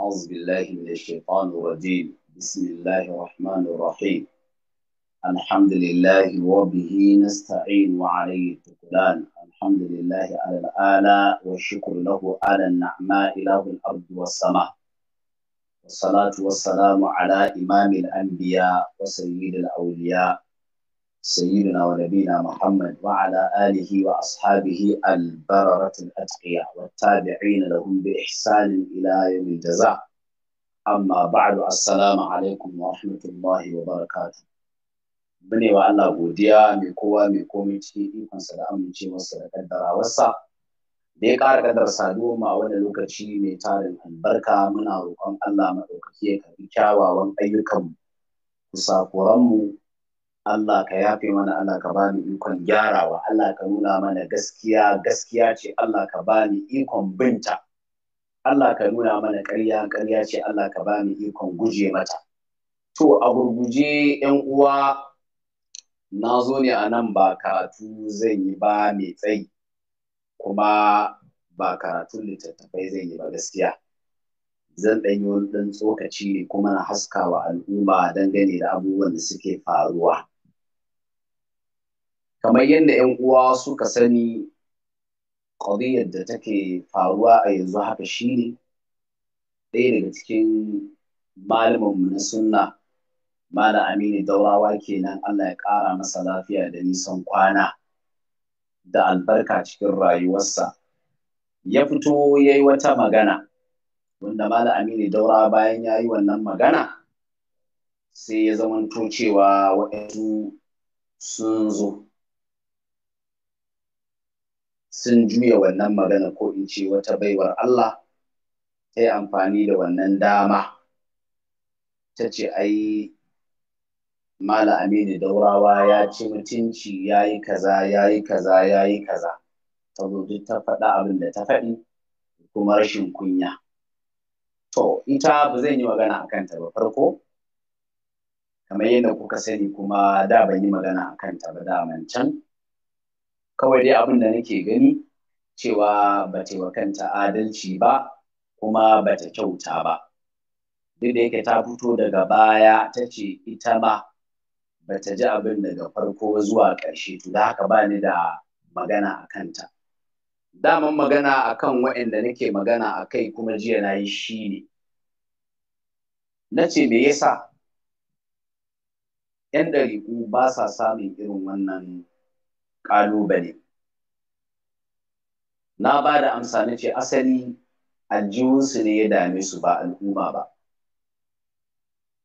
أعوذ بالله من الشيطان الرجيم بسم الله الرحمن الرحيم الحمد لله وبه نستعين وعليه التكلان الحمد لله على الآلاء والشكر له على النعماء له الأرض والسماء والصلاة والسلام على إمام الأنبياء وسيد الأولياء سيدنا ونبينا محمد وعلى آله وأصحابه البررة الأتقياء والتابعين لهم بإحسان إلى يوم الجزاء أما بعد السلام عليكم ورحمة الله وبركاته bane wa Allah godiya mai kowa mai komai cikin ikonsa da amincewarsa da kaddarawarsa da ya ƙara kaddar saduwa a wani lokaci mai tarin albarka muna rokon Allah maɗaukaki ya karɓi kyawawan ayyukanmu kusakuranmu Allah ka yafe mana Allah ka bani ikon gyarawa Allah ka nuna mana gaskiya gaskiya ce Allah ka bani ikon binta Allah ka nuna mana ƙarya ƙarya ce Allah ka bani ikon guje mata to a gurguje yan uwa na zo ne a nan ba karatu zan yi ba mai tsayi kuma ba karatun littattafai zan yi ba gaskiya zan ɗan yi wani ɗan tsokaci ne kuma na haskawa al'umma dangane da abubuwan da suke faruwa kamar yadda 'yan uwa suka sani ƙadiyar da take faruwa a yanzu haka shine ɗaya daga cikin mu na sunna malam aminu daurawa kenan allah ya ƙara masa lafiya da nisan kwana da albarka cikin rayuwarsa ya fito ya yi wata magana wanda malam aminu daurawa bayan ya yi wannan magana sai ya zamanto cewa waɗansu sun zo sun juya wannan magana ko in ce wata baiwar Allah ta yi amfani da wannan dama ta ce ai mala aminu daurawa ya ci mutunci ya yi kaza ya yi kaza ya yi kaza ta duk ta faɗa abin da ta faɗi kuma rashin kunya to ita ba zan yi magana a kanta ba farko kamar yadda kuka sani kuma da ban yi magana a kanta ba daman can kawai dai abin da nake gani cewa ba wa kanta adalci ba kuma ba ta kyauta ba duk da yake ta fito daga baya ta ce ita ma ba ta ji abin daga farko zuwa ƙarshe to da haka ba ni da magana a kanta daman magana a kan waɗanda nake magana a kai kuma jiya na yi shi ne na ce me yasa 'yan ɗariƙu ba sa samun irin wannan ƙalubale. Na ba da amsa na ce asali aljihunsu ne ya dame su ba al'umma ba.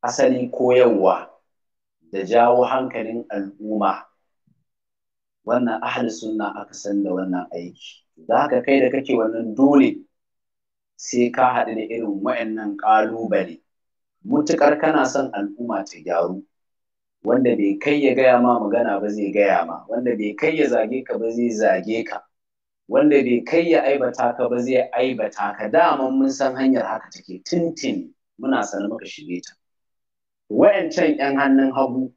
Asali koyarwa da jawo hankalin al'umma wannan ahal sunna aka san da wannan aiki. Da haka kai da kake wannan dole sai ka haɗu da irin wayannan ƙalubale. Mutuƙar kana son al'umma ta gyaru. wanda bai kai ya gaya ma magana ba zai gaya ma wanda bai kai ya zage ka ba zai zage ka wanda bai kai ya aibata ka ba zai aibata ka daman mun san hanyar haka take tintin muna sanar muka shige ta wayancan yan hannun hagu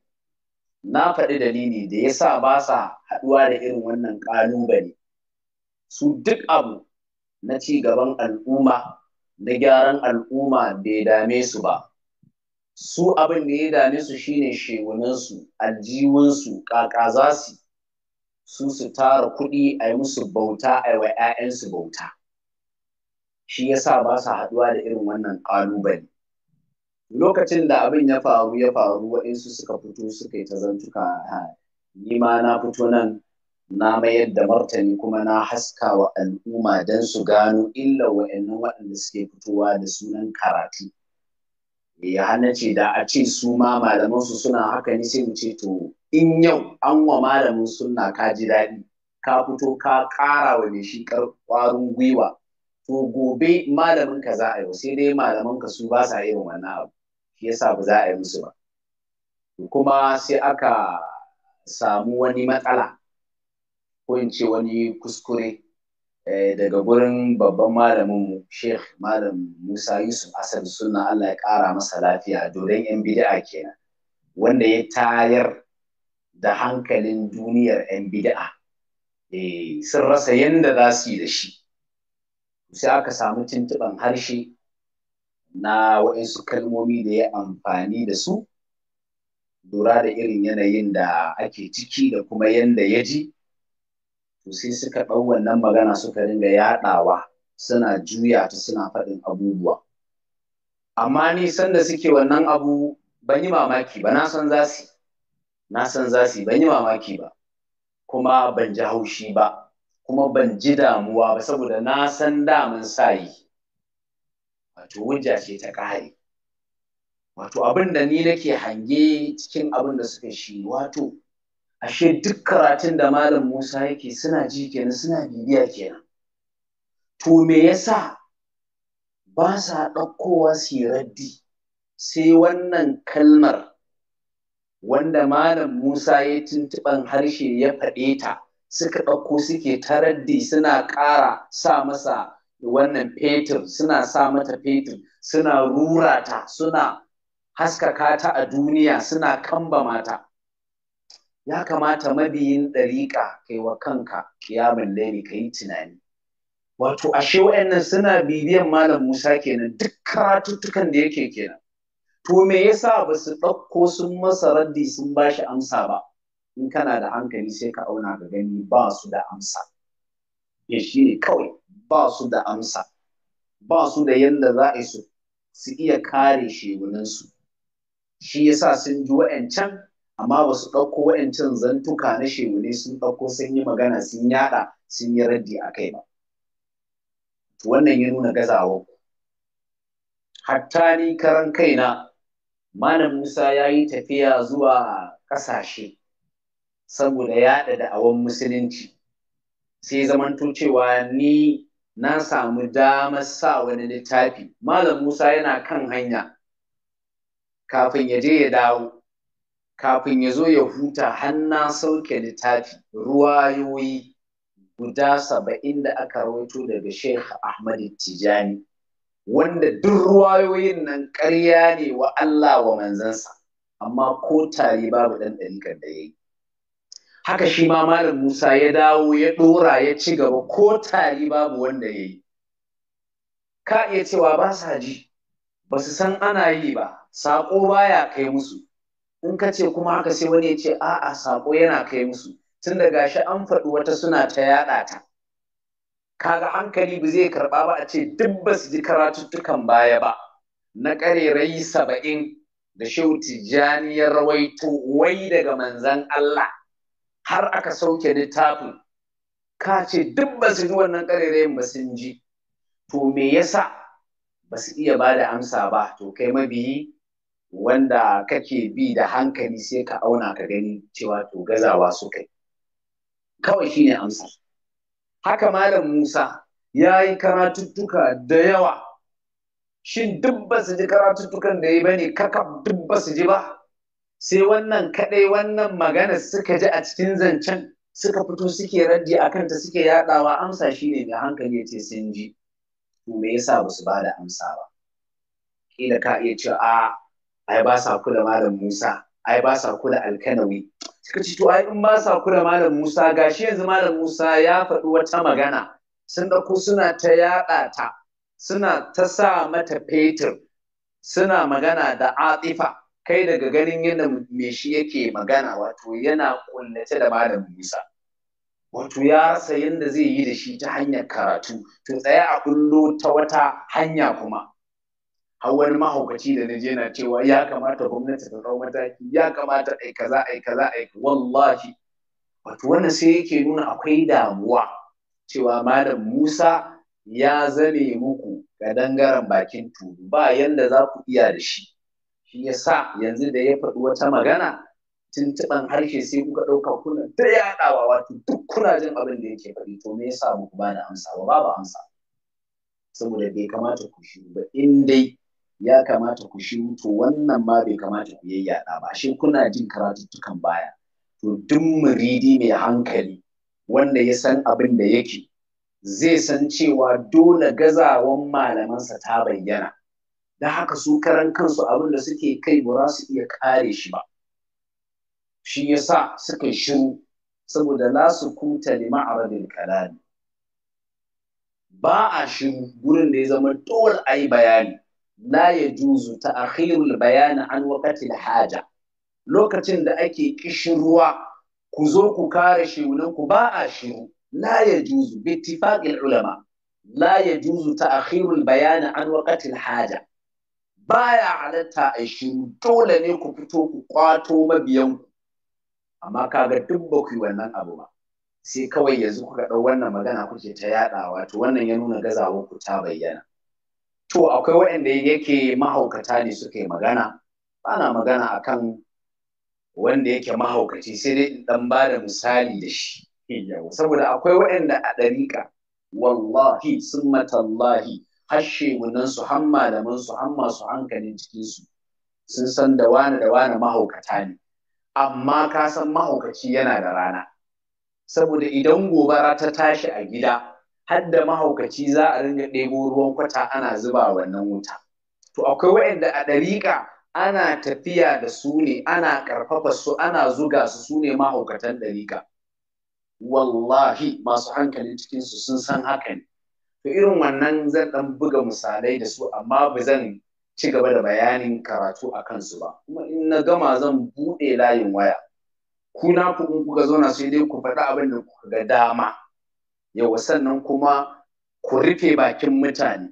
na faɗi dalili da ya sa ba sa haɗuwa da irin wannan ƙalubale su duk abu na ci gaban al'umma na gyaran al'umma bai dame su ba su abin da ya dame su shine shegunansu aljiwansu kaka su su su tara kuɗi a yi musu bauta a wa 'ya'yansu bauta shi ya sa ba su haɗuwa da irin wannan ƙalubale lokacin da abin ya faru ya faru waɗansu suka fito suka yi ta zantuka ni ma na fito nan na mayar da martani kuma na haskawa al'umma don su gano illa wa'annan waɗanda suke fitowa da sunan karatu Eh, ya hana ce da a ce su ma malaman su suna haka ne sai mu ce to in yau an wa malamin sunna ka ji daɗi ka fito ka ƙara wa mai shi ƙwarin gwiwa to gobe malamin ka za a yi sai dai malaman ka su ba sa irin wannan abu shi yasa ba za a yi musu ba kuma sai aka samu wani matsala ko in ce wani kuskure Eh, daga gurin babban malamin mu Sheikh Malam Musa Yusuf Asad suna Allah ya ƙara masa lafiya dodon yan bid'a kenan wanda ya tayar da hankalin duniyar yan bid'a eh sun rasa yanda za su yi da shi sai aka samu tuntuɓan harshe na waɗansu kalmomi da ya amfani da su lura da irin yanayin da ake ciki da kuma yanda ya ji to sai suka ɗau wannan magana suka dinga yaɗawa suna juya ta suna faɗin abubuwa amma ni sanda suke wannan abu ban yi mamaki ba na san za su na san za su ban yi mamaki ba kuma ban ji haushi ba kuma ban ji damuwa ba saboda na san daman sa yi wato hujja ce ta ƙare wato abin da ni nake hange cikin abin da suka shi wato ashe duk karatun da malam Musa yake suna ji kenan suna bibiya kenan to me yasa ba sa ɗaukowa su raddi sai wannan kalmar wanda malam Musa ya tuntuɓan harshe ya faɗe ta suka ɗauko suke ta raddi suna ƙara sa masa wannan fetur suna sa mata fetur suna rurata, suna haskaka ta a duniya suna kamba mata ya kamata mabiyin ɗariƙa kai wa kanka kiyamun laili ka yi tunani wato ashe wa'annan suna bibiyan malam musa kenan duk karatuttukan da yake kenan to me yasa ba su ɗauko sun masa raddi sun ba shi amsa ba in kana da hankali sai ka auna ga gani ba su da amsa ya shi ne kawai ba su da amsa ba su da yadda za a su su iya kare shegunansu shi yasa sun ji wa'ancan amma ba su ɗauko wa'ancan zantuka na shemune sun ɗauko sun yi magana sun yaɗa sun yi raddi a kai ba wannan ya nuna gazawa hatta ni karan kaina malam musa ya yi tafiya zuwa ƙasashe saboda yaɗa da da'awan musulunci sai zamanto cewa ni na samu damar sa wani littafi malam musa yana kan hanya kafin ya je ya dawo kafin ya zo ya huta hanna sauke littafi ruwayoyi guda saba'in da aka rawaito daga Sheikh Ahmad Tijani wanda duk ruwayoyin nan ƙarya ne wa Allah wa manzansa amma ko tare babu ɗan ɗalikar da ya yi haka shi ma malam Musa ya dawo ya ɗora ya ci gaba ko tare babu wanda ya yi ka iya cewa ba sa ji ba su san ana yi ba saƙo baya kai musu in ka ce kuma haka sai wani ya ce a'a sako yana kai musu tun da gashi an faɗi wata suna ta yaɗa ta kaga hankali ba zai karɓa ba a ce duk ba su ji karatuttukan baya ba na ƙarerai saba'in da shehu tijjani ya rawaito wai daga manzan Allah har aka sauke littafin ka ce duk ba su ji wannan ƙarerayin ba sun ji to me yasa ba su iya ba da amsa ba to kai mabiyi wanda kake bi da hankali sai ka auna ka gani cewa to gazawa suka yi kawai shine amsa haka malam Musa ya yi karatuttuka da yawa shin duk ba su ji karatuttukan da ya bane kaka duk ba su ji ba sai wannan kaɗai wannan magana suka ji a cikin zancen suka fito suke raddi a kanta suke yaɗawa. amsa shine mai hankali ya ce sun ji to me yasa ba su ba da amsa ba kila ka iya cewa a ai ba sa kula malam Musa ai ba sa kula alkanawi suka ce to ai in ba sa kula malam Musa gashi yanzu malam Musa ya faɗi wata magana sun ɗauko suna ta yaɗa ta suna ta sa mata fetur suna magana da atifa kai daga ganin yadda me shi yake magana wato yana kullace da malam Musa wato ya rasa yadda zai yi da shi ta hanyar karatu to tsaya a kullo ta wata hanya kuma har wani mahaukaci da na je na cewa ya kamata gwamnati ta ɗau mataki ya kamata ai kaza ai kaza ai wallahi wato wannan sai yake nuna akwai damuwa cewa malam Musa ya zame muku ga bakin tudu. ba yanda za ku iya da shi shi yasa yanzu da ya faɗi wata magana tuntuɓan harshe sai kuka ɗauka kuna ta yaɗawa wato duk kuna jin abin da yake faɗi to me yasa muku ba da amsa ba babu amsa saboda bai kamata ku shiru ba in dai ya kamata ku shiru to wannan ma bai kamata ku yayyada ba shi kuna jin karatuttukan baya to duk muridi mai hankali wanda ya san abin da yake zai san cewa dole gazawan malamansa ta bayyana da haka su karan kansu abin da suke kai ba za su iya kare shi ba shi yasa suka shiru saboda la su kuta li ma'aradil kalami ba a shiru gurin da ya zama dole ayi bayani la ya juzu ta akhirul bayani an wakatil haja lokacin da ake kishirwa ku zo ku kare shehunanku ba a shiru la ya juzu bittifaqil ulama la ya juzu ta akhirul bayani an wakatil haja baya halatta a shiru dole ne ku fito ku kwato mabiyanku amma kaga duk ba ku wannan abu ba sai kawai yanzu kuka ɗau wannan magana kuke ta yaɗa to wannan ya nuna gazawar ta bayyana to akwai waɗanda yake mahaukata ne suka yi magana ana magana a kan wanda yake mahaukaci sai dai in ɗan ba da misali da shi saboda akwai waɗanda a ɗariƙa wallahi sun summatallahi hashe munan su han malaman su hamma su hankalin cikinsu, sun san da wane da wane mahaukata ne amma ka san mahaukaci yana da rana saboda idan gobara ta tashi a gida har da mahaukaci za a ringa ɗebo ruwan kwata ana zuba wannan wuta to akwai waɗanda a ɗariƙa ana tafiya da su ne ana ƙarfafa su ana zuga su su ne mahaukatan ɗariƙa wallahi masu hankalin cikinsu sun san haka ne to irin wannan zan ɗan buga misalai da su amma ba zan ci gaba da bayanin karatu a kansu ba kuma in na gama zan buɗe layin waya kuna na ku in kuka zauna sai dai ku faɗa abin da kuka ga dama Yau, sannan kuma ku rufe bakin mutane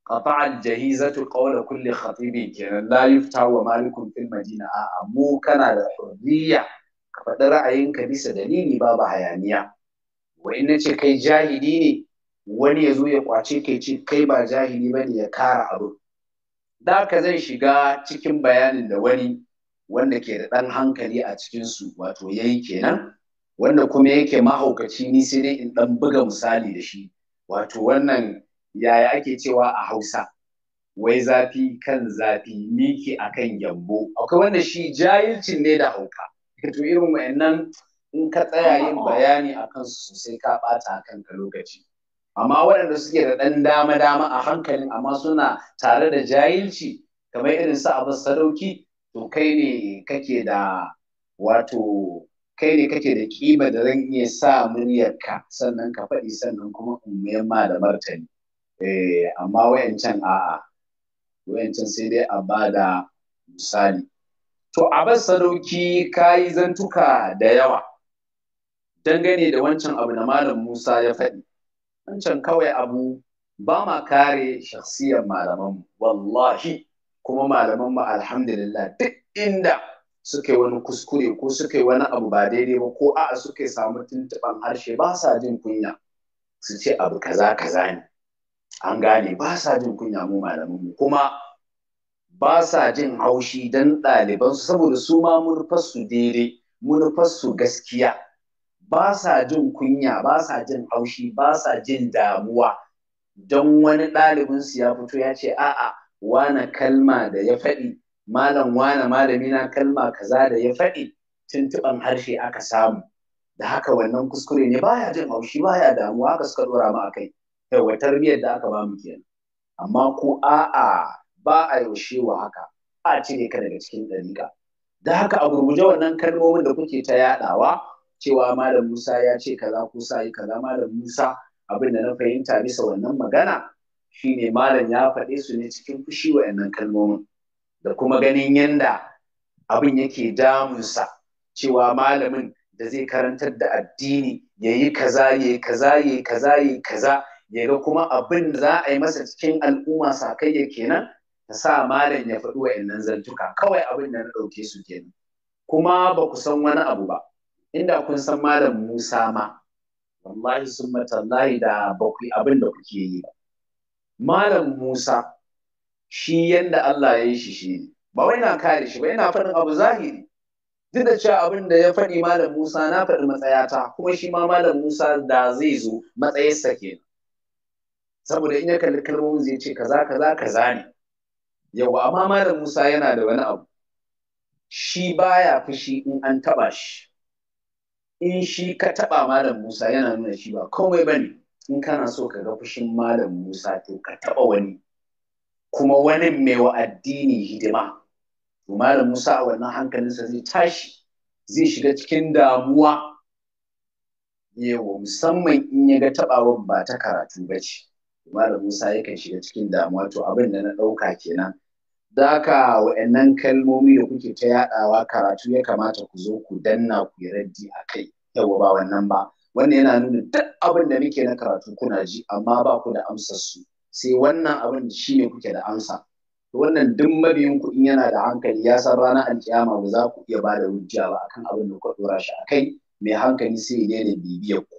qata al jahizatu kulle kulli mai kenan la yufta wa malikun fil madina a mu kana da hurriya ka faɗi ra'ayinka bisa dalili babu hayaniya wa in ce kai jahili ne wani ya zo ya kwace kai ce kai ba jahili ba ne ya kara abu da ka zan shiga cikin bayanin da wani wanda ke da ɗan hankali a cikinsu wato yayi kenan wanda kuma yake mahaukaci ni sai dai in dan buga misali da shi wato wannan yaya ake cewa a Hausa wai zafi kan zafi miki akan gyambo akwai wanda shi jahilcin ne da hauka to irin wayannan in ka tsaya yin bayani akan su sosai ka bata kanka lokaci amma waɗanda suke da ɗan dama dama a hankalin amma suna tare da jahilci kamar irin su abin sadauki to kai ne kake da wato kai ne kake da kima da zan iya sa muryar ka sannan ka faɗi sannan kuma in ma da martani eh amma wayancan a wayancan sai dai a bada misali to a bar sadauki kayi zantuka da yawa dangane da wancan abu na malam Musa ya faɗi wancan kawai abu ba ma kare shakhsiyar malamanmu wallahi kuma malaman malamanmu alhamdulillah duk inda suka yi wani kuskure ko suka yi wani abu ba daidai ba ko a'a suka yi samu tuntuɓan harshe ba sa jin kunya su ce abu kaza kaza ne an gane ba sa jin kunya mu malamin mu kuma ba sa jin haushi dan ɗaliban su saboda su ma murfar su daidai murfar su gaskiya ba sa jin kunya ba sa jin haushi ba sa jin damuwa don wani ɗalibin su ya fito ya ce a'a wana kalma da ya faɗi malam wane malami na kalma kaza da ya faɗi tuntuɓan harshe aka samu da haka wannan kuskure ne baya jin haushi baya damuwa haka suka dora mu akai yawa tarbiyyar da aka bamu kenan amma ko a'a ba a yaushe wa haka a cire ka daga cikin dariƙa da haka a gurguje wannan kalmomin da kuke ta yaɗawa cewa malam Musa ya ce kaza ko yi kaza malam Musa abin da na fahimta bisa wannan magana shine malam ya faɗe su ne cikin fushi wa'annan kalmomin da kuma ganin yanda abin yake damunsa cewa malamin da zai karantar da addini ya yi kaza ya yi kaza ya yi kaza ya yi kaza ya ga kuma abin da za a yi masa cikin al'umma sa sakayya kenan ta sa malam ya faɗi wa'annan zantuka kawai abin da na ɗauke su kenan kuma ba ku san wani abu ba inda kun san malam Musa ma wallahi sun matallahi da ba ku abin da kuke yi ba malam Musa shi yadda Allah ya yi shi shi ba wai na kare shi ba yana faɗin abu zahiri duk da cewa abin da ya faɗi malam Musa na faɗi matsayata kuma shi ma malam Musa da zai zo matsayarsa kenan saboda in ya kalli kalmomin zai ce kaza kaza kaza ne yawa amma malam Musa yana da wani abu shi baya fushi in an taba shi in shi ka taba malam Musa yana nuna shi ba komai bane in kana so ka ga fushin malam Musa to ka taɓa wani kuma wani mai wa addini hidima to malam Musa a wannan hankalinsa zai tashi zai shiga cikin damuwa yawa musamman in ya ga ba ta karatu ba ce malam Musa yakan shiga cikin damuwa to abin da na ɗauka kenan daka haka wa'annan kalmomi da kuke ta yaɗawa karatu ya kamata ku zo ku danna ku yi raddi a kai Yau ba wannan ba wannan yana nuna duk abin da muke na karatu kuna ji amma ba ku da amsar su sai wannan abin shi ne kuke da amsa wannan duk mabiyin kuɗin yana da hankali ya san ranar alkiyama ba za ku iya bada da hujja ba akan abin da kuka dora shi akai mai hankali sai ya daina bibiyar ku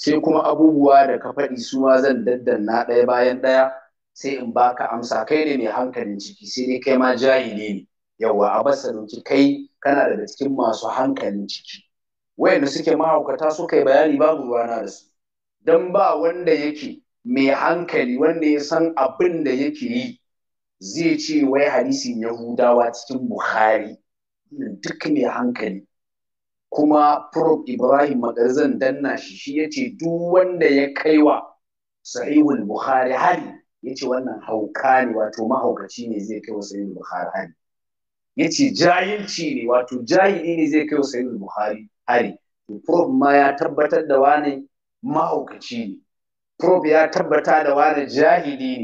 sai kuma abubuwa da ka faɗi su ma zan daddanna ɗaya bayan ɗaya sai in baka amsa kai ne mai hankalin ciki sai dai kai ma jahili ne yawwa a basa dauki kai kana da cikin masu hankalin ciki wayanda suke mahaukata suka yi bayani babu ruwana da su dan ba wanda yake mai hankali wanda ya san abin da yake yi zai ce wai hadisin yahudawa cikin buhari duk mai hankali kuma prof ibrahim madarzan danna shi shi ya ce duk wanda ya wa sahihul buhari hari ya ce wannan hauka ne wato mahaukaci ne zai kai wa sahihul buhari hari ya ce jahilci ne wato jahili ne zai kai wa sahihul buhari hari prof ma ya tabbatar da wane mahaukaci ne prof ya tabbata da wani jahili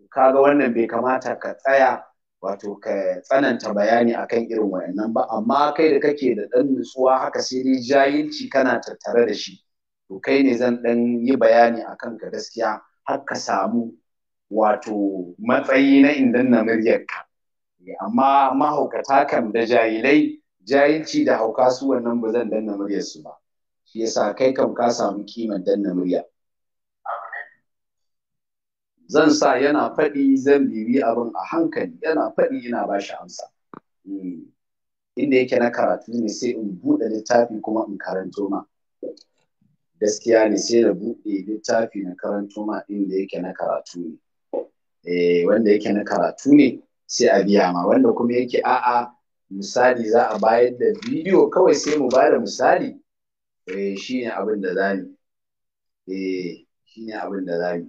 ne kaga wannan bai kamata ka tsaya wato ka tsananta bayani akan irin wayannan ba amma kai da kake da ɗan nutsuwa haka sai dai jahilci kana tattare da shi to kai ne zan ɗan yi bayani akan ka gaskiya har ka samu wato matsayi na indan na muryarka eh, amma mahaukata kan da jahilai jahilci da hauka su wannan ba zan danna muryarsu ba shi yasa kai kam ka samu kiman danna murya zan sa yana faɗi zan bibi abin a hankali yana faɗi ina ba shi amsa hmm. inda yake na karatu ne sai in buɗe littafi kuma in karanto ma gaskiya ne sai da buɗe littafi na karanto ma inda yake na karatu ne eh, wanda yake na karatu ne sai a biya ma wanda kuma yake a'a misali za a bayar da bidiyo kawai sai mu ba da misali shi eh, ne abin da za ni shi ne abin da za mu.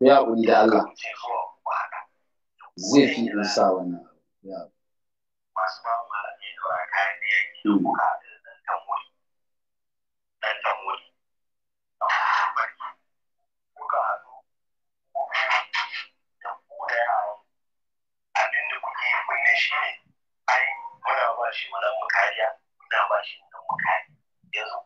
ya haƙuri da Allah zai fi in sa wannan ya masu ba da haɗu da yaran abinda kuke yi shi ne ai muna ba shi muna mu muna ba shi yanzu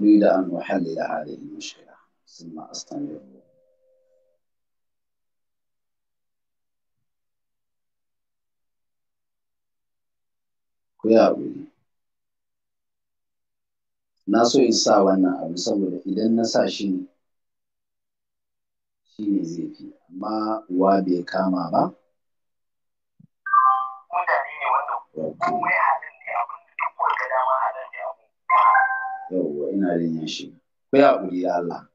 أريد أن أحلل هذه المشكلة ثم أستمر ku na so in sa wannan abu saboda idan na sa shi ne shi ne zai fi amma uwa bai kama ba mutane ne wanda ina da shi ku ya Allah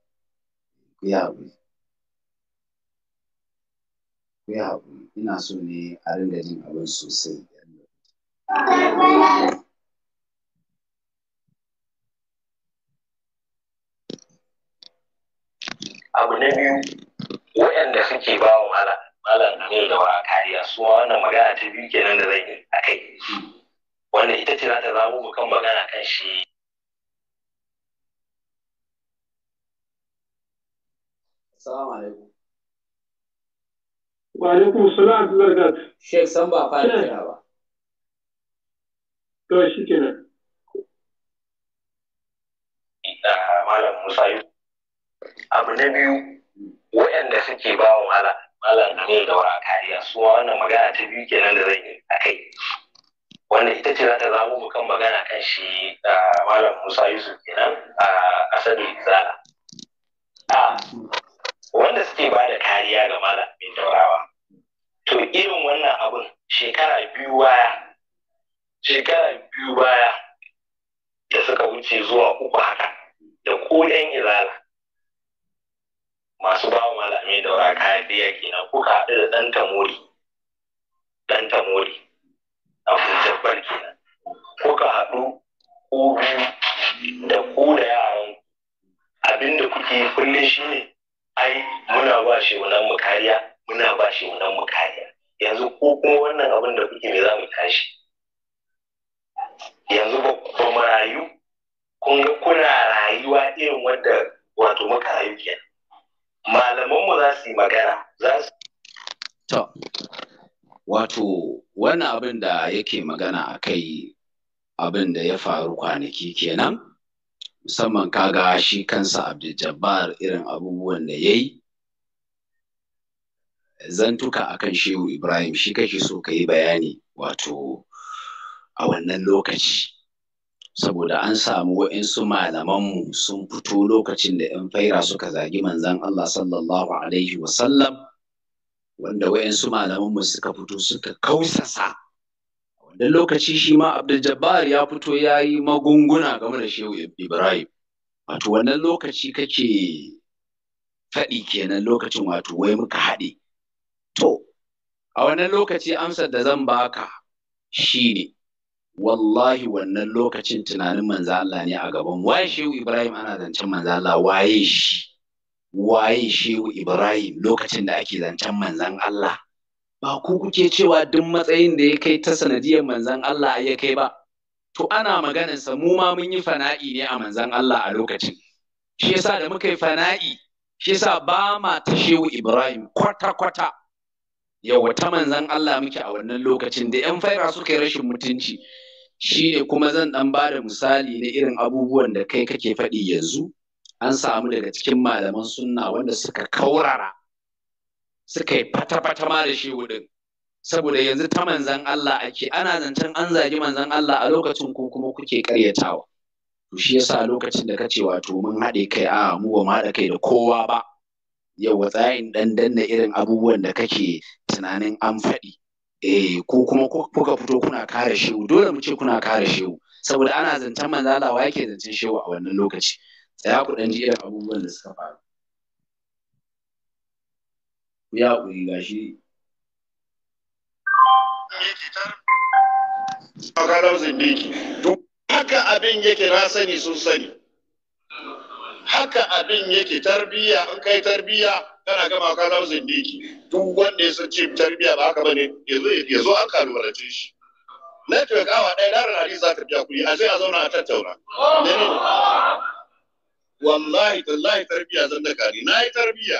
ina so ne a jin abin sosai abu na biyu waɗanda suke ba wa malam malam ne da wa kariya su wannan magana ta biyu kenan da zan yi a kai ita ce za ta kan magana kan shi Salamu alaikum. Wa alaikum salam da Sheikh san ba fara kira ba. To shi kenan. Malam Musa yi. Abu na biyu waɗanda suke ba wa malam malam Amir Daura kariya su wannan magana ta biyu kenan da zan yi a kai. Wanda ita ce za ta zamo mu kan magana kan shi malam Musa Yusuf kenan a asalin Izala. wanda suke ba da kariya ga malamin taurawa, to irin wannan abin shekara biyu baya shekara biyu baya da suka wuce zuwa uku haka da ko yan izala masu ba malamai daura kariya kenan kuka haɗu da ɗan tamori ɗan tamori abin jabbar ko kuka haɗu ko biyu da ku da yaran abinda kuke kullum shine ai muna ba shi wannan mu kariya muna ba shi wannan mu kariya yanzu ko kuma wannan abin da kuke me za mu tashi yanzu ba mu rayu kun ga kuna rayuwa irin wanda wato muka rayu kenan mu za su yi magana za su to wato wani abin da yake magana a kai abin da ya faru kwanaki kenan musamman kaga shi kansa Abdul Jabbar irin abubuwan da ya yi a kan Shehu Ibrahim shi kake so ka yi bayani wato a wannan lokaci saboda an samu wa'insu malamanmu sun fito lokacin da 'yan faira suka zagi manzan Allah sallallahu alaihi wasallam wanda wa'insu malamanmu suka fito suka kausasa wannan lokaci shi ma Abdul ya fito ya yi magunguna game da Shehu Ibrahim wato wannan lokaci kake faɗi kenan lokacin wato wai muka haɗe to a wannan lokaci amsar da zan baka shine wallahi wannan lokacin tunanin manzo Allah ne a gaban waye Shehu Ibrahim ana zancen manzo Allah waye shi waye Shehu Ibrahim lokacin da ake zancen Manzan Allah ba ku kuke cewa duk matsayin da ya kai ta sanadiyar manzan Allah ya kai ba to ana maganarsa mu ma mun yi fana'i ne a manzan Allah a lokacin shi yasa da muka yi fana'i shi yasa ba ma ta shehu Ibrahim kwata kwata Yau, ta manzan Allah muke a wannan lokacin da yan faira suka yi rashin mutunci shi ne kuma zan ɗan ba da misali na irin abubuwan da kai kake faɗi yanzu an samu daga cikin malaman sunna wanda suka kaurara suka yi fata-fata ma da shi wurin saboda yanzu ta manzan Allah ake ana zancen an zagi manzan Allah a lokacin ko kuma kuke karyatawa to shi yasa lokacin da kace wato mun haɗe kai a mu ba mu haɗa kai da kowa ba yau tsayin dan danna irin abubuwan da kake tunanin an faɗi eh ko kuma kuka fito kuna kare shehu dole mu ce kuna kare shehu saboda ana zancen wa yake zancen shehu a wannan lokaci tsaya ku dan ji irin abubuwan da suka faru ku yi haƙuri gashi haka abin yake na sani sun sani haka abin yake tarbiyya in kai tarbiyya kana gama ka zama zindiki duk wanda ya san cin tarbiyya ba haka bane ya zo an kalubalance shi network awa ɗaya daren hadisi za ta biya kuɗi a sai a zauna a tattauna wallahi tallahi tarbiyya zan da kani na yi tarbiyya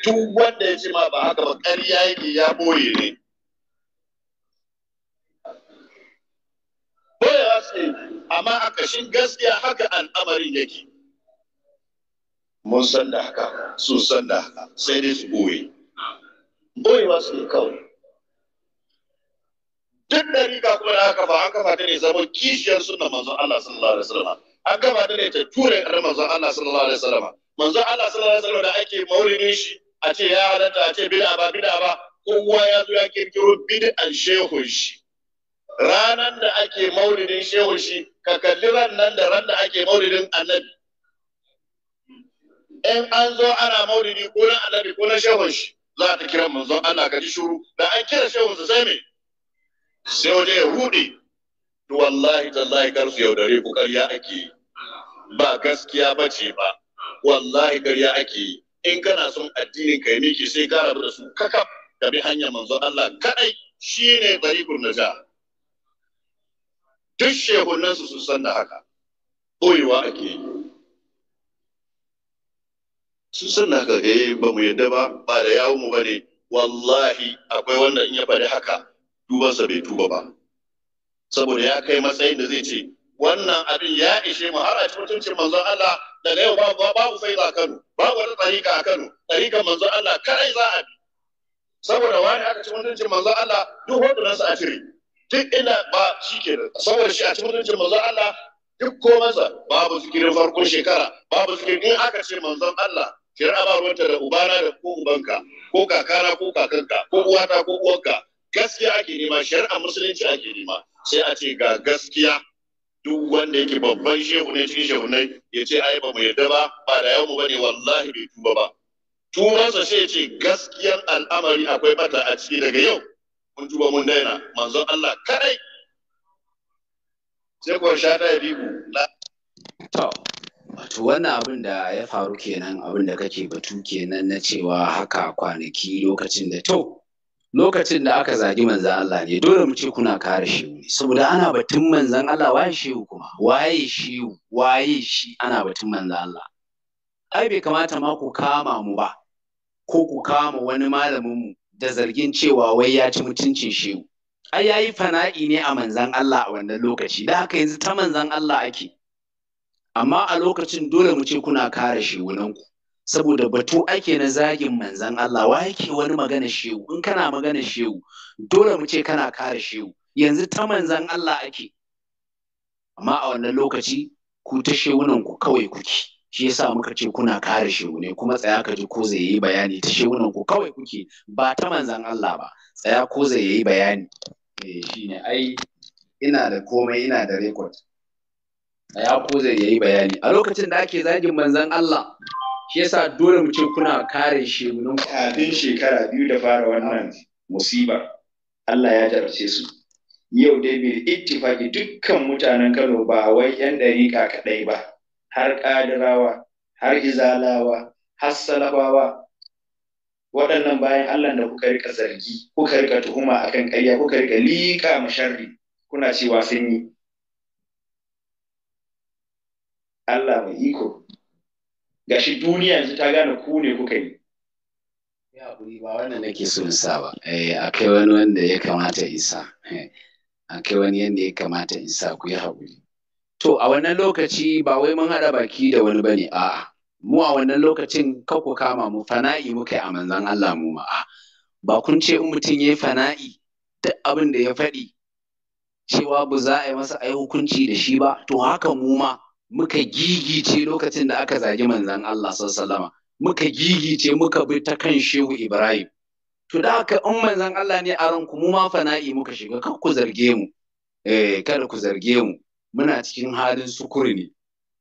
duk wanda ya ce ma ba haka ba ƙarya yake ya ɓoye ne boye wasu amma a ƙashin gaskiya haka al'amarin yake mun san da haka su san da haka sai dai su ɓoye. boye boye ne kawai duk ɗariƙa kuma da haka ba an kafa ta ne zama kishiyar suna manzon Allah sallallahu alaihi wasallam an kafa ta ne ta ture ƙarar manzon Allah sallallahu alaihi wasallam manzon Allah sallallahu alaihi wasallam da ake maulidin shi a ce ya halatta a ce bid'a ba bid'a ba kowa ya zo ya kirkiro bid'an shehun shi ranan da ake maulidin shehun shi ka kalli ran da ran da ake maulidin annabi in an zo ana maulidi ko na annabi ko na shehun shi za ta kira manzon Allah ka ji shuru da an kira shehun sa sai me sai waje ya hude to wallahi tallahi kar su yaudare ku ƙarya ake ba gaskiya bace ba wallahi ƙarya ake yi in kana son addinin ka miki sai ka rabu da su kakaf ka bi hanyar manzo Allah kadai shine tariqul naja duk shehunan su san da haka koyewa ake yi san da haka eh ba mu yadda ba ba da yawo mu bane wallahi akwai wanda in ya faɗi haka dubansa bai tuba ba saboda ya kai matsayin da zai ce wannan abin ya ishe mu har a cikin mutuncin manzon Allah daga yau babu babu faiza a Kano babu wata tarika a Kano tarikan manzo Allah kai za a bi saboda wani aka ci mutuncin manzo Allah duk hotunansa a cire duk ina ba shi ke saboda shi a ci mutuncin manzo Allah duk komansa babu zikirin farkon shekara babu zikirin in aka ce manzon Allah shari'a ba wata da ubana da ko ubanka ko kakana ko kakanka ko uwata ko uwanka gaskiya ake nema shari'a musulunci ake nema sai a ce ga gaskiya duk wanda yake babban shehu ne cikin ne ya ce ai ba mu yarda ba ba da yawon ba ne wallahi bai tuba ba tubansa sai ce gaskiyan al'amari akwai bata a ciki daga yau mun tuba mun daina manzon Allah kadai sai kuwa sha ɗaya biyu to wato wannan abin da ya faru kenan abin da kake batu kenan na cewa haka kwanaki lokacin da to lokacin da aka zagi manzan Allah ne dole mu ce kuna kare shehu ne saboda ana batun manzan Allah waye shehu kuma waye shehu waye shi ana batun manzan Allah ai bai kamata ma ku kama mu ba ko ku kama wani malamin mu da zargin cewa wai ya ci mutuncin shehu ai yayi fana'i ne a manzan Allah a wannan lokaci da haka yanzu ta manzan Allah ake amma a lokacin dole mu ce kuna kare ku. saboda batu ake na zagin manzan Allah wa yake wani magana shehu in kana magana shehu dole mu ce kana kare shehu yanzu ta manzan Allah ake amma a wannan lokaci ku ta shewunan ku kawai kuke shi yasa muka ce kuna kare shehu ne kuma tsaya ka ji ko zai yi bayani ta shewunan ku kawai kuke ba ta manzan Allah ba tsaya ko zai yi bayani eh shine ai ina da komai ina da record tsaya ko zai yi bayani a lokacin da ake zagin manzan Allah shi yasa dole mu ce kuna kare mun kafin shekara biyu da fara wannan musiba Allah ya jarce su yau dai bil ittifaqi dukkan mutanen Kano ba wai yan dariƙa kadai ba har ƙadirawa har izalawa har salabawa waɗannan bayan Allah da kuka rika zargi kuka rika tuhuma akan ƙarya kuka rika liƙa masharri kuna cewa sun yi Allah mai iko gashi duniya yanzu ta gane ku ne kuka yi ya ba wannan nake so in sa ba eh akwai wani wanda ya kamata in sa eh, Akwai wani yanda ya kamata in sa ku yi hakuri. to a wannan lokaci ba wai mun haɗa baki da wani bane a'a mu a wannan lokacin ku kama mu fana'i muka yi a manzon Allah mu ma ba kun ce in mutum yayi fana'i duk abin da ya faɗi cewa ba za a yi masa ai hukunci da shi ba to haka mu ma muka gigice lokacin da aka zagi manzan Allah sallama muka gigice muka bi ta kan shehu Ibrahim to da haka in manzan Allah ne a ranku mu ma fana'i muka shiga kar ku zarge mu eh kada ku zarge mu muna cikin halin sukuru ne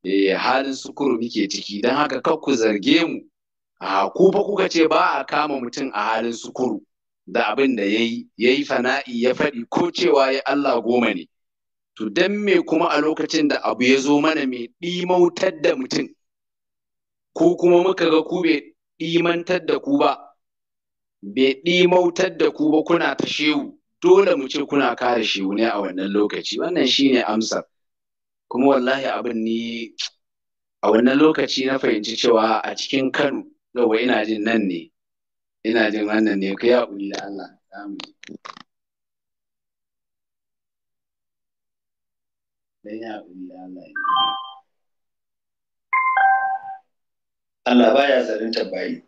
eh halin sukuru muke ciki dan haka kar ku zarge mu Ah ku fa kuka ce ba a kama mutum a halin sukuru da abin da yayi yayi fana'i ya faɗi ko cewa ya Allah goma ne to don me kuma a lokacin da abu ya zo mana mai ɗimautar da mutum ko kuma muka ga ku bai ɗimantar da ku ba bai ɗimautar da ku ba kuna ta shehu dole mu ce kuna kare shehu ne a wannan lokaci wannan shine amsar kuma wallahi abin ni a wannan lokaci na fahimci cewa a cikin Kano yawa ina jin nan ne ina jin wannan ne ku ya da Allah da ya haƙuri Allah ya Allah baya zalunta bayi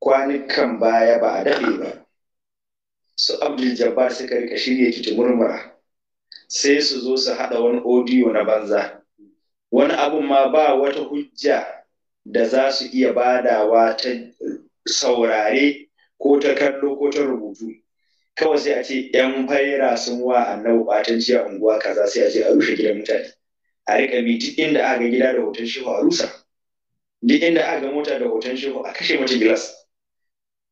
kwanukan baya ba a daɗe ba su Abdul Jabbar suka rika shirya kiti murmura sai su zo su haɗa wani odiyo na banza wani abun ma ba wata hujja da za su iya badawa ta saurare ko ta kallo ko ta rubutu kawai sai a ce yan faira sun wa annabi batanci a unguwa kaza sai a ce a rushe gidan mutane a rika bi duk inda aka ga gida da hoton shehu a rusa duk inda aka ga mota da hoton shehu a kashe mata gilas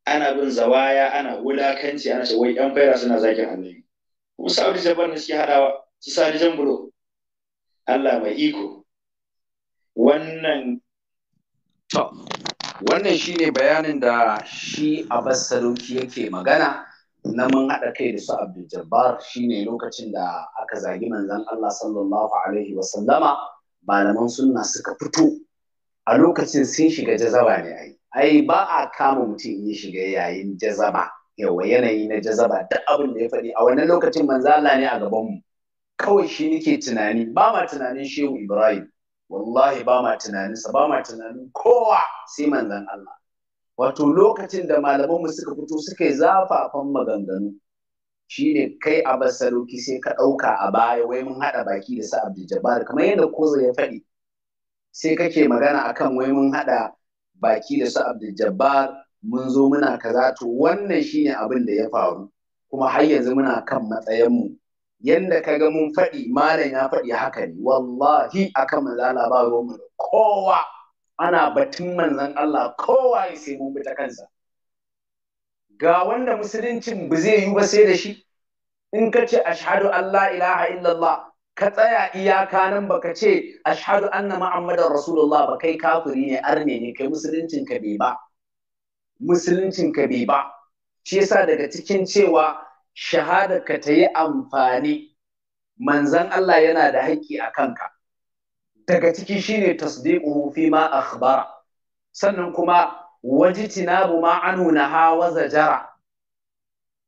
ana bin zawaya ana wulakanci ana ce wai yan faira suna zagin annabi kuma a jabar da suke haɗawa su jan bulo. Allah mai iko wannan to wannan shine bayanin da shi abbas saluki yake magana na mun haɗa kai da su Abdul Jabbar shine lokacin da aka zagi manzan Allah sallallahu alaihi wa sallama malaman sunna suka fito a lokacin sun shiga jazaba ne ai ai ba a kama mutum ya shiga yayin jazaba yawa yanayi na jazaba duk abin da ya faɗi a wannan lokacin manzo Allah ne a gaban mu kawai shi nake tunani ba ma tunanin Shehu Ibrahim wallahi ba ma tunanin sa ba ma tunanin kowa sai manzan Allah wato lokacin da malamanmu suka fito suka yi zafafan maganganu shi ne- kai a basaruki sai ka ɗauka a baya wai mun haɗa baki da sa abdul kamar yadda Kozo ya faɗi sai kake magana akan wai mun haɗa baki da su abdul mun zo muna kaza to wannan shine abin da ya faru kuma har yanzu muna kan matsayinmu yanda ka ga mun faɗi malam ya faɗi haka ne wallahi akan manzala ba ruwanmu da kowa ana batun manzan Allah kowa ya sai mun ta kansa ga wanda musuluncin ba zai yi ba sai da shi in ka ce ashhadu Allah ilaha illallah ka tsaya iyaka nan baka ce ashhadu anna muhammadar rasulullah ba kai kafiri ne arne ne kai musuluncin ka bai ba musuluncin ka bai ba shi yasa daga cikin cewa shahada ka ta yi amfani manzan Allah yana da haƙƙi a kanka daga ciki shine tasdiquhu fi ma akhbara sannan kuma wajitinabu ma anhu hawa wa zajara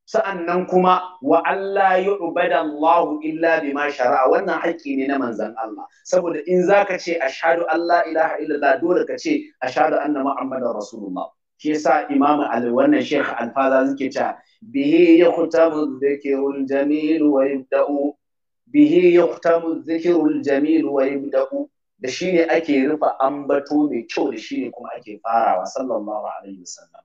sa'annan kuma wa Allah ya ubada Allahu illa bima shara'a wannan haƙƙi ne na manzan Allah saboda in zaka ce ashhadu Allah ilaha illallah dole ka ce ashhadu anna muhammadar rasulullah shi yasa imamu ali wannan sheikh alfaza suke ta bihi yakhtamu dhikrul jamil wa yabda'u bihi yuhtamu dhikrul jamil wa yubda'u da shi ne ake rufa ambato mai kyau da shi ne kuma ake farawa sallallahu alaihi wasallam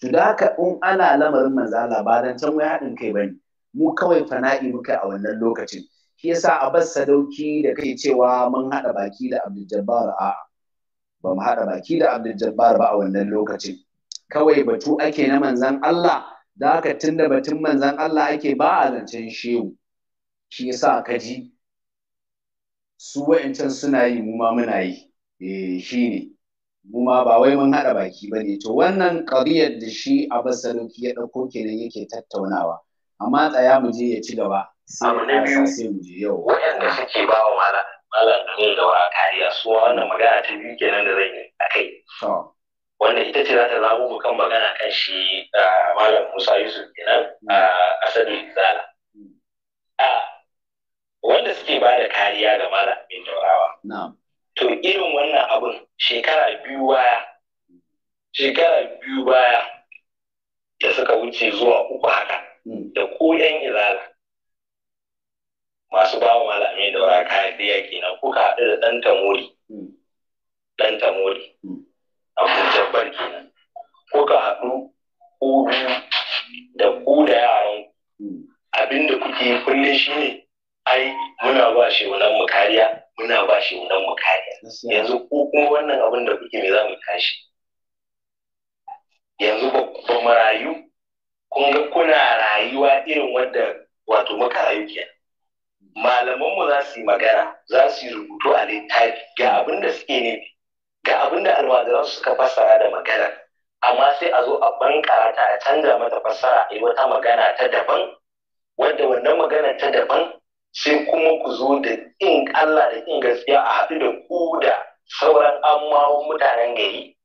to da haka in ana lamarin manzo Allah ba dan can wai hadin kai bane mu kawai fana'i muka a wannan lokacin shi yasa bas Sadauki da kai cewa mun hada baki da Abdul Jabbar a ba mu hada baki da Abdul Jabbar ba a wannan lokacin kawai batu ake na manzan Allah da haka tunda batun manzan Allah ake ba a zancen shehu shi yasa ka ji su wa'ancan suna yi mu ma muna yi eh, shi ne mu ma ba wai mun haɗa baki ba ne to wannan ƙariyar da shi a basaruki ya ɗauko kenan yake tattaunawa amma tsaya mu je ya ci gaba sai na biyu waɗanda suke ba wa malam malam amin da wa kariya su wannan magana ta biyu kenan da zan yi a kai wanda ita ce za ta zamo mu kan magana kan shi ah, malam musa yusuf kenan hmm. a ah, asali zala hmm. ah, wanda suke ba da kariya ga malamin Amin To irin wannan abun shekara biyu baya, shekara biyu baya da suka wuce zuwa uku haka hmm. da ko ‘yan izala masu ba wa daura kayan da yaƙi na, kuka haɗu da ɗan tamori. Hmm. Ɗan tamori. Hmm. Abuja barki nan. Kuka haɗu ko da ku da yaran abinda kuke kullum shi ne ai muna ba shi wannan mu kariya muna ba shi wannan mu kariya yanzu ko kuma wannan abin da kuke me za mu tashi yanzu ba mu rayu kun ga kuna rayuwa irin wanda wato muka rayu ke malaman malamanmu za su yi magana za su yi rubutu a littafi ga abin da suke ne ga abin da almajiran suka fassara da magana amma sai a zo a bankara ta a canza mata fassara a yi wata magana ta daban wadda wannan magana ta daban sai kuma ku zo da in Allah da in gaskiya a haɗu da ku da sauran ammawan mutanen gari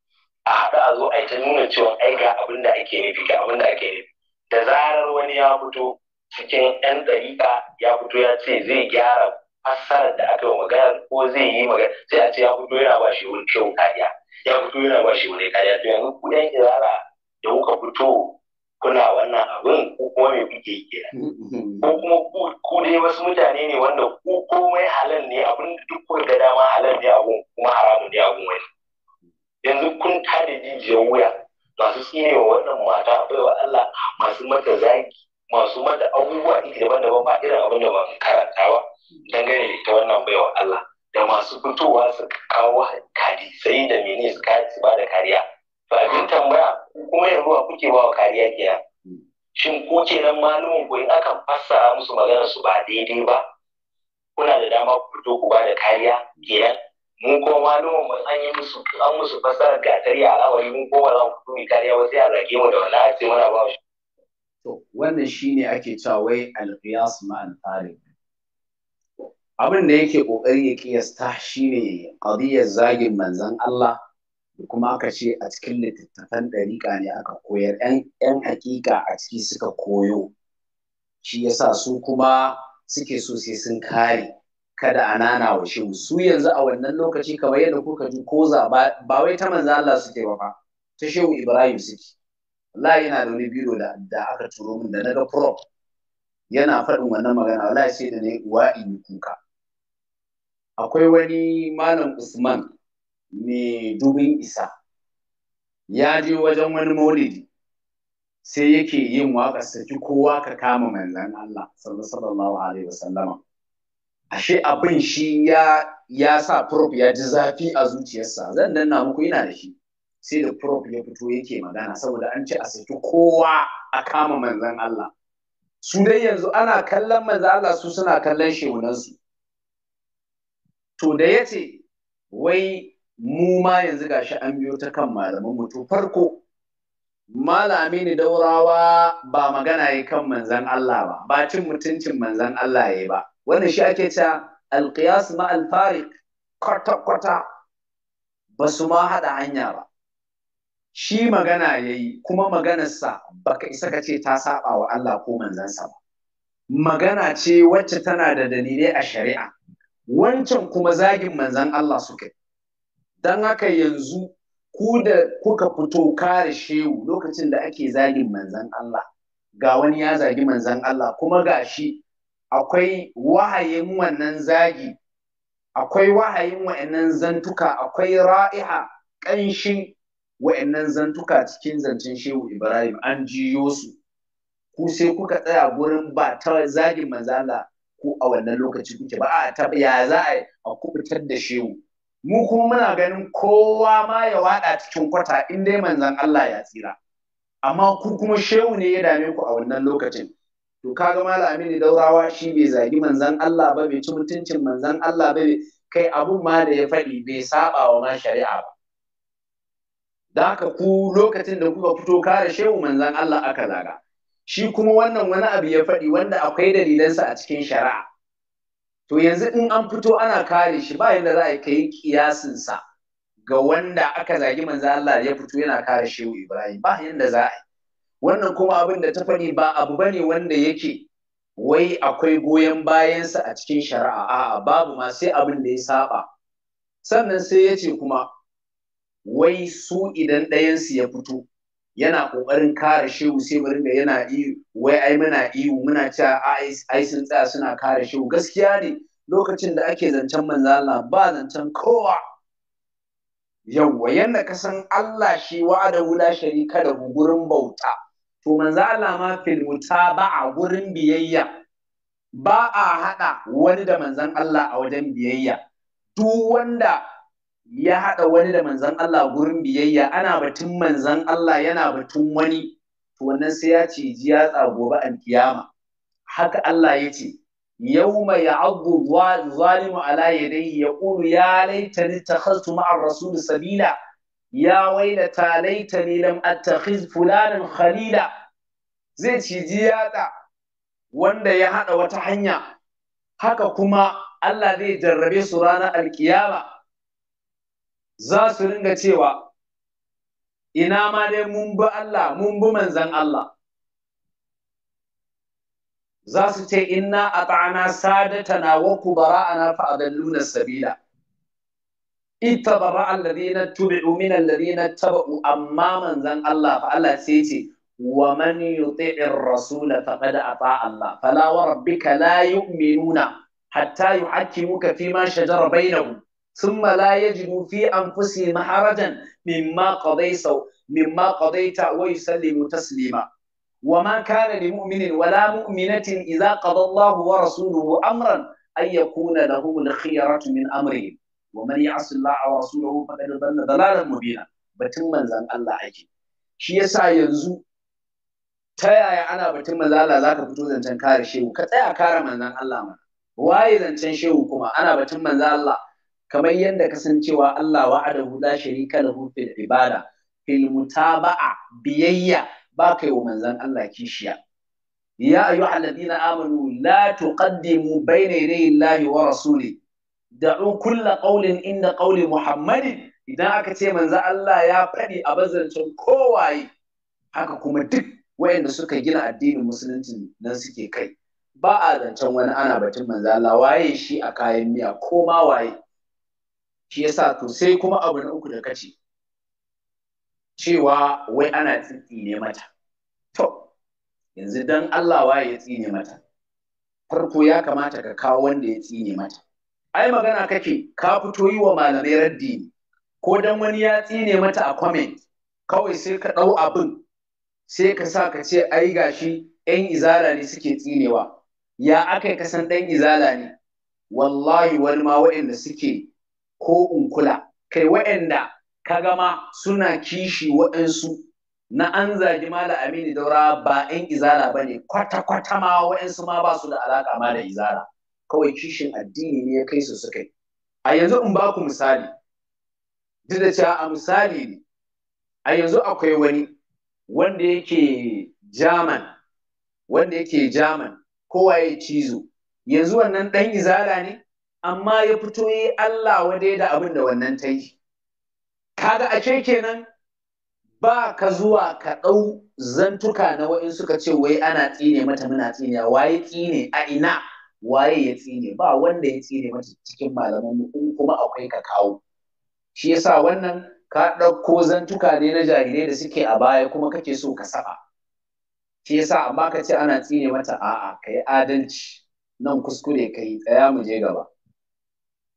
a haɗu a zo a yi ta nuna cewa ai ga abin da ake nufi ga abin da ake nufi da zarar wani ya fito cikin 'yan ɗariƙa ya fito ya ce zai gyara fassarar da aka yi magana ko zai yi magana sai a ce ya fito yana ba shi wani kyau kariya ya fito yana ba shi wani kariya to yanzu ku ɗan izara da kuka fito kuna wannan abin ko kuma me kuke kenan mm-hmm. ko kuma ku dai wasu mutane ne wanda ku komai halal ne abin da duk kuka ga dama halal ne abun kuma haramun ne abun wani yanzu kun tada jijiyar wuya masu tsinewa wannan mata baiwa Allah masu mata zaki masu mata abubuwa daban-daban ba irin abin da ba karanta ba dangane da wannan baiwa Allah da masu fitowa su kawo kadi sai da mene su ba da kariya Ba abin tambaya kuma yanzu a kuke ba wa kariya kenan hmm. shin ku kenan malumin ku in akan fassara musu maganar su ba daidai ba kuna da dama ku fito ku ba da kariya nan mun kuma malumin mu an yi musu an musu fassarar gatari a alawari mun kuma za ku fito kariya ba sai a rage mu da wannan a ce muna ba shi to wannan shine ake cewa wai al ma al abin da yake ƙoƙari ya kiyasta shine qadiyar zagin manzon Allah kuma aka ce a cikin littattafan ɗariƙa ne aka koyar ‘yan haƙiƙa a ciki suka koyo shi yasa su kuma suke so sai sun kare kada a nana wa shehu su yanzu a wannan lokaci kamar yadda kuka ji za ba wai ta manzo Allah suke ba ba ta shehu Ibrahim suke wallahi yana da wani biro da aka turo min da na ga prop yana faɗin wannan magana wallahi sai da ne yi kuka akwai wani malam Usman Me dubin isa ya je wajen wani maulidi sai yake yin waƙar saki kowa ka kama manzan Allah sallallahu alaihi wasallama ashe abin shi ya ya sa prof ya ji zafi a zuciyarsa zan na muku ina da shi sai da prof ya fito yake magana saboda an ce a saki kowa a kama manzan Allah su dai yanzu ana kallon manzan Allah su suna kallon shehunansu to da yace wai mu ma yanzu ga shi an biyo ta kan malaman mutu farko malami ne daurawa ba magana yi kan manzan Allah ba ba cin mutuncin manzan Allah ya ba wannan shi ake cewa alqiyas ma alfariq kwata kwata ba su ma haɗa hanya ba shi magana yayi yi kuma maganarsa baka isa ka ce ta saba wa Allah ko manzansa ba magana ce wacce tana da dalilai a shari'a wancan kuma zagin manzan Allah suka don haka yanzu ku da kuka fito kare shehu lokacin da ake zagin manzan Allah ga wani ya zagi manzan Allah kuma ga shi akwai wahayin wannan zagi akwai wahayin wa'annan zantuka akwai ra'iha ƙanshin wa'annan zantuka cikin zancen shehu Ibrahim an jiyo su ku sai kuka tsaya gurin ba ta zagin manzan Allah ku a wannan lokaci kuke ba a ta ya za a kubutar da shehu mu kuma muna ganin kowa ma ya waɗa cikin kwata in dai manzan Allah ya tsira amma ku kuma shehu ne ya dame ku a wannan lokacin to kaga Malam ne daurawa shi bai zagi manzan Allah ba bai ci mutuncin manzan Allah ba kai abun ma da ya faɗi bai saba wa ma shari'a ba da haka ku lokacin da kuka fito kare shehu manzan Allah aka zaga shi kuma wannan wani abu ya faɗi wanda akwai dalilansa a cikin shari'a to yanzu in an fito ana kare shi ba yadda za a kai kiyasin sa ga wanda aka zagi manzo Allah ya fito yana kare shehu Ibrahim ba yadda za a wannan kuma abin da ta faɗi ba abu bane wanda yake wai akwai goyon bayansa a cikin shari'a a'a babu ma sai abin da ya saba sannan sai ya ce kuma wai su idan ɗayansu ya fito yana ƙoƙarin kare shehu sai mu ringa yana iyu wai ai muna iyu muna cewa ai sun tsaya suna kare shehu gaskiya ne lokacin da ake zancen manzo Allah ba zancen kowa yawwa yanda ka san Allah shi wa'ada wula sharika da gurin bauta to manzo Allah ma fil mutaba'a gurin biyayya ba a hada wani da Manzan Allah a wajen biyayya duk wanda ya haɗa wani da manzan Allah gurin biyayya ana batun manzan Allah yana batun wani to wannan sai ya ce ji ya gobe alkiyama haka Allah ya ce yawma ya'addu zalimu ala yadayhi yaqulu ya laitani takhaztu ma'ar rasul sabila ya wailata laitani lam attakhiz fulanan khalila zai ci ji yatsa wanda ya haɗa wata hanya haka kuma Allah zai jarrabe su ranar alkiyama za su ringa cewa ina ma dai mun bi Allah mun bi manzan Allah za su ce inna ata'ana sadatana wa kubara'ana fa adalluna sabila ittabarra alladhina tubi'u min alladhina taba'u amma manzan Allah fa Allah sai ce wa man yuti'ir rasul faqad ata Allah fala wa rabbika la yu'minuna hatta yuhakkimuka fi ma shajara bainahum ثم لا يجدوا في أنفسهم ma مما قضيت مما قضيت ويسلموا تسليما وما كان لمؤمن ولا مؤمنة إذا قضى الله ورسوله أمرا أن يكون لهم الخيرة من أمرهم ومن يعص الله ورسوله فقد ضل ضلالا مبينا batun manzan Allah ake shi yasa yanzu ta yaya ana batun manzan Allah ka fito zancen kare shehu ka tsaya kare manzan Allah mana waye zancen shehu kuma ana batun manzan Allah kamar yadda kasancewa Allah wa'adahu la sharika lahu fil ibada fil mutaba'a biyayya ba kai wa manzon Allah kishiya ya ayyuhal ladina amanu la tuqaddimu bayna yadayi Allahi wa rasuli da'u kull qawlin inna qawli Muhammadin idan aka ce manzon Allah ya faɗi a bazancin kowaye haka kuma duk wayanda suka gina addinin musulunci nan suke kai ba a zancen wani ana batun manza Allah waye shi a kayan miya ko ma waye shi yasa to sai kuma abu na uku da kace cewa wai ana tsitsine mata to yanzu dan Allah waye ya tsine mata farko ya kamata ka kawo wanda ya tsine mata ai magana kake ka fito yi wa malamai raddi ko dan wani ya tsine mata a comment kawai sai ka ɗau abin sai ka sa ka ce ai gashi ɗan izala ne suke tsinewa ya aka yi kasan ɗan izala ne wallahi wani ma waɗanda suke ko in kula kai waɗanda ka gama suna kishi waɗansu na an zagi mala amini daura ba 'yan izala ba ne kwata-kwata ma waɗansu ma ba su da alaƙa ma da izala kawai kishin addini ne ya kai su suka yi a yanzu in ba ku misali duk da cewa a misali ne a yanzu akwai wani wanda yake jaman wanda yake jaman kowa ya cizo yanzu wannan ɗan izala ne amma ya fito yi Allah wadai da abin da wannan ta yi kaga ce kenan ba ka zuwa ka ɗau zantuka na wa'in suka ce wai ana tsine mata muna tsine waye tsine a ina waye ya tsine ba wanda ya tsine mata cikin malaman mu kuma akwai ka kawo shi yasa wannan ka ɗauko zantuka ne na jarirai da suke a baya kuma kake so ka saba shi yasa amma ka ce ana tsine mata a'a kai adalci nan kuskure kai tsaya mu je gaba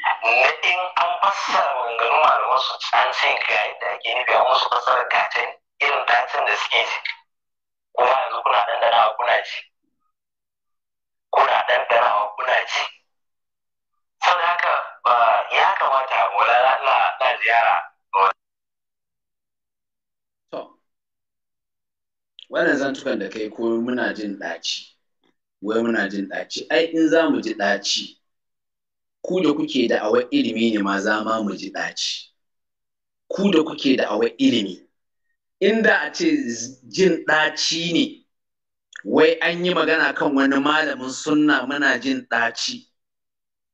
na in an fassara maganganun malaman su an ce ga yadda ake nufi an musu fassara katin irin katin da suke ji kuma yanzu kuna dandanawa kuna ji kuna dandanawa kuna ji saboda haka ya kamata wala na na ziyara to wannan zantukan da kai ko muna jin ɗaci wai muna jin ɗaci ai in za mu ji ɗaci ku da kuke da awar ilimi ne ma za ma mu ji ɗaci ku da kuke da awar ilimi inda a ce jin ɗaci ne wai an yi magana kan wani malamin sunna muna jin ɗaci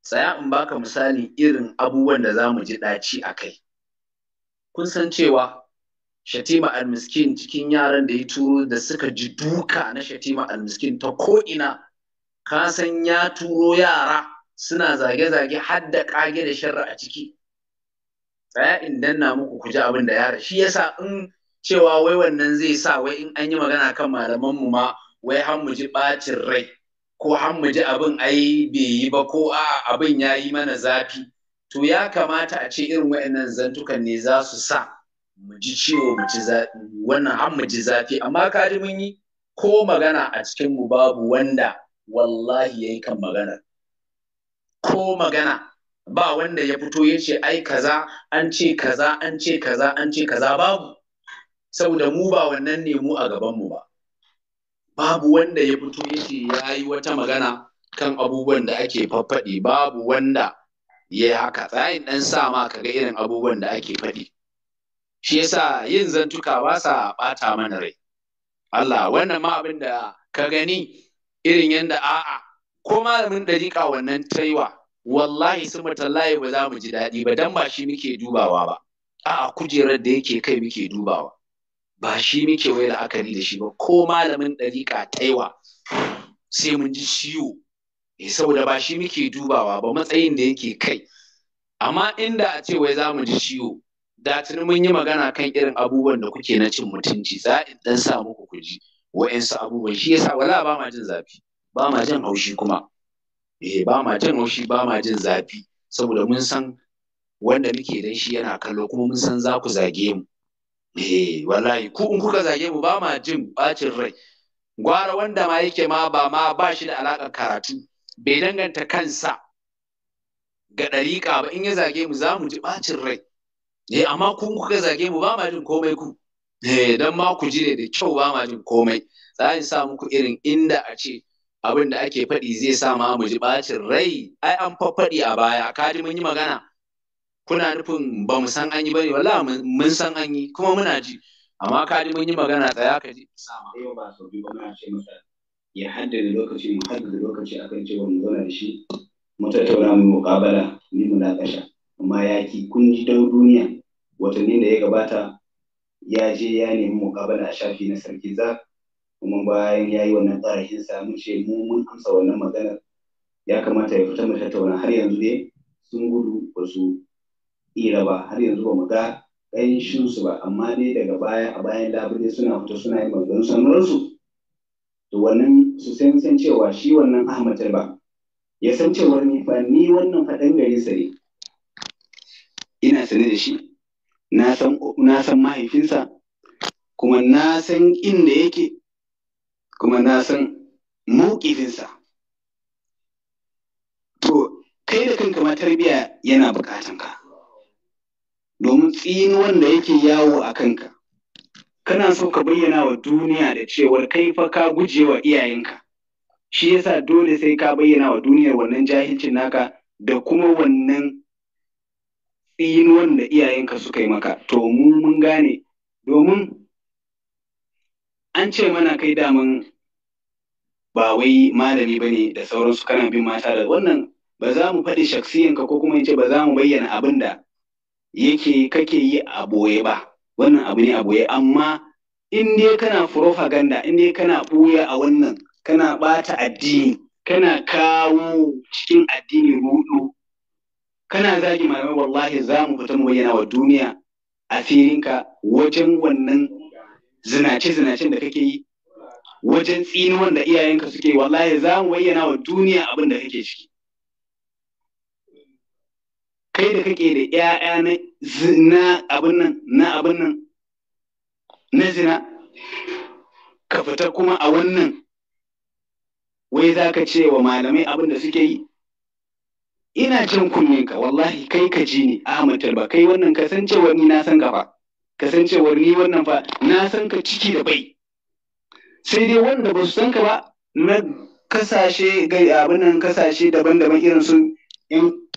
tsaya in baka misali irin abubuwan da za mu ji ɗaci a kai kun san cewa shatima almiskin cikin yaran da ya turo da suka ji duka na shatima almiskin ta ko'ina ka san ya turo yara suna zage-zage har da ƙage da sharra a ciki tsaya eh, in danna muku ku ji abin da ya shi yasa in cewa wai wannan zai sa wai in an yi magana kan malaman mu ma wai har mu ji ɓacin rai ko har mu ji abin ai bai yi ba ko a abin ya yi mana zafi to ya kamata a ce irin wa'annan zantukan ne za su sa mu ji ciwo mu ji zafi wannan har mu ji zafi amma ka ji mun yi ko magana a cikin mu babu wanda wallahi ya yi kan maganar. ko magana ba wanda ya fito ya ce ai kaza an ce kaza an ce kaza an ce kaza babu saboda mu ba wannan ne mu a gabanmu ba babu wanda ya fito ya ce ya yi wata magana kan abubuwan da ake faffaɗi babu wanda ya yi haka tsayin ɗan sa ma ka ga irin abubuwan da ake faɗi shi yasa yin zantuka ba sa ɓata mana rai Allah wannan ma abin da ka gani irin yadda a'a ko malamin ɗariƙa wannan taiwa wallahi sun matallahi ba za mu ji daɗi ba dan ba shi muke dubawa ba a'a kujerar da yake kai muke dubawa ba shi muke wai la'akari da shi ba ko malamin ɗariƙa taiwa sai mun ji ciwo Ya eh, saboda ba shi muke dubawa ba matsayin da yake kai amma inda a ce wai za mu ji ciwo da tuni mun yi magana kan irin abubuwan da kuke na cin mutunci za in dan sa muku ku ji wa'ansu abubuwan shi yasa wala ba ma jin zafi ba ma jin haushi kuma eh ba ma jin haushi ba ma jin zafi saboda mun san wanda muke da shi yana kallo kuma mun san za ku zage mu eh wallahi ku in kuka zage mu ba ma jin bacin rai gwara wanda ma yake ma ba ma ba shi da alaƙar karatu bai danganta kansa ga ɗariƙa ba in ya zage mu za mu ji bacin rai eh amma in kuka zage mu ba ma jin komai ku eh dan ma ku ji ne da kyau ba ma jin komai za yi sa muku irin inda a ce abin da ake faɗi zai sa ma mu ji bacin rai ai an faɗi a baya ka ji mun yi magana kuna nufin ba mu san an yi bane walla mun san an yi kuma muna ji amma ka ji mun yi magana tsaya ka ji ma yau ba sau biyu ba muna ce masa ya haddada lokaci mu haddada lokaci akan cewa mu zauna da shi mu tattauna mu muƙabala ni mu ƙasha. amma ya ki kun ji dau duniya watanni da ya gabata ya je ya nemi muƙabala a shafi na sarki zaka kuma bayan ya yi wannan ƙarashinsa, sa mun ce mu mun amsa wannan maganar ya kamata ya fita mu tattauna har yanzu dai sun gudu ba su ira ba har yanzu ba mu ga ƙanshinsu ba amma dai daga baya a bayan labule suna fita suna yin maganar sanar su to wannan su san san cewa shi wannan Ahmad Talba ya san cewa ni Ba ni wannan faɗan gari sare ina sane da shi na san mahaifinsa kuma na san inda yake kuma na san mokifinsa. to kai da kanka ma tarbiya yana bukatanka, domin tsini wanda yake yawo a kanka kana so ka bayyana wa duniya da cewar kai fa ka guje wa iyayenka shi yasa dole sai ka bayyana wa duniyar wannan jahilcin naka da kuma wannan tsinuwan wanda iyayenka suka yi maka to mun gane domin an ce mana kai daman ba wai malami ba ne da sauransu kana bin mata da wannan ba za mu faɗi shaksiyanka ko kuma ce ba za mu bayyana abin da yake kake yi a boye ba wannan abu ne a boye amma in dai kana propaganda in dai kana ɓuya a wannan kana ɓata addini kana kawo cikin addini rudu kana zagi malamai wallahi za mu fita mu bayyana wa duniya asirinka wajen wannan zinace-zinacen da kake yi wajen tsinuwan da iyayenka suke wallahi za mu bayyana wa duniya abin da kake ciki kai da kake da ‘ya'ya na abin nan na abin nan na zina ka fita kuma a wannan wai za ka ce wa malamai abin da suke yi ina jin kunyinka wallahi kai ka ji ni ahmad talba kai wannan ka san cewa na san gaba kasancewar ni wannan fa na san ka ciki da bai sai dai wanda ba su san ka ba na kasashe ga abin nan kasashe daban-daban irin su in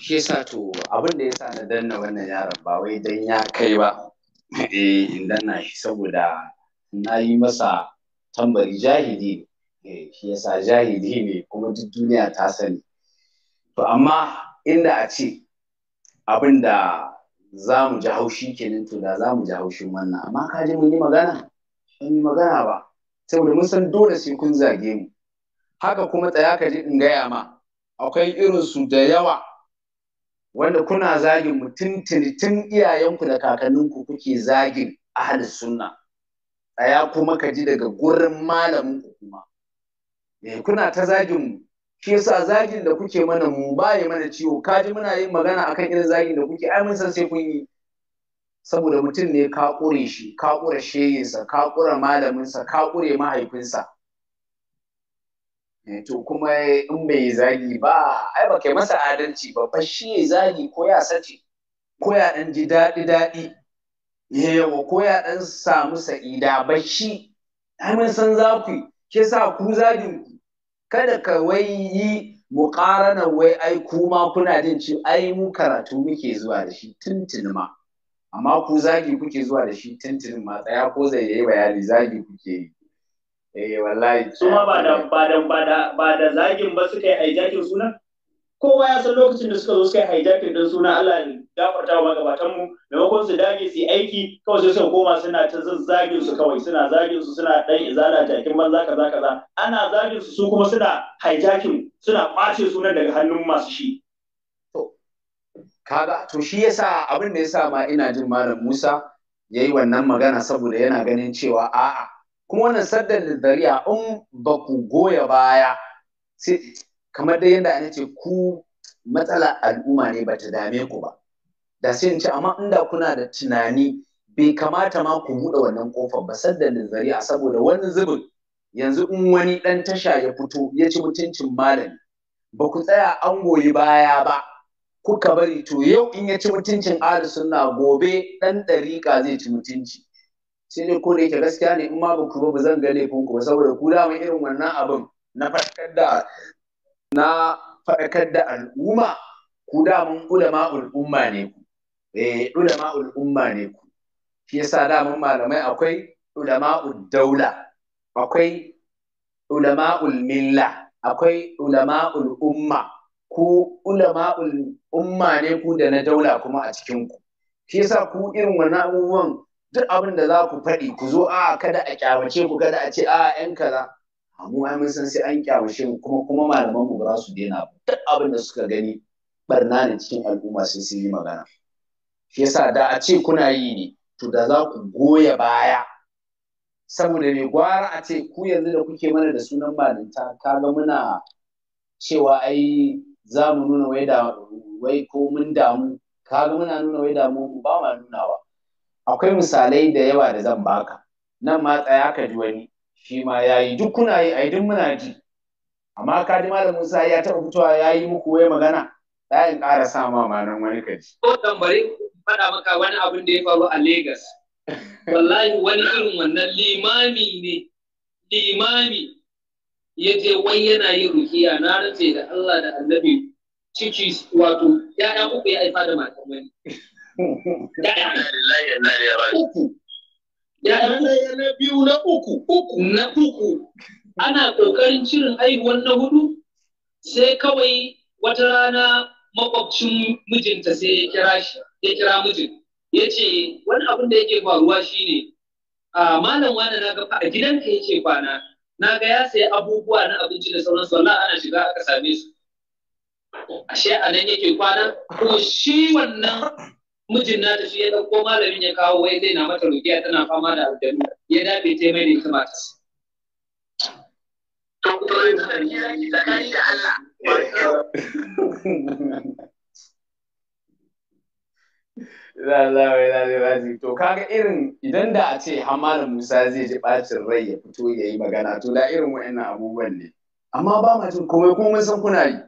shi yasa to abin da yasa na danna wannan yaron ba wai dan ya kai ba eh in danna shi saboda na yi masa tambari jahili ne eh, shi yasa jahili ne kuma duk duniya ta sani to amma inda a ce abin da za mu ji haushi kenan to da za mu ji haushin wannan amma ka ji mun yi magana mun yi magana ba saboda mun san dole sai kun zage mu haka kuma tsaya ka ji in gaya ma akwai irin su da yawa wanda kuna zagin mu tun tun iyayenku da kakanninku kuke zagin ahli sunna tsaya kuma ka ji daga gurin malamin ku kuma eh kuna ta zagin mu shi yasa zagin da kuke mana mu ba ya mana ciwo Ka ji muna yin magana akan irin zagin da kuke ai mun san sai kun yi saboda mutum ne ka ƙure shi ka ƙure sheyinsa ka ƙure malaminsa ka ƙure mahaifinsa eh to kuma in bai zagi ba ai ba kai masa adalci ba fa shi ya zagi ko ya sace ko ya dan ji daɗi daɗi eh yawa ko ya dan samu sa'ida ba shi ai mun san za ku ke sa ku zagin ku kada ka wai yi muƙarana wai ai kuma kuna jin ci ai mu karatu muke zuwa da shi tuntun ma amma ku zagi kuke zuwa da shi tuntun ma tsaya ko zai yi bayani zagi kuke yi eh wallahi su ma ba da ba da ba da ba da zagin ba suka yi hijacking suna? kowa ya san lokacin da suka zo suka yi hijacking din suna, Allah gafarta wa mu maimakon su dage su yi aiki kawai sai suka koma suna ta zazzagin su kawai suna zagin su suna dan izala jakin banza kaza kaza ana zagin su su kuma suna hijacking suna kwace sunan daga hannun masu shi kaga to shi yasa abin da yasa ma ina jin malam Musa yayi wannan magana saboda yana ganin cewa a'a kuma wannan saddan dariya in ba ku goya baya kamar dai yadda ana ce ku matsala al'umma ne ba ta dame ku ba da sai in ce amma inda kuna da tunani bai kamata ma ku buɗe wannan kofar ba sadda zariya saboda wani zubin yanzu in wani ɗan tasha ya fito ya ci mutuncin malami ba ku tsaya an goyi baya ba kuka bari to yau in ya ci mutuncin ahli sunna gobe ɗan ɗariƙa zai ci mutunci sai dai ko da yake gaskiya ne in ma ba ku ba zan ga laifin ku ba saboda ku dama irin wannan abin na faɗakar da na farkar da al'umma ku daman ulama al'umma ne ku eh ulama umma ne ku shi yasa mun malamai akwai ulama daula akwai ulama milla akwai ulama'ul umma ku ulama umma ne ku da na daula kuma a cikin ku shi yasa ku irin wannan abubuwan duk abin da za ku faɗi ku zo a kada a kyamace ku kada a ce a yan kaza mu ai mun san sai an kyamace mu kuma kuma malaman mu ba su daina duk abin da suka gani barna ne cikin al'umma sai sun yi magana yasa da a ce kuna yi ne to da za ku goya baya saboda mai gwara a ce ku yanzu da kuke mana da sunan malinta kaga muna cewa ai za mu nuna wai da wai ko mun damu kaga muna nuna wai damu ba ma nunawa akwai misalai da yawa da zan baka nan ma tsaya ka ji wani shi ma yayi duk kuna yi ai duk muna ji amma ka ji malam Musa ya taɓa fitowa ya yi muku wai magana tsayin ƙara sa ma ma nan wani kaji fada maka wani abin da ya faru a Legas. Wallahi wani irin wannan limami ne, limami ya je wai yana yin rukiya na rance da Allah da annabi ciki wato ya'ya uku ya haifa da matan wani. Uku. na biyu na uku, uku na uku. Ana ƙoƙarin cirin haihuwar na hudu sai kawai wata rana makwabcin mijinta sai ya kira shi. ya kira mijin ya ce wani abin da yake faruwa shine a malam wani na ga a gidanka yake kwana na ga ya sayi abubuwa na abinci da sauran wallahi ana shiga aka same su ashe a nan yake kwana ko shi wannan mijin na da shi ya ɗauko malamin ya kawo wai zai na mata rukiya tana fama da aljanu ya dafe ta mai da ita mata da Allah Lallawa ya lalaci. To kaga irin idan da a ce Hamalan Musa zai ji bacin rai ya fito ya yi magana to da irin wa'annan abubuwan ne. Amma ba ma jin komai kuma mun san kuna yi.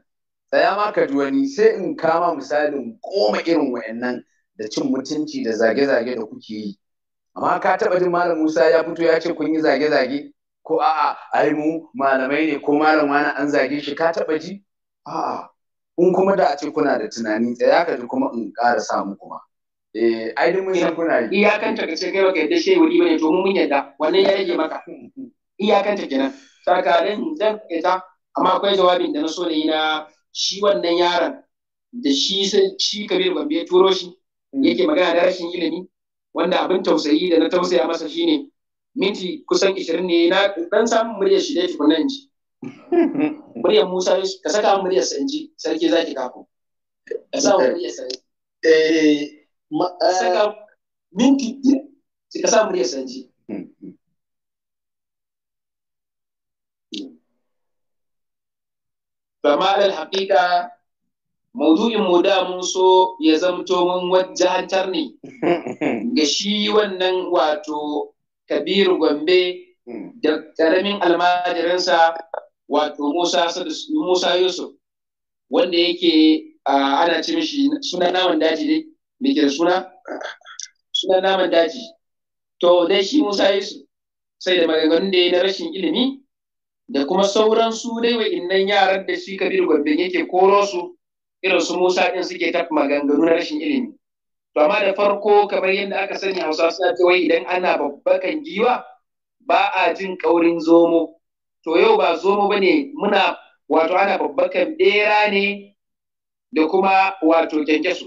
Tsaya ma ka ji wani sai in kama misalin koma irin wa'annan da cin mutunci da zage-zage da kuke yi. Amma ka taɓa jin Malam Musa ya fito ya ce kun yi zage-zage? Ko a'a ai mu malamai ne ko malam wani an zage shi ka taɓa ji? A'a in kuma da a ce kuna da tunani tsaya ka ji kuma in ƙara samu kuma. Eh, ai duk mun san eh, kuna yi. Iyakanta ka sai kai baka yadda shehu wuri bane to mun mun yadda wannan ya rage maka. Hmm, hmm, hmm. Iyakanta kenan. Saka zan kaita amma akwai jawabin da na so na yi na shi wannan yaron da shi shi Kabir Gombe ya turo shi yake magana da rashin ilimi wanda abin tausayi da na tausaya masa shine minti kusan 20 ne na dan samun murya shi dai tukunan ji. Muryar Musa ka saka muryar sanji sarki zaki kafo. Ka sa muryar sanji. Eh Eh, saka minti biyar sai ka sa murya sanji Bama hmm, hmm. alal haƙiƙa maudu'in mu da mun so ya zamto mun wajjantar ne ga shi wannan wato kabiru gombe hmm. da ƙaramin almajirinsa wato musa yusuf wanda yake ah, ana ce mishi suna naman daji dai. me suna suna naman daji to dai shi musa yusuf sai da maganganun da ya na rashin ilimi da kuma sauran su dai wa'innan yaran da shi kabir gwabben yake koro su irin su musa din suke tafi maganganu na rashin ilimi to amma da farko kamar yadda aka sani hausa suna cewa idan ana babbakan giwa ba a jin kaurin zomo to yau ba zomo bane muna wato ana babbakan bera ne da kuma wato kyankyaso.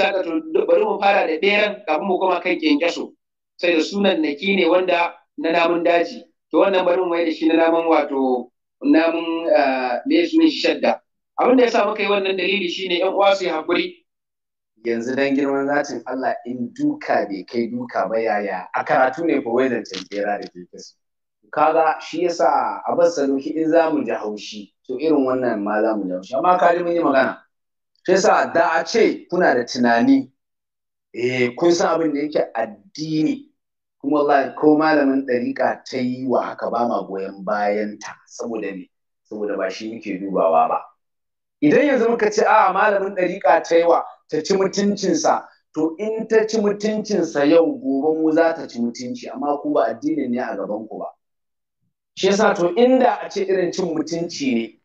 saka to bari mu fara da beran kafin mu koma kan kenkeso sai da sunan naki ne wanda na namun daji to wannan bari mu da shi na namun wato namun eh, me sunan shadda abin da yasa muka yi wannan dalili shine yan uwa su yi hakuri yanzu dan girman zatin Allah in duka bai kai duka ba yaya a karatu ne zan wayar tantera da ke kasu kaga shi yasa a bar sanuki in zamu ji haushi to irin wannan ma zamu ji haushi amma kalli yi magana shi yasa da a ce kuna da tunani eh kun san abin da yake addini kuma wallahi ko malamin dariƙa ta yi wa haka ba ma goyon bayanta saboda ne saboda ba shi muke dubawa ba idan yanzu muka ce a malamin dariƙa ta yi wa ta ci mutuncinsa to in ta ci mutuncinsa yau gobe mu za ta ci mutunci amma ku ba addinin ne a gaban ku ba shi yasa to inda a ce irin cin mutunci ne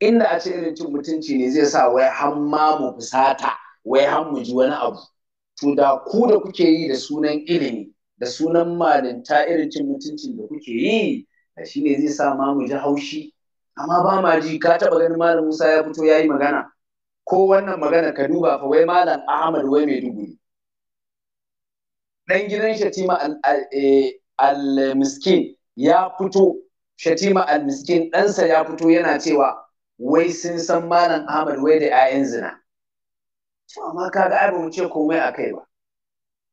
inda a ce irin cin mutunci ne zai sa wai hamma mu fusata wai har mu ji wani abu to da ku da kuke yi da sunan ilimi da sunan malinta irin cin mutuncin da kuke yi da shi ne zai sa ma mu ji haushi amma ba ma ji ka taba ganin malam Musa ya fito ya yi magana ko wannan magana ka duba fa wai malam Ahmad wai mai duguri dan gidan Shatima eh, al-Miskin ya fito Shatima al-Miskin ɗansa ya fito yana cewa wai sun san malam Ahmad wai da 'ya'yan zina. To amma kaga ai mu ce komai a kai ba.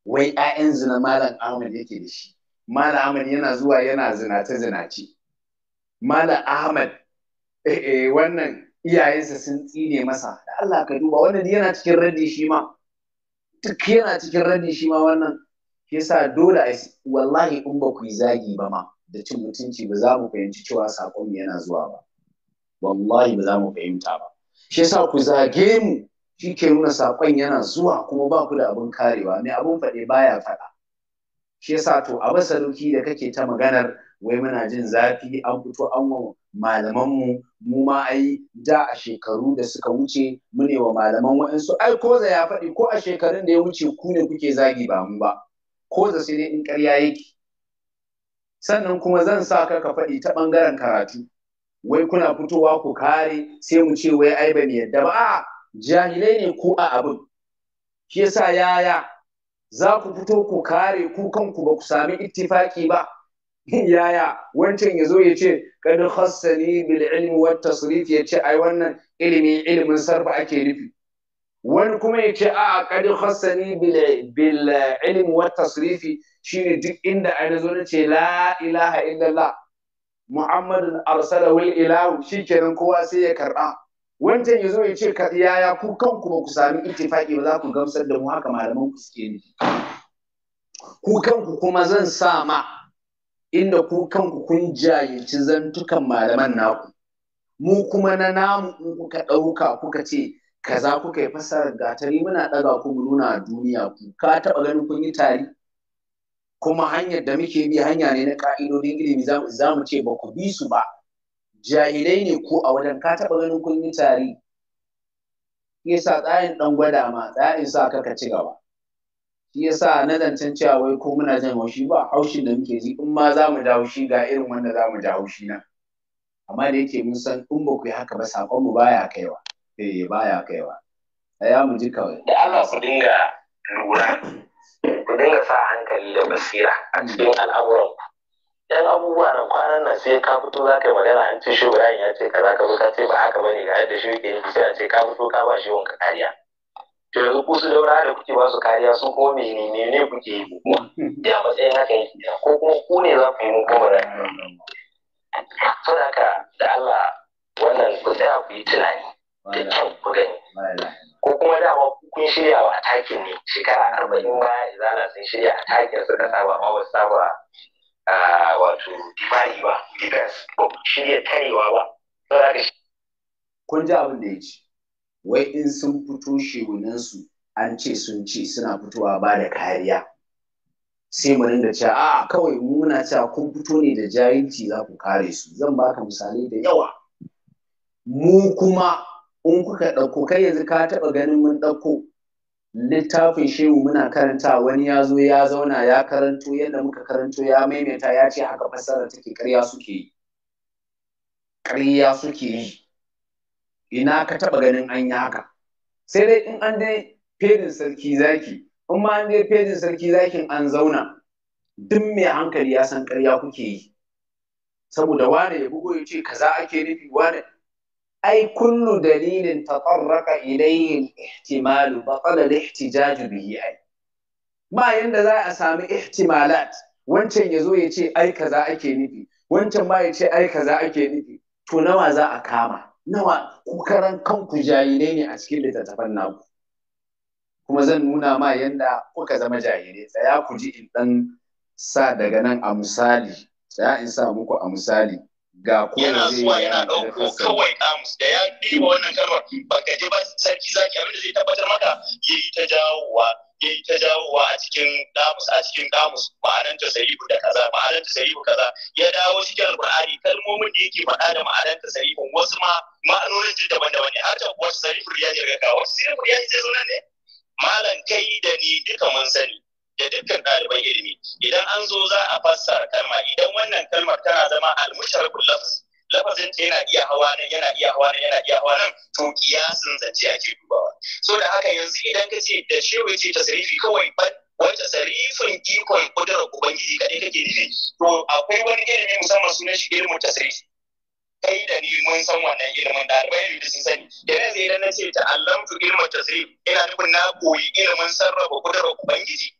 Wai 'ya'yan zina malam Ahmad yake da shi. Malam Ahmad yana zuwa yana zinace zinace. Malam Ahmad eh, eh wannan iyayensa sun tsine masa da Allah ka duba wannan yana cikin raddi shi ma. Duk yana cikin raddi shi ma wannan yasa dole a wallahi in ba ku yi zagi ba ma da cin mutunci ba za mu fahimci cewa sakon yana zuwa ba. wallahi ba za mu fahimta ba shi yasa ku zage mu shi ke nuna saƙon yana zuwa kuma ba ku da abin karewa mai abin faɗe baya faɗa shi yasa to a basaruki da kake ta maganar wai muna jin zafi an fito an wa malamanmu mu ma ai da a shekaru da suka wuce mune wa malaman waɗansu ai za ya faɗi ko a shekarun da ya wuce ku ne kuke zagi ba mu ba Ko za sai dai in ƙarya yake sannan kuma zan sa ka ka faɗi ta ɓangaren karatu wai kuna fitowa ku kare sai mu ce wai ai bani yadda ba a jahilai ne ku a abin shi yasa yaya za ku fito ku kare ku kanku ba ku sami ittifaki ba yaya wancan ya zo ya ce kad khassani bil ilmi wat tasrif ya ce ai wannan ilimi ilimin sarfa ake nufi wani kuma ya ce a kad khassani bil bil ilmi wat shine duk inda ai zo na ce la ilaha illallah Muhammadun arsalawul ilahu shi kenan kowa sai ya karɓa wancan ya zo ya ce ka yaya ku kanku ba ku sami ittifaqi ba za ku gamsar da mu haka malaman ku suke ni. ku kanku kuma zan sa ma inda ku kanku kun jayyaci zantukan malaman naku mu kuma na namu in kuka ɗauka kuka ce kaza kuka yi fasarar gatari muna ɗaga ku mu nuna duniya ku ka taɓa ganin kun yi tari kuma hanyar da muke bi hanya ne na ka'idodin ilimi za mu ce ba ku bi su ba jahilai ne ko a wajen ka taɓa ganin kun yi tari yasa tsarin ɗan gwada ma tsarin sa ka ci gaba shi yasa na zancen cewa wai ko muna jan haushi ba haushin da muke ji in ma za mu ja haushi ga irin wanda za mu ja haushi nan amma da yake mun san in ba ku yi haka ba sakon mu baya kaiwa eh baya kaiwa ya mu ji kawai da Allah ku dinga lura ku dinga sa hankali da basira a cikin al'amuran yan abubuwa na kwanan nan sai ka fito za ka yi magana an ce shi Ibrahim ya ce kaza ka zo ka ce ba haka bane ga yadda shi yake yi sai a ce ka fito ka ba shi wanka kariya to yanzu ku su daura da kuke ba su kariya su ko menene ne kuke yi kuma ya matsayin haka yake ko kuma ku ne za ku yi muku magana saboda haka da Allah wannan ku tsaya ku yi tunani da kyau ku gani ko kuma dama kun shirya wa takin ne shekara arba'in baya izala sun shirya a takin ka saba ma wasu saba wato dimari ba defense ko shirya tarewa ba kun ji abin da ya ci wai in sun fito shegunansu an ce sun ce suna fitowa ba da kariya sai mu da cewa a kawai muna cewa kun fito ne da jahilci za ku kare su zan baka misalai da yawa mu kuma in kuka ɗauko kai yanzu ka taɓa ganin mun ɗauko littafin shehu muna karanta wani ya zo ya zauna ya karanto yadda muka karanto ya maimaita ya ce haka fassara take ƙarya suke yi ƙarya suke yi ina ka taɓa ganin an yi haka sai dai in an dai fedin sarki zaki in ma an dai fedin sarki zakin an zauna duk mai hankali ya san ƙarya kuke yi saboda wane ya bugo ya ce kaza ake nufi wane ai kullu dalilin tatarraka ilayhi ihtimalu batala al-ihtijaj bihi ai ba yanda za a sami ihtimalat wancan yazo ya ce ai kaza ake nufi wancan ba ya ce ai kaza ake nufi to nawa za a kama nawa kokaran kanku jahilai ne a cikin littattafan naku kuma zan nuna ma yanda kuka zama jahilai tsaya ku ji in dan sa daga nan a misali tsaya in sa muku a misali ga yana zuwa yana ɗauko kawai ams da ya ɗiba wannan kalmar ba ka je ba sarki zaki abin da zai tabbatar maka ya yi ta jawowa ya yi ta jawowa a cikin damus a cikin damus ma'anar ta sarifu da kaza ma'anar ta sarifu kaza ya dawo cikin alƙur'ani kalmomin da yake faɗa da ma'anar ta sarifun wasu ma ma'anonin ji daban-daban ne har ta wasu sarifun ya jirga kawo sarifun ya zai zo nan ne malam kai da ni duka mun sani da dukkan ɗaliban ilimi idan an zo za a fassara kalma idan wannan kalmar tana zama almusharakul lafz lafazin ta yana iya hawa nan yana iya hawa nan yana iya hawa nan to kiyasin zance ake dubawa so da haka yanzu idan ka ce da shehu ce tasrifi kawai ban wata sarifin ikon kudurar ubangiji kaɗai kake nufi to akwai wani ilimi musamman sunan shi ilimin tasrifi kai da ni mun san wannan ilimin ɗalibai ilimi sun sani da yanzu idan na ce ta ta'allamtu ilimin tasrif ina nufin na koyi ilimin sarrafa kudurar ubangiji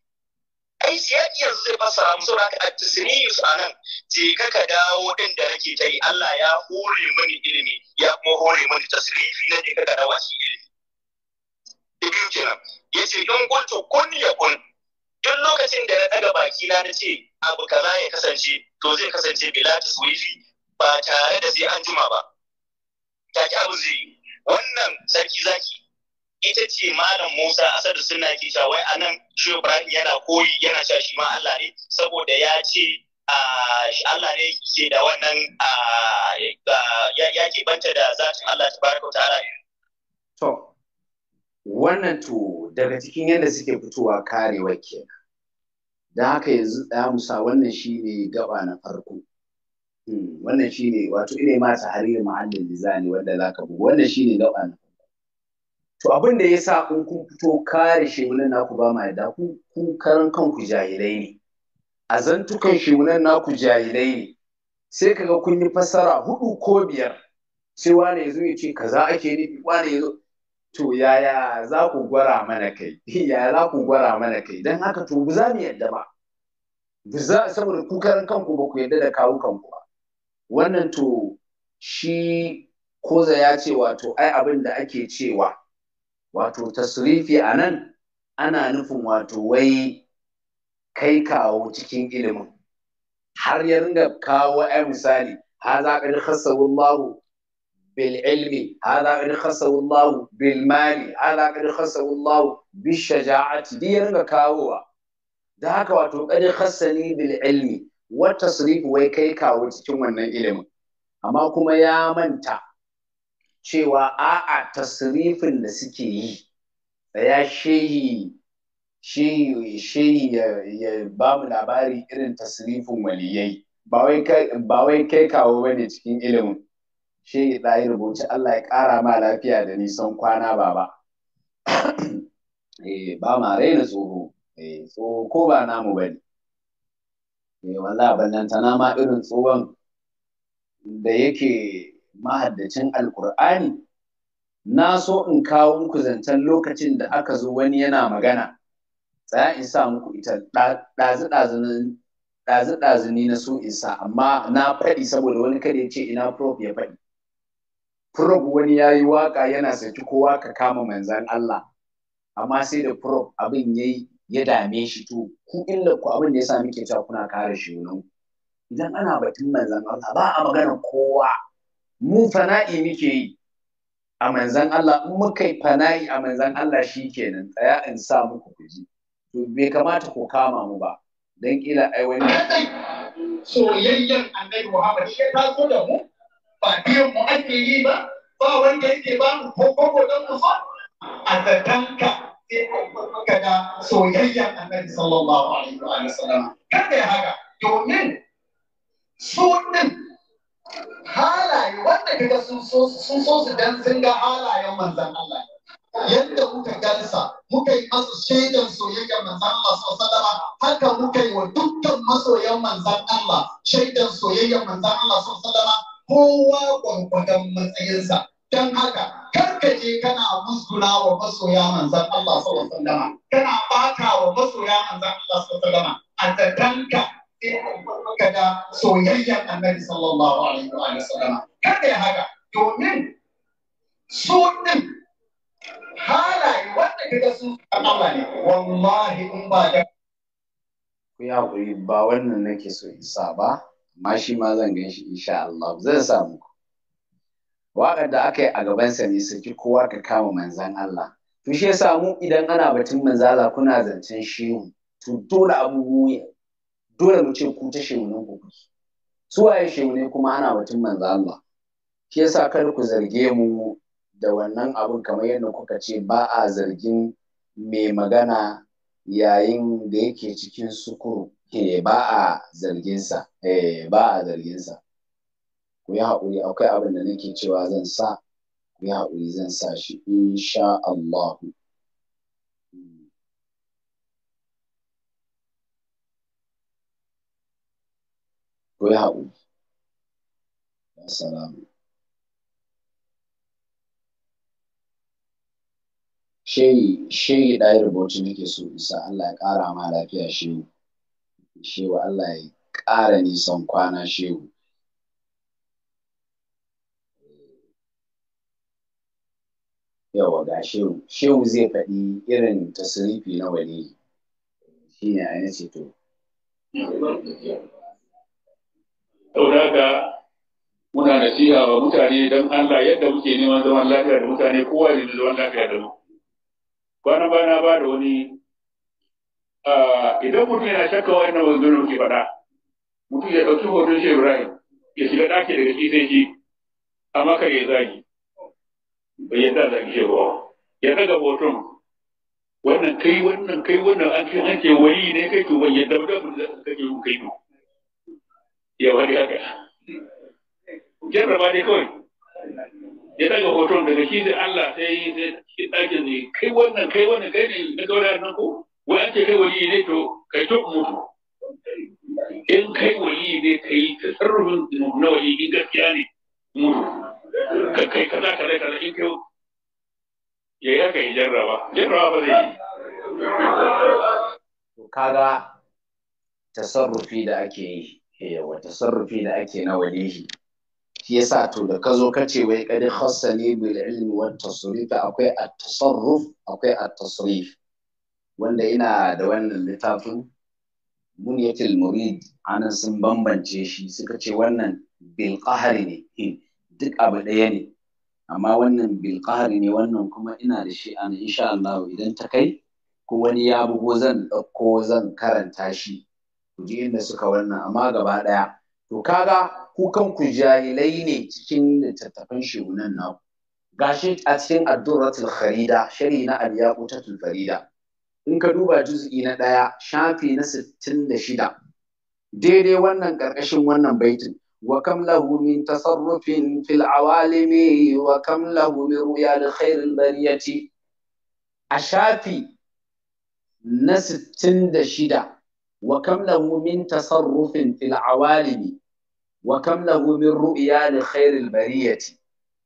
ai yanzu zai fasa musu raka a tisniyus a nan je ka ka dawo ɗin da nake ta yi Allah ya hore mani ilimi ya kuma hore mini tasirifi, na je ka ka dawo shi ilimi ibn Ya ce in kuntu kun ya kun duk lokacin da na ɗaga baki na ce, abu kaza ya kasance to zai kasance bilatus wifi ba tare da sai an juma ba ki abu zai yi. wannan sarki zaki ita ce malam Musa asar suna ke cewa wai anan Shehu Ibrahim yana koyi yana cewa shi ma Allah ne saboda ya ce Allah ne ke da wannan ya ke banta da zatin Allah ta tabaraka ala to wannan to daga cikin yadda suke fitowa karewa kenan da haka yanzu ɗaya musa wannan shine gaba na farko hmm, wannan shine wato ina ma tahrir ma'allin mizani wanda ka bugu wannan shine gaba na to abin da ya sa in kun fito kare shehunan naku ba ma yadda ku ku karan kanku jahilai ne a zantukan shehunan naku jahilai ne sai kaga kun yi fassara hudu ko biyar sai wane zo ya ce kaza ake nufi wane zo? to yaya za ku gwara mana kai yaya za ku gwara mana kai don haka to ba za mu yadda ba za saboda ku karan kanku ba ku yadda da kawo kanku ba wannan to shi koza ya ce wato ai abin da ake cewa wato tasrifi a nan ana nufin wato wai kai kawo cikin ilimin har ya ringa kawo ya misali haza qad khassahu Allah bil ilmi haza qad khassahu Allah bil mali haza qad khassahu Allah bil shaja'ati dai ya ringa kawowa da haka wato qad khassani bil ilmi wata tasrifi wai kai kawo cikin wannan ilimin amma kuma ya manta cewa a'a tasrifin da suke yi ya shehi shehi ya ba mu labari irin tasrifin waliyai ba wai kai kawo bane cikin ilimin shehi ɗayi rubuci Allah ya ƙara ma lafiya da nisan kwana baba eh, ba ma raina tsoho eh, tsoho ko ba namu ba bane eh, wallah ballantana ma irin tsohon da yake mahaddacin alkur'ani na so in kawo muku zancen lokacin da aka zo wani yana magana tsaya in sa muku ita ɗazu-ɗazu na so in amma na faɗi saboda wani kada ya ce ina prof ya faɗi prof wani ya yi waƙa yana saki kowa ka kama manzan Allah amma sai da prof abin ya ya dame shi to ku illa ku abin da ya sa muke kuna kare shi idan ana batun manzan Allah ba a maganar kowa mu fana'i muke yi a manzan Allah in muka yi fana'i a manzan Allah shi kenan tsaya in sa muku kuji to bai kamata ku kama mu ba dan kila ai wani soyayyen annabi Muhammad shi ta zo da mu ba biyan mu ake yi ba ba wanda yake ba mu koko ko dan mu fa a zatanka sai ka da soyayyen annabi sallallahu alaihi wa sallam kada ya haka domin su din halaye wanda kaga sun so su dan sun ga halayen manzan Allah yadda muka gansa muka yi masa shaidan soyayyar manzan Allah sallallahu haka muka yi wa dukkan masoyan manzan Allah shaidan soyayyar manzan Allah sallallahu kowa gwargwadon matsayinsa don haka kar ka je kana musguna wa masoya manzan Allah sallallahu kana bata wa masoya manzan Allah sallallahu a zatanka sai da soyayyen annabi sallallahu alaihi wa sallama kada ya haka domin su din halaye wanda kaga su Allah ne wallahi in ba da ku ya kuri ba wannan nake so in sa ba amma shi ma zan gan shi insha Allah zan sa muku waƙar da aka yi a gabansa ne saki kowa ka kama manzan Allah to shi yasa mu idan ana batun manzala kuna zancen shehu to dole abubuwa dole mu ce ku ta shemunin ku su waye shemune kuma ana batun manzo Allah shi yasa kar ku zarge mu da wannan abun kamar yadda kuka ce ba a zargin mai magana yayin da yake cikin sukuru eh, ba a zarginsa eh, ba a zarginsa ku yi haƙuri akwai abin da nake cewa zan sa ku yi haƙuri zan sa shi insha Allahu ku yi haƙuri. Assalamu. Shehi, shehi ɗaya rubutu nake so isa Allah ya ƙara ma lafiya shehu. Shehu Allah ya ƙara nisan kwana shehu. Yawa ga shehu, shehu zai faɗi irin tasirifi na wani shi ne a ce to. saboda muna nasiha wa mutane don Allah yadda muke neman zaman lafiya da mutane kowa ne da zaman lafiya da mu Ba bana ba da wani idan mutum yana shakka wa innan wanzu muke faɗa mutum ya ɗauki hoton shi Ibrahim ya shiga ɗaki daga shi sai shi amma maka ya zagi bai yadda zagi shi ba ya daga hoton wannan kai wannan kai wannan an ce an ce wani ne kai to ban yadda ba da kake yi kai mu. ya wani haka jarraba dai kawai ya daga hoton daga shi da Allah sai sai cikin ɗakin ne kai wannan kai wannan kai ne na gaura nan ko wai an ce kai wali ne to kai to mutu in kai wali ne kai tasarrufin na wali in gaskiya ne mutu ka kai kaza kaza kaza in kai ya yi haka ya jarraba jarraba ba zai yi kaga tasarrufi da ake yi yawa eh, tasarrufi da ake na walihi shi yasa to da ka zo ka ce wai kadi khassani bil ilmi wat tasrif akwai at tasarruf akwai at tasrif wanda ina da wannan littafin munyatul murid anan sun bambance shi suka ce wannan bil qahri ne eh, duk abu ɗaya ne amma wannan bil qahri ne wannan kuma ina da shi anan insha Allah idan ta kai ko wani ya bugo zan ɗauko zan karanta shi ku ji inda suka wannan amma gaba ɗaya to kaga ku kanku jahilai ne cikin littattafan shegunan naku gashi a cikin addurratul kharida shari na al-yaqutatul farida in ka duba juz'i na ɗaya shafi na sittin da shida daidai wannan ƙarƙashin wannan baitin wa kam lahu min tasarrufin fil awalimi wa kam lahu min ru'yal khairil bariyati a shafi na sittin da shida وكم له من تصرف tasarrufin العوالم وكم له من رؤيا لخير ru'ya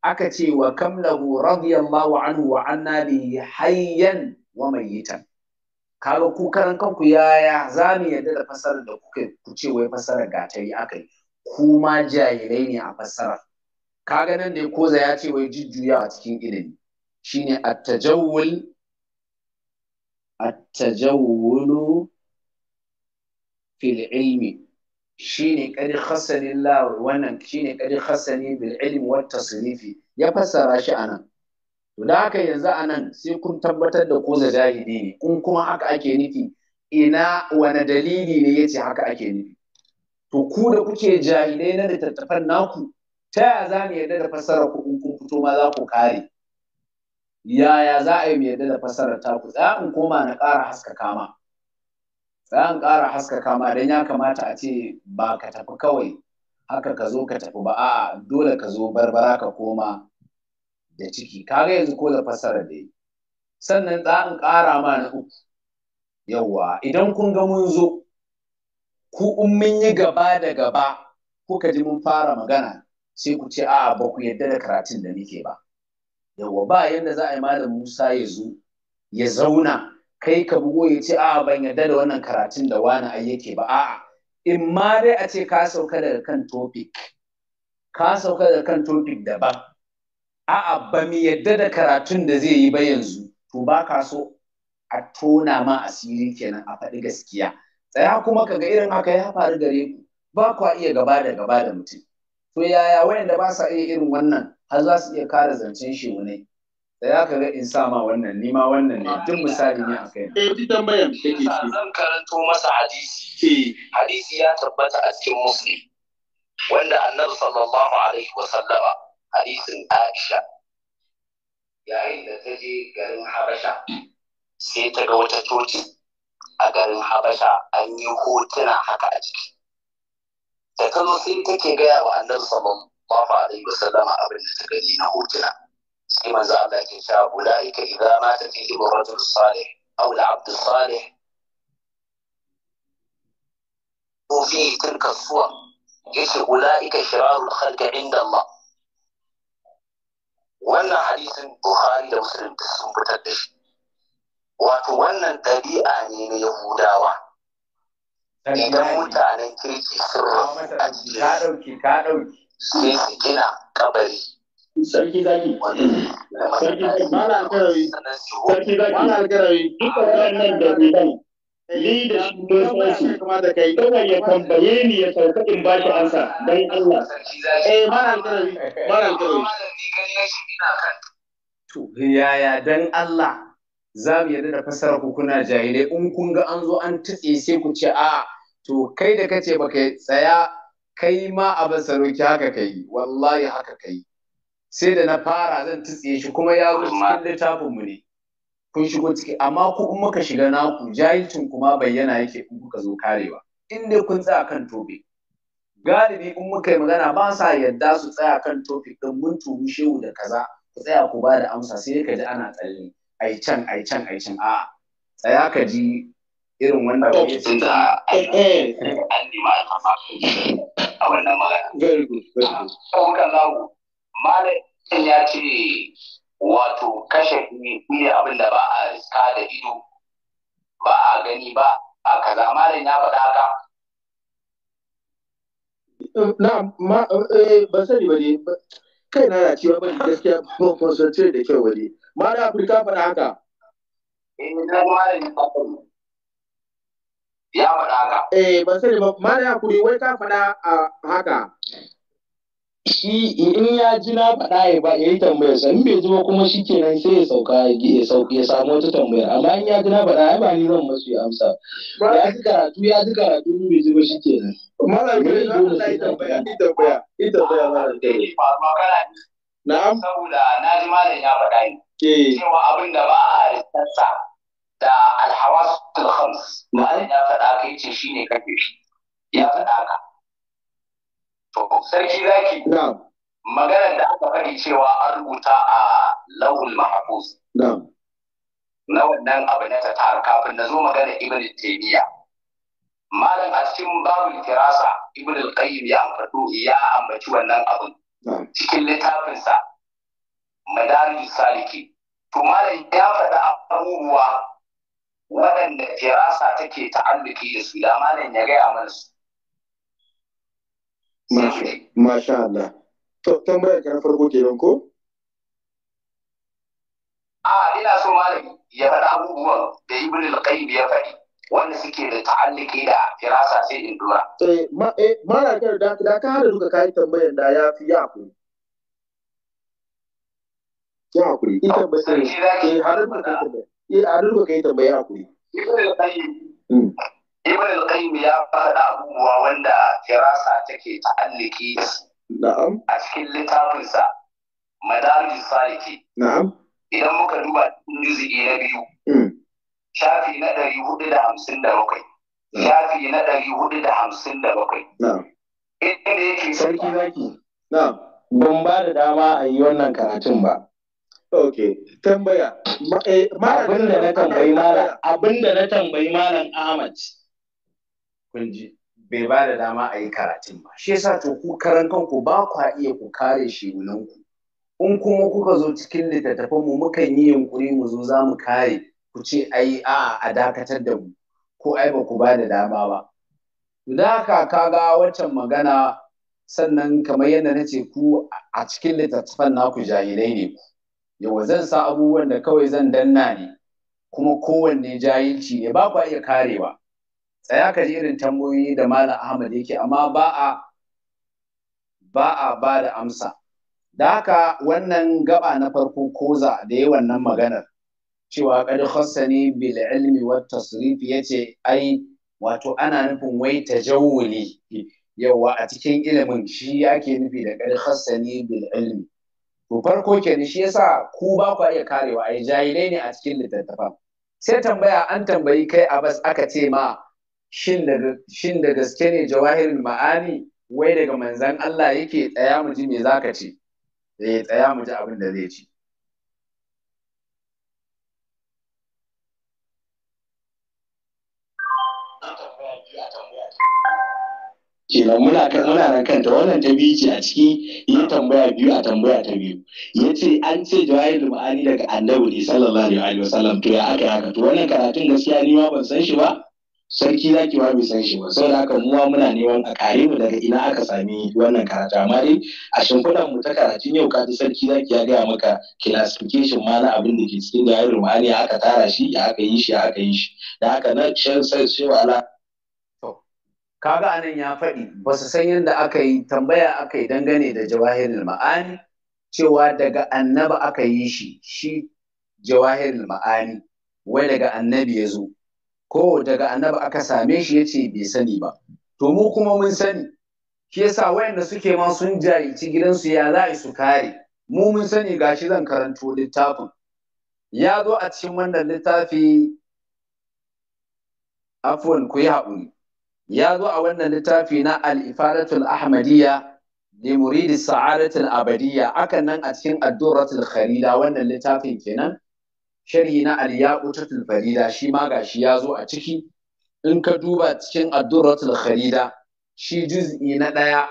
أكتي وكم bariyati aka ce عنه وعنا به حيا وميتا wa kaga ku karan kanku yaya za mu yarda da fassarar da kuka ku ce wai fassarar gatari aka yi ku ma jahilai ne a fasara kaga nan ne koza ya ce wai jujjuya a cikin ilimi shine at-tajawwul at-tajawwulu fil ilmi ne ƙari khassani Allah wannan shine ƙari khassani bil ilmi wat tasrifi ya fassara shi anan to da haka yanzu anan sai kun tabbatar da ko zahiri ne kun kuma haka ake nufi ina wani dalili ne yace haka ake nufi to ku da kuke jahilai na littattafan naku ta ya za mu yarda da fassara, ku in kun fito ma za ku kare yaya za a yi mu yarda da fassarar taku za in koma na ƙara haskaka ma Za a ƙara haskaka ma don ya kamata a ce ba ka tafi kawai haka ka zo ka tafi ba a'a dole ka zo barbara ka koma da ciki kaga yanzu ko da fassara da yi sannan za in ƙara ma na uku yawwa idan kun ga mun zo ku in mun yi gaba da gaba kuka ji mun fara magana sai ku ce a'a ba ku yarda da karatun da nake ba yawwa ba yanda za a yi malam Musa ya zo ya zauna kai ka bugo ya ce a'a ban yarda da wannan karatun da wani ai yake ba a'a in ma dai a ce ka sauka daga kan topic ka sauka daga kan topic ba a'a ba mi yarda da karatun da zai yi ba yanzu to ba ka so a tona ma asiri kenan a faɗi gaskiya tsaya kuma ka ga irin haka ya faru gare ku ba kwa iya gaba da gaba da mutum to yaya wayanda ba sa iya irin wannan har za su iya kare zancen shi wani Tsaya ka in sa ma wannan ni ma wannan ne duk misali ne a kai. Eh duk tambayan da ke Zan karanto masa hadisi. Eh, Hadisi ya tabbata a cikin Muslim. Wanda Annabi sallallahu alaihi wa sallama hadisin Aisha. Yayin da ta je garin Habasha sai ta ga wata coci a garin Habasha an yi hotuna haka a ciki. Da ta zo sai take gaya wa Annabi sallallahu alaihi wa sallama abin da ta gani na hotuna. sai manzo Allah ke cewa ulaika idza mata fihim rajul salih aw al-abd salih ko fi tilka suwa yace ulaika shirarul khalqi inda Allah wannan hadisin Bukhari da Muslim sun fitar da shi wannan ɗabi'a ne na Yahudawa idan mutanen kirki sun rufe a sai su gina kabari sarki zaki sarki mala alkarawi sarki zaki mala alkarawi duka wannan da ke kai, ni da shi ne sai kuma da kai kawai ya tambaye ni ya sauka in ba shi ansa dan Allah eh mala alkarawi mala alkarawi to yaya dan Allah za mu yarda da fassarar ku kuna jahilai in kun ga an zo an tutse sai ku ce a to kai da kace baka tsaya kai ma abin basaroki haka kai wallahi haka kai sai da na fara zan tutsiye shi kuma ya zo cikin littafin mu ne kun shigo ciki amma ku in muka shiga naku jahilcin kuma bayyana yake in kuka zo karewa in dai kun tsaya kan tobe galibi in muka yi magana ba sa yadda su tsaya kan tobe din mun tubu shehu da kaza ku tsaya ku ba da amsa sai ka ji ana tsalle ai can ai can ai can a'a tsaya ka ji irin wanda ba ya ce a wannan magana. Very good, very good. malamin ya ce wato kashe ne ne abin da ba a riska da ido ba a gani ba a kaza malam ya faɗa haka na ma eh ba sani ba ne kai na ci ba gaskiya ba ce da kyau ba ne malam afirka faɗa haka eh na malam ya faɗa ya faɗa haka eh ba sani ba malam ya kuri wai ka faɗa ah, haka shi in ya ji na faɗa ya ba ya yi tambayar sa in bai zuba kuma shi kenan sai ya sauka ya sauka ya samu wata tambayar amma in ya ji na faɗa ya ba ni zan masu ya amsa ya ji karatu ya ji karatu in bai zuba shi kenan. malami na yi tambaya yi tambaya yi tambaya malam dai. na'am saboda na ji malam ya faɗa ni. cewa abin da ba a rikitarsa da alhawasul khams malam ya faɗa kai ce shine kake shi ya faɗa ka. To, sarki zaki. Maganar da aka faɗi cewa an rubuta a lauhul mahafuz. Na wannan abu na tatar kafin na zo maganar Ibn Taymiyyah. Malam a cikin babu firasa Ibn al-Qayyim ya ambato ya ambaci wannan abin. Cikin littafinsa Madarij Saliki. To malam ya faɗi abubuwa waɗanda firasa take ta'alluki da su da malam ya gaya mana su. Masha Allah. To, tambayar ka na farko kenan ko? A ina so malam ya faɗa abubuwan da Ibn al-Qayyim ya faɗi wanda suke da ta'alliki da firasa sai in dora. Eh, ma eh mara kar da da ka hada duka kai tambayar da ya fi ya ku. Ya hakuri, ita ba sai eh hada duka kai tambaya. Eh, ku duka kai tambaya hakuri. Ibn al-Qayyim. Hmm. ibn al-qayyim ya faɗa abubuwa wanda firasa take ta'alliki na'am a cikin littafinsa madarijus saliki na'am idan muka duba juz'i na biyu hmm. shafi na ɗari hudu da hamsin da bakwai shafi na ɗari hudu da hamsin da bakwai inda yake sarki zaki na'am ban ba da dama a yi wannan karatun ba Ok, tambaya. Eh, abinda na abinda na tambayi malam Ahmad. kun bai ba da dama a yi karatun ba shi yasa to ku karan kanku ba kwa iya ku kare shegunanku in kuma kuka zo cikin littattafan mu mukan yi yunkuri mu zo za mu kare ku ce ai a a dakatar da mu ko ai ba ku ba da dama ba da haka ga waccan magana sannan kamar yadda na ce ku a cikin littattafan naku jahilai ne ku yawa zan sa abubuwan da kawai zan danna ne kuma kowanne jahilci ne ba ku iya karewa tsaya ka jerin irin tambayoyi da Malam Ahmad yake amma ba a ba a ba da amsa da haka wannan gaba na farko koza da yi wannan maganar cewa kad khassani bil ilmi wat tasrif yace ai wato ana nufin wai tajawuli yawa a cikin ilimin shi yake nufi da kad khassani bil ilmi to farko kenan shi yasa ku ba ku iya karewa ai jahilai ne a cikin littattafan sai tambaya an tambayi kai a bas aka ce ma shin da gaske ne jawahirin ma'ani wai daga manzan Allah yake tsaya mu ji me zaka ce da eh, ya tsaya mu ji abin da zai ci kenan muna muna nan kanta wannan ta biyu ce a ciki ya tambaya biyu a tambaya ta biyu ya ce an ce jawahir ma'ani daga annabi sallallahu alaihi wasallam to ya aka haka to wannan karatun gaskiya ni ma ban san shi ba sarki zaki ma bai san shi ba saboda haka muwa muna neman a kare mu daga ina aka sami wannan karatu amma dai a shimfiɗan mu ta karatun yau ka sarki ki ya gaya maka classification ma na abin da ke cikin jawahir ma'ani aka tara shi ya aka yi shi ya aka yi shi da haka na shan sai sai wala kaga anan ya faɗi ba su san yadda aka yi tambaya aka yi dangane da jawahirin ma'ani cewa daga annaba aka yi shi shi jawahirin ma'ani wai daga annabi ya zo ko daga annabi aka same shi ya ce bai sani ba to mu kuma mun sani shi yasa wayanda suke ma sun jayici gidansu ya za su kare mu mun sani ga shi zan karanto littafin ya zo a cikin wannan littafi Afon ku yi haƙuri ya zo a wannan littafi na al-ifadatul ahmadiyya li muridi sa'adatul abadiyya akan nan a cikin addu'ratul kharida wannan littafin kenan sharhi na al-yaqutatul farida shi ma gashi ya zo a ciki in ka duba cikin ad-durratul kharida shi juz'i na ɗaya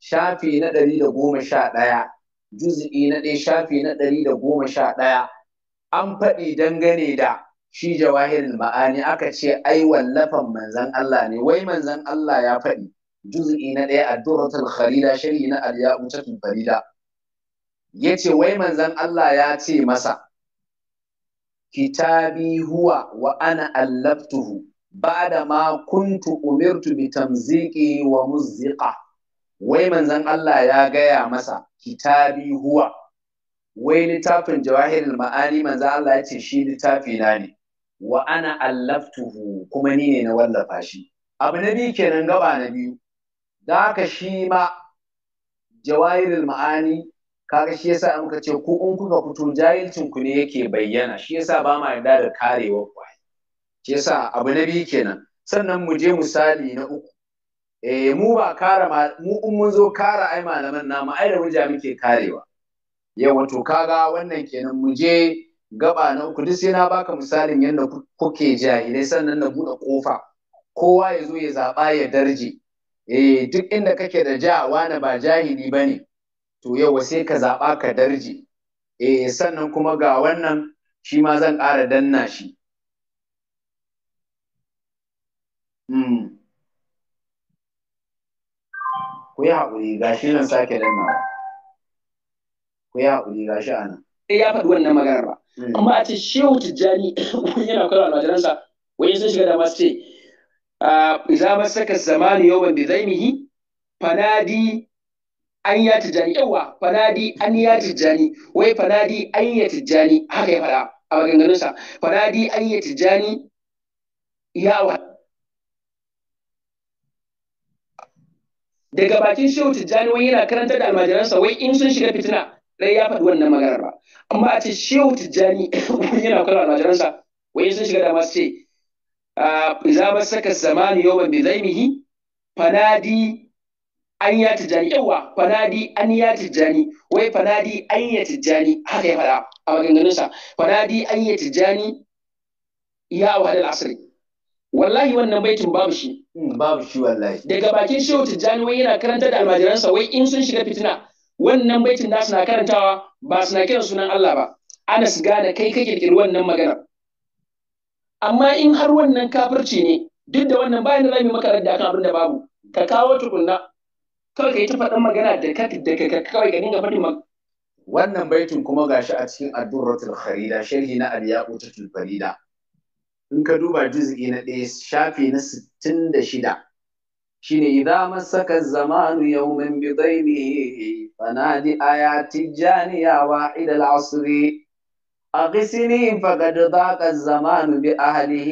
shafi na ɗari da goma sha ɗaya juz'i na ɗaya shafi na ɗari da goma sha ɗaya an faɗi dangane da shi jawahirin ma'ani aka ce ai wallafan manzan Allah ne wai manzan Allah ya faɗi juz'i na ɗaya ad-durratul kharida sharhi na al-yaqutatul farida yace wai manzan Allah ya ce masa kitabi huwa wa ana allabtuhu ba'da ma kuntu umirtu bi tamziqi wa muzziqa wai manzon Allah ya gaya masa kitabi huwa wai littafin jawahirul ma'ani manzon Allah ya ce shi littafi na ne wa ana allaftuhu kuma ni ne na wallafa shi abu na biyu kenan gaba na biyu da haka shi ma jawahirul ma'ani kaga shi yasa muka ce ku in kuka fito jahilcin ku ne yake bayyana shi yasa ba ma yarda da karewa ku shi yasa abu na biyu kenan sannan mu je misali na uku eh mu ba kare mu in mun zo kare ai malaman namu ai da wuja muke karewa yawa to kaga wannan kenan mu je gaba na uku duk sai na baka misalin yadda kuke jahilai sannan na buɗe kofa kowa ya zo ya zaɓa ya darje eh duk inda kake da jawa na ba jahili bane to yawa sai ka zaɓa ka darje eh sannan kuma ga wannan shi ma zan ƙara danna shi hmm. ku yi haƙuri ga shi nan sake dannawa ku yi haƙuri ga shi a nan sai eh, ya faɗi wannan maganar ba hmm. amma a ce shehu tijjani yana kallon almajiransa wani sun shiga dama su ce ah, za masaka zamani wanda zai mihi, fanadi an ya tijjani yawa fanadi an ya tijjani wai fanadi an ya tijjani haka ya fada a maganganunsa fanadi an ya tijjani yawa daga bakin shehu tijjani wai yana karanta da almajiransa wai in sun shiga fitina rai ya faɗi wannan maganar ba amma a ce shehu tijjani yana kula almajiransa wai in sun shiga da masu ce ah, za saka zamani zamanu ban bi mihi fanadi an ya tijjani yawa fanadi an ya tijjani wai fanadi an ya tijjani haka ya fada a maganganunsa fanadi an ya tijjani ya wahalar asri wallahi wannan baitin babu shi hmm, babu shi wallahi daga bakin shehu tijjani wai yana karanta da almajiransa wai in sun shiga fitina wannan baitin da suna karantawa ba suna kiran sunan Allah ba Anas gane kai ka kirkiri wannan magana amma in har wannan kafirci ne duk da wannan bayan rami maka radda akan abin da babu ka kawo tukunna kawai ka yi ta faɗin magana da ka da ka kawai ka dinga faɗin wannan baitin kuma gashi a cikin addurratul kharida sharhi na abiyaqutul farida in ka duba juz'i na ɗaya shafi na 66 shine idza masaka zamanu yawman bi dhaynihi fanadi ayati janiya wa'id al-asri أغسني فقد ضاق الزمان بأهله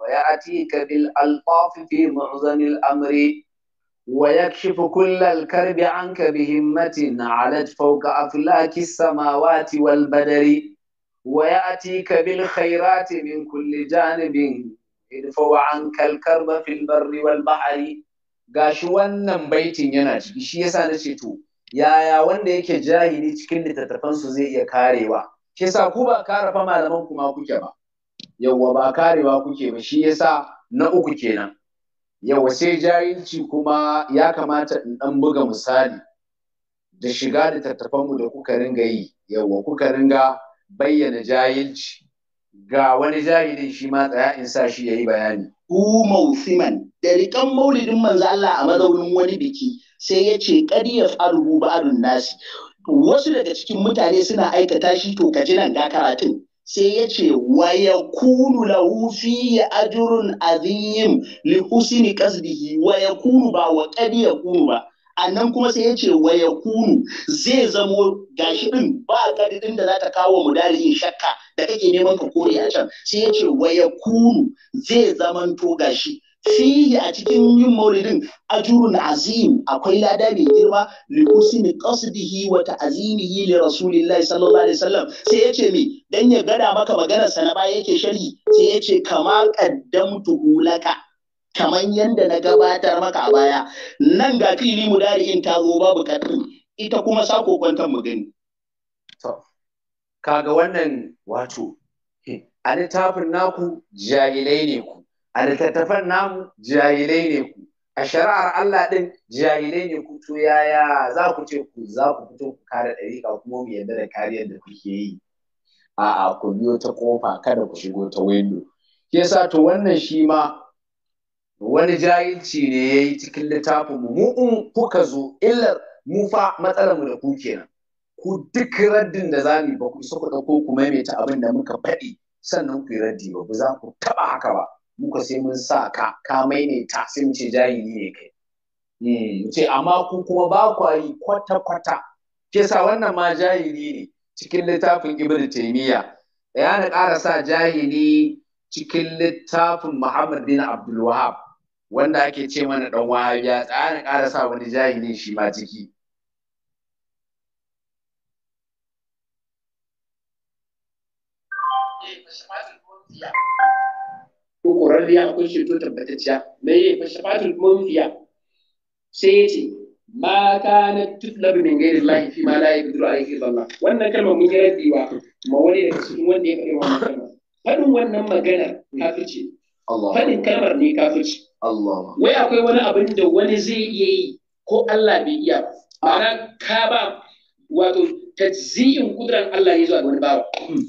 ويأتيك بالألطاف في معظم الأمر ويكشف كل الكرب عنك بهمة علت فوق أفلاك السماوات والبدر ويأتيك بالخيرات من كل جانب ادفع عنك الكرب في البر والبحر gashi wannan baitin yana ciki shi yasa na ce to yaya wanda yake jahili cikin littattafan su zai iya karewa shi yasa ku ba kare fa malaman kuma kuke ba yawwa ba karewa kuke ba shi yasa na uku kenan yawa sai jahilci kuma ya kamata in ɗan buga misali da shiga da tattafanmu da kuka ringa yi yawa kuka ringa bayyana jahilci ga wani jahilin shi ma tsaya in sa shi ya yi bayani. Umar mausiman da rikan maulidin manzo Allah a mazaunin wani biki sai ya ce kadi ya ba'adun nasi wasu daga cikin mutane suna aikata shi to ka ji nan ga karatun sai ya ce wa ya kunu lahufi ya ajurun azim li husni kasdihi wa ya kunu ba wa kadi ya kunu ba annan kuma sai ya ce wa ya kunu zai zamo gashi din ba kadi ɗin da za ta kawo mu dalilin shakka da kake neman ka kore a can sai ya ce wa ya kunu zai zamanto gashi fihi a cikin yin maulidin na azim akwai lada mai girma li husni qasdihi wa ta'zimihi li rasulillahi sallallahu alaihi wasallam sai yace me dan ya gada maka magana sa na baya yake sharhi sai yace kama qaddamtu laka kaman yanda na gabatar maka a baya nan ga fili in ta zo babu kadin ita kuma sako kwantar mu gani to kaga wannan wato eh, a littafin naku jahilai ne ku a littattafan namu jahilai ne ku a shari'ar Allah ɗin jahilai ne ku to yaya za ku ce ku za ku fito ku kare ɗariƙa kuma mu yarda da kariyar da kuke yi a'a ku biyo ta ƙofa kada ku shigo ta windo sa to wannan shi ma wani jahilci ne ya yi cikin littafin mu mu in kuka zo illar mu fa matsalar mu da ku kenan ku duk raddin da za mu ba ku isa ku ɗauko ku maimaita abin da muka faɗi sannan ku yi raddi ba ba za ku taɓa haka ba muka sai mun sa ka ka maimaita sai mu ce jahili ne kai hmm, mu ce amma ku kuma ba ku yi kwata kwata Ke sa wannan ma jahili ne cikin littafin ibnu taymiya ya na ƙara sa jahili cikin littafin muhammad bin abdul wahab wanda ake ce mana dan wahabiya na ƙara sa wani jahili shi ma ciki Yeah. ko ƙorarriya akwai ceto tabbatacciya me ya fa shafatul mafiya sai ya ce ma kana tutlabu min ghairi Allah fi ma la a yake zalla wannan kalmar mun yi rabiwa ma wani daga cikin wanda ya faɗi wannan kalmar faɗin wannan magana ce. faɗin kalmar ne ce. wai akwai wani abin da wani zai iya yi ko Allah bai iya ba ka ba wato tajziyin kudran Allah ya zuwa wani bawa hmm.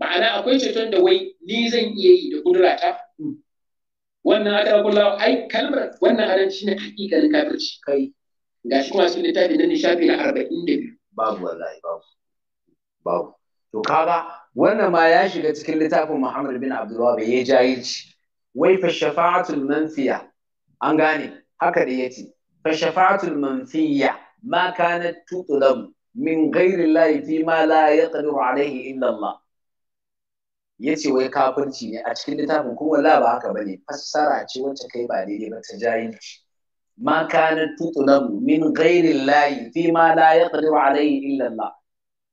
ma'ana akwai ceton da wai ni zan iya yi da kudurata hmm. wannan aka akarabullah ai kalmar wannan aran shine hakikalin kafirci kai shi kuma sun littafi na nishafi na arba'in da biyu babu wallahi babu babu to kaga wannan ma ya shiga cikin littafin Muhammad bin Abdullah ya jahilci wai fa shafa'atul manfiya an gane haka da yace fa shafa'atul manfiya ma kanat tutlam min ghairi llahi fi ma la yaqdiru alayhi illa Allah ya ce wai kafirci ne a cikin littafin kuma wala ba haka bane fassara ce wacce kai ba daidai ba ta jahilci ma kana tutulabu min ghairi layi fi ma la yaqdiru alayhi illa Allah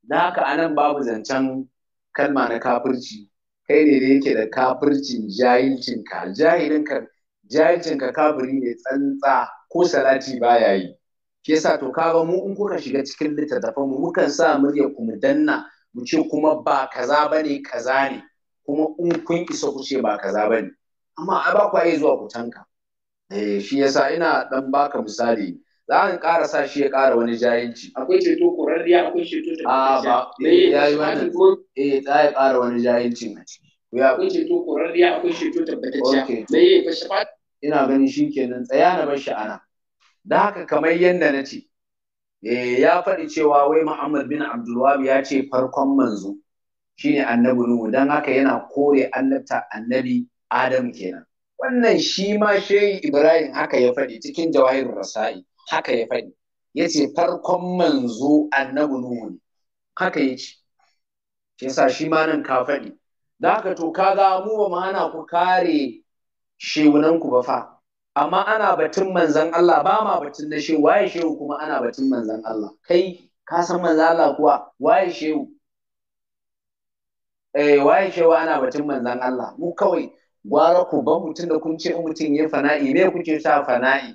dan haka anan babu zancen kalma na kafirci kai ne da yake da kafircin jahilcin ka jahilin ka jahilcin ka kafiri ne tsantsa ko salati baya yi shi yasa to kaga mu in kuka shiga cikin littattafan mu mukan sa muryar ku danna mu ce kuma ba kaza bane kaza ne kuma in kun isa kuce ba kaza ba ne amma a ba kwa zuwa ku tanka eh shi yasa ina dan baka misali za ka ƙara sa shi ya ƙara wani jahilci akwai ceto kurarriya akwai ceto da ah, a ba ya yi wani eh za a ƙara wani jahilci mai akwai ceto kurarriya akwai ceto tabbatacciya sai ya fashi ba. ina ganin shikenan tsaya na bar shi ana da haka kamar yadda na ce eh, ya faɗi cewa wai Muhammad bin Abdulwahab ya ce farkon manzo ne annabi Nuhu dan haka yana kore annabta annabi Adam kenan wannan shi ma shehu Ibrahim haka ya faɗi cikin jawahirul rasa'i haka ya faɗi yace farkon manzo annabi Nuhu ne haka yace shi sa shi ma nan ka faɗi da haka to kaga mu ba ma ana ku kare shehunan ku ba fa amma ana batun manzon Allah ba ma batun na shehu waye shehu kuma ana batun manzon Allah kai ka san manzon Allah kuwa waye shehu eh waye wa ana batun manzan Allah mu kawai gwara ku ban mutum da kun ce mutum ya fana'i me kuke sa fana'i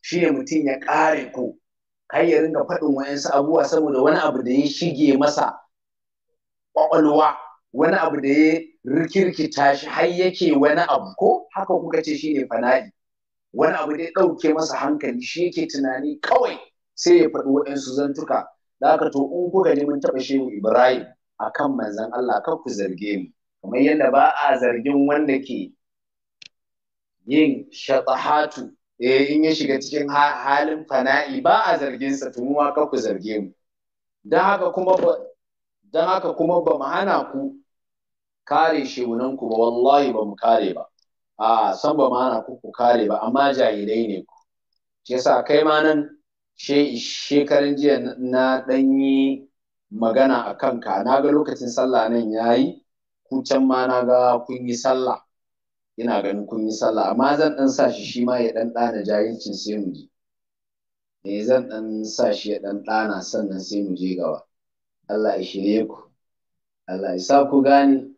shi ne mutum ya kare ku kai ya ringa faɗin wayansu abubuwa saboda wani abu da ya shige masa ƙwaƙwalwa wani abu da ya rikirkita shi har yake wani abu ko haka kuka ce shi ne fana'i wani abu da ya ɗauke masa hankali shi yake tunani kawai sai ya faɗi wayansu zantuka da haka to in kuka neman taɓa shehu ibrahim akan manzan Allah kar ku zarge mu kamar yadda ba a zargin wanda ke yin shatahatu eh in ya shiga cikin halin fana'i ba a zargin sa to ma kar ku zarge mu dan haka kuma ba dan haka kuma ba mu hana ku kare shehunan ku ba wallahi ba mu kare ba a san ba hana ku ku kare ba amma jahilai ne ku shi yasa kai ma nan shekaran jiya na danyi magana a kanka na ga lokacin sallah nan ya yi Kucan ma na ga kun yi sallah ina ganin kun yi sallah amma zan ɗan sa shi shi ma ya ɗan ɗana jahilcin sai mu je eh, me zan ɗan sa shi ya ɗan ɗana sannan sai mu je gaba Allah ya shirye ku Allah ya sa ku gane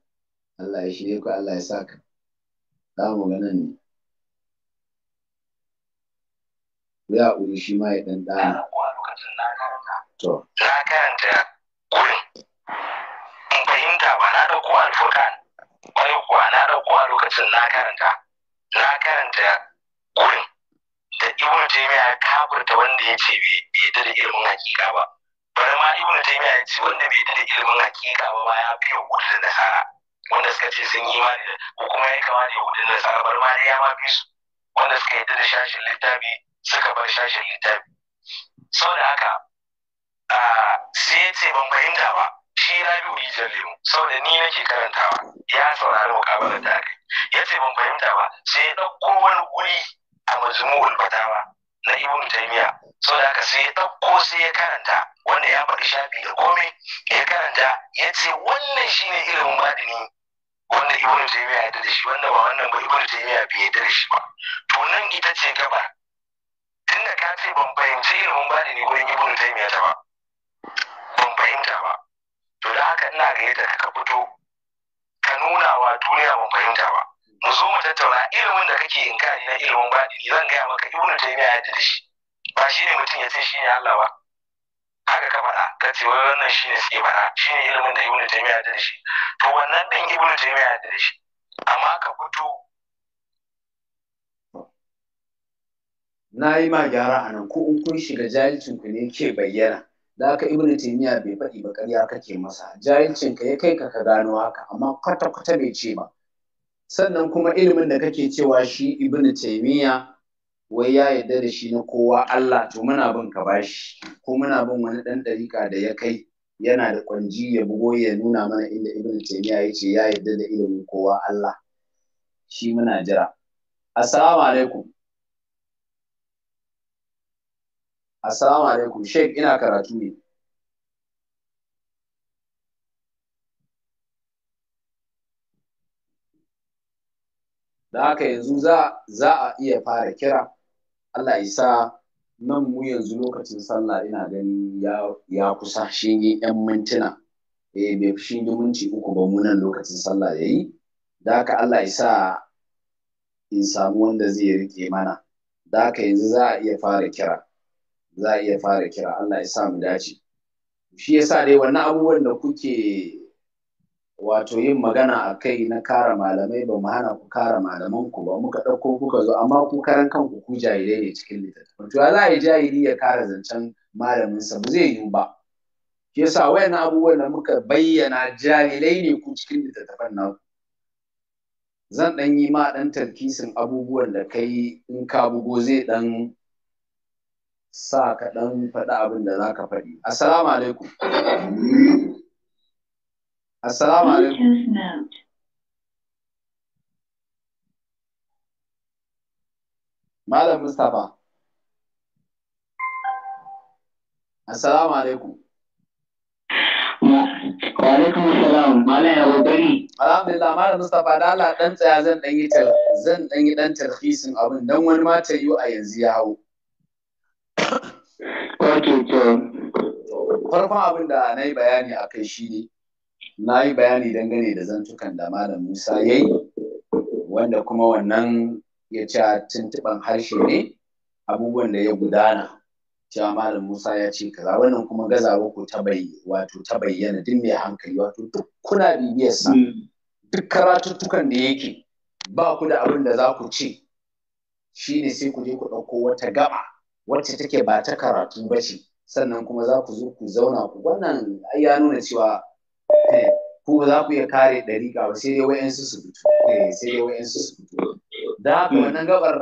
Allah ya shirye ku Allah ya sa ka za mu ga nan ne ya ƙuri shi ma ya ɗan ɗana to na karanta haka ba na ɗauko alfurkan ƙwarai kuwa na ɗauko a lokacin na karanta na karanta gurin da ibn taymiya ya kafirta wanda ya ce bai yarda da ilimin hakika ba bari ma ibn taymiya ya ce wanda bai yarda da ilimin hakika ba ma ya fi yahudu da nasara wanda suka ce sun yi imani da ko kuma ya kama da yahudu da nasara bari ma dai ya ma fi su wanda suka yarda da shashin littafi suka bar shashin littafi da haka sai ya ce ban fahimta ba shi rabiu rijiyar lemu saboda ni nake karantawa ya saurari mukabalar da ya ce ban fahimta ba sai ya ɗauko wani guri a majimu ulfatawa na ibn Sau da haka sai ya ɗauko sai ya karanta wanda ya faɗi shafi da komai ya karanta ya ce wannan shine ilimin badini wanda ibn taymiya ya da shi wanda ba wannan ba ibn taymiya bai yarda da shi ba to nan ita ce gaba tunda ka ce ban fahimci ilimin badini gurin ibn taymiya ta ba ban fahimta ba to da haka ina gayyata ka fito ka nuna wa duniya ban fahimta ba mu zo mu tattauna ilimin da kake in inkari na ilimin ni zan gaya maka ibnu taymiya ya da shi ba shi ne mutum ya ce shi ne Allah ba haka ka faɗa ka ce wai wannan shi ne suke faɗa shi ne ilimin da ibnu taymiya ya da shi to wannan ɗin ibnu taymiya ya da shi amma ka fito na yi ma gyara a nan ko in kun shiga jahilcin ku ne ke bayyana da aka ibn taymiya bai faɗi ba ƙarya kake masa jahilcin ka ya kai ka ka gano haka amma kwata kwata bai ce ba sannan kuma ilimin da kake cewa shi ibn taymiya wai ya yarda da shi na kowa Allah to muna bin ka bashi ko muna bin wani ɗan dariƙa da ya kai yana da kwanji ya bugo ya nuna mana inda ibn taymiya ya ce ya yarda da ilimin kowa Allah shi muna jira assalamu alaikum Assalamu alaikum, Sheikh ina karatu ne. Da haka yanzu za a iya fara kira, Allah isa nan mu yanzu lokacin sallah ina gani ya kusa shi 'yan mintuna. eh bai fi minti uku ba mu nan lokacin sallah ya yi da haka Allah ya sa in samu wanda zai rike mana da haka yanzu za a iya fara kira za a iya fara kira Allah ya sa mu dace shi yasa dai wannan abubuwan da kuke wato yin magana a kai na kara malamai ba mu hana ku kara malaman ku ba muka ɗauko kuka zo amma ku karan kanku ku jahilai ne cikin littattafai. to za a yi jahili ya kara zancen malamin sa ba zai yiwu ba shi yasa wayannan abubuwan da muka bayyana jahilai ne ku cikin littattafan naku zan ɗan yi ma ɗan tarkisin abubuwan da kai in ka bugo zai ɗan sa ka ɗan faɗi abin da za ka faɗi. Assalamu alaikum. Assalamu alaikum. Malam Mustapha. Assalamu alaikum. Wa alaikum assalam. Malam ya gogari. Alhamdulillah Malam Mustapha da Allah dan tsaya zan dan yi zan dan yi dan tarhisin abin dan wani ma ta a yanzu ya hau. Farkon abin da na yi bayani a kai shi ne, na yi bayani dangane da zantukan da Malam Musa ya yi, wanda kuma wannan ya ce tuntuɓan harshe ne abubuwan da ya gudana. Cewa Malam Musa ya ce kaza wannan kuma gazawa ko ta wato ta bayyana duk mai hankali wato duk kuna bibiyarsa hmm. duk karatuttukan da yake ba ku da abin da za ku ce shi ne sai ku je ku ɗauko wata gaba wacce take ba ta karatu ba ce sannan kuma za ku zo ku zauna ku wannan ya nuna cewa eh, ku ba za ku iya kare ga ba sai dai wa'yansu su fito eh, sai dai wa'yansu su fito da haka hmm. wannan gabar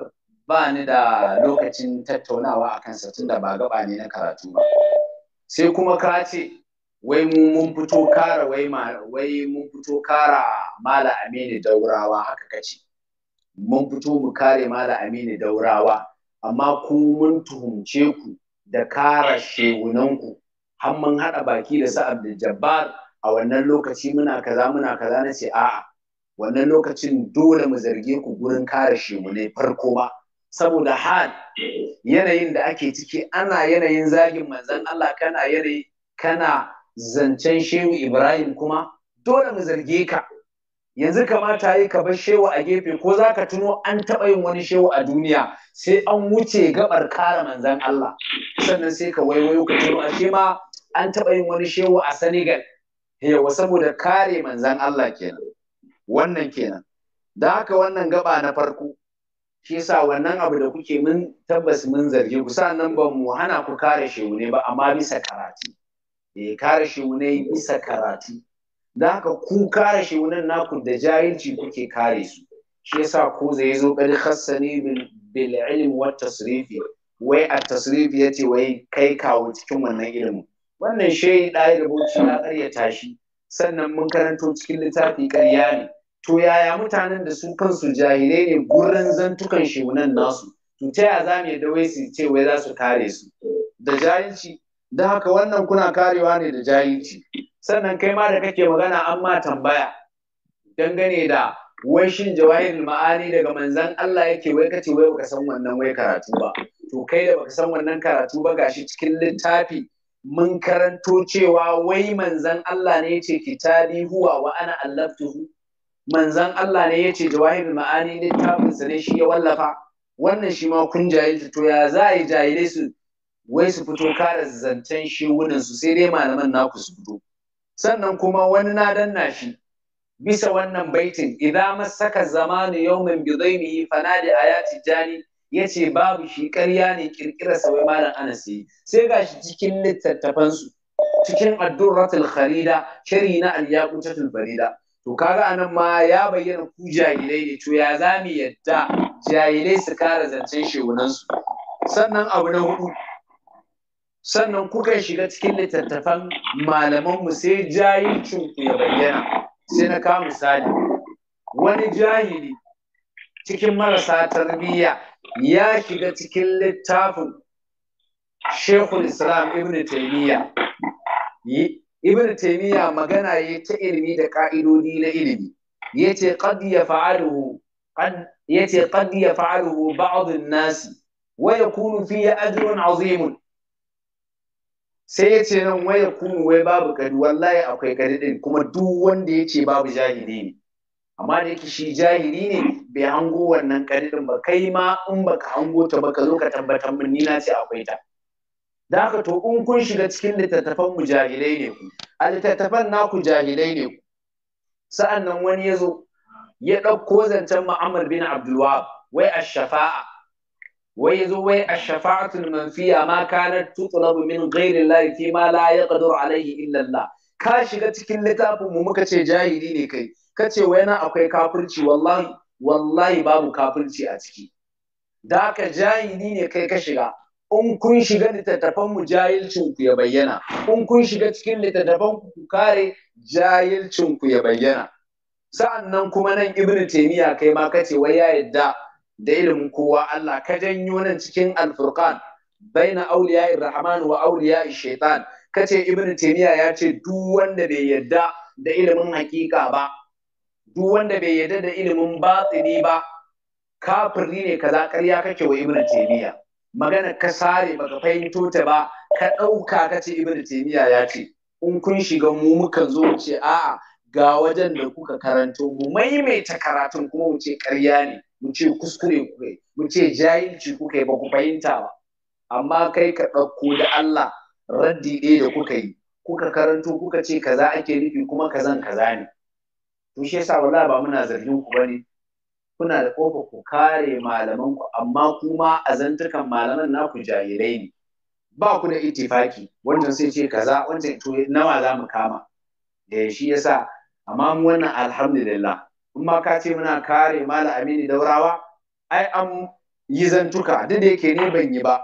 ba ni da lokacin tattaunawa a kansa tunda ba gaba ne na karatu ba sai kuma ka ce wai mun fito kara wai wai mun fito kara mala amini daurawa haka kace mun fito mu kare mala amini daurawa amma ku mun tuhumce ku da kara shegunanku har mun haɗa baki da su Abdul Jabbar a wannan lokaci muna kaza muna kaza na ce a'a wannan lokacin dole mu zarge ku gurin kara shegunai farko ba saboda hal yanayin da ake ciki ana yanayin zagin manzon Allah kana yanayi kana zancen shehu Ibrahim kuma dole mu zarge ka yanzu kamata yi ka bar shewa a gefe ko za ka tuno an taɓa yin wani shewa a duniya sai an wuce gaɓar kare manzan Allah sannan sai ka waiwayo ka tuno ashe ma an taɓa yin wani shewa a Senegal yawa saboda kare manzan Allah kenan wannan kenan da haka wannan gaba na farko shi sa wannan abu da kuke mun tabbas mun zarge ku sannan ba mu hana ku kare shewu ne ba amma bisa karatu eh kare shewu ne bisa karatu da haka ku kare shi wannan naku da jahilci kuke kare su shi yasa ko zai zo kadi khassani bil ilm wa tasrifi wai a tasrifi yace wai kai kawo cikin wannan ilimin wannan shehi ɗaya da bauchi na ƙaryata shi sannan mun karanto cikin littafi ƙarya ne to yaya mutanen da su kansu jahilai ne gurin zantukan wannan nasu to ta yaya za mu yadda wai su ce wai za su kare su da jahilci da haka wannan kuna karewa ne da jahilci sannan kai ma da kake magana an ma tambaya dangane da wai shin jawahir ma'ani daga manzan Allah yake wai kace wai baka san wannan wai karatu ba to kai da baka san wannan karatu ba gashi cikin littafi mun karanto cewa wai manzan Allah ne yace kitabi huwa wa ana allaftuhu manzan Allah ne yace jawahir ma'ani littafin sa ne shi ya wallafa wannan shi ma kun jahilci to ya za a yi jahilai su wai su fito kara zancen shi wunin su sai dai malaman naku su fito sannan kuma wani na danna shi bisa wannan baitin idan masaka zamanu yawmin bidaimihi fanadi ayati jani yace babu shi ƙarya ne kirkira sawai malam Anas yi sai gashi cikin littattafan su cikin ad-durratul kharida shari na al ta barida to kaga anan ma ya bayyana ku jahilai ne to ya zami yadda jahilai su kara zancen shegunan su sannan abu na hudu sannan kuka shiga cikin littattafan malamanmu sai jahilcin ku ya bayyana sai na kawo misali wani jahili cikin marasa tarbiyya ya shiga cikin littafin shekul islam ibn taimiyya ibn magana ya ta ilimi da ka'idodi na ilimi ya ce qad ya fa'aluhu ya ce qad ya fa'aluhu ba'd an-nas wa yakunu fihi ajrun azimun sai ya ce nan waya kuma wai babu kadu, wallahi akwai kadi din kuma duk wanda ya ce babu jahili ne amma da yake shi jahili ne bai hango wannan kadi din ba kai ma in baka hango ta ba ka zo ka tabbatar min ni na ce akwai ta da haka to in kun shiga cikin littattafan mu jahilai ne ku a littattafan naku jahilai ne ku sa'an wani ya zo ya ɗauko zancen mu'amar bin Abdulwahab wai a shafaa wai yazo wai ash-shafa'atul manfiya ma kanar tutlabu min gairin Allah ma la yaqdiru alaihi illallah. ka shiga cikin littafin mu muka ce jahili ne kai ce wai na akwai kafirci wallahi babu kafirci a ciki da haka jahili ne kai ka shiga in kun shiga litattafanmu mu jahilcin ku ya bayyana in kun shiga cikin littattafan ku kare jahilcin ku ya bayyana sa'annan kuma nan ibnu taymiya kai ma kace wai ya yadda da ilimin kowa Allah ka janyo nan cikin alfurqan baina auliya rahman wa auliya shaitan kace ibnu taymiya ya ce duk wanda bai yadda da ilimin hakika ba duk wanda bai yadda da ilimin batini ba kafiri ne kaza ƙarya kake wa ibnu taymiya magana ka sare baka fahimto ta ba ka ɗauka kace ibnu taymiya ya ce in kun shiga mu muka zo mu ce a'a ga wajen da kuka karanto mu maimaita karatun kuma mu ce ƙarya ne mu ce kuskure ku kai mu ce jahilci ku kai ba ku fahimta ba amma kai ka ɗauko da Allah raddi ɗaya da kuka yi kuka karanto kuka ce kaza ake nufi kuma kazan kaza ne to shi yasa wallahi ba muna zargin ku bane kuna da kofa ku kare malaman ku amma kuma azantukan malaman naku jahilai ne ba ku da ittifaki wancan sai ce kaza wancan to nawa za mu kama da eh, shi yasa amma mu wannan alhamdulillah in ma ka ce muna kare mala amini daurawa ai an yi zantuka duk da yake ne ban yi ba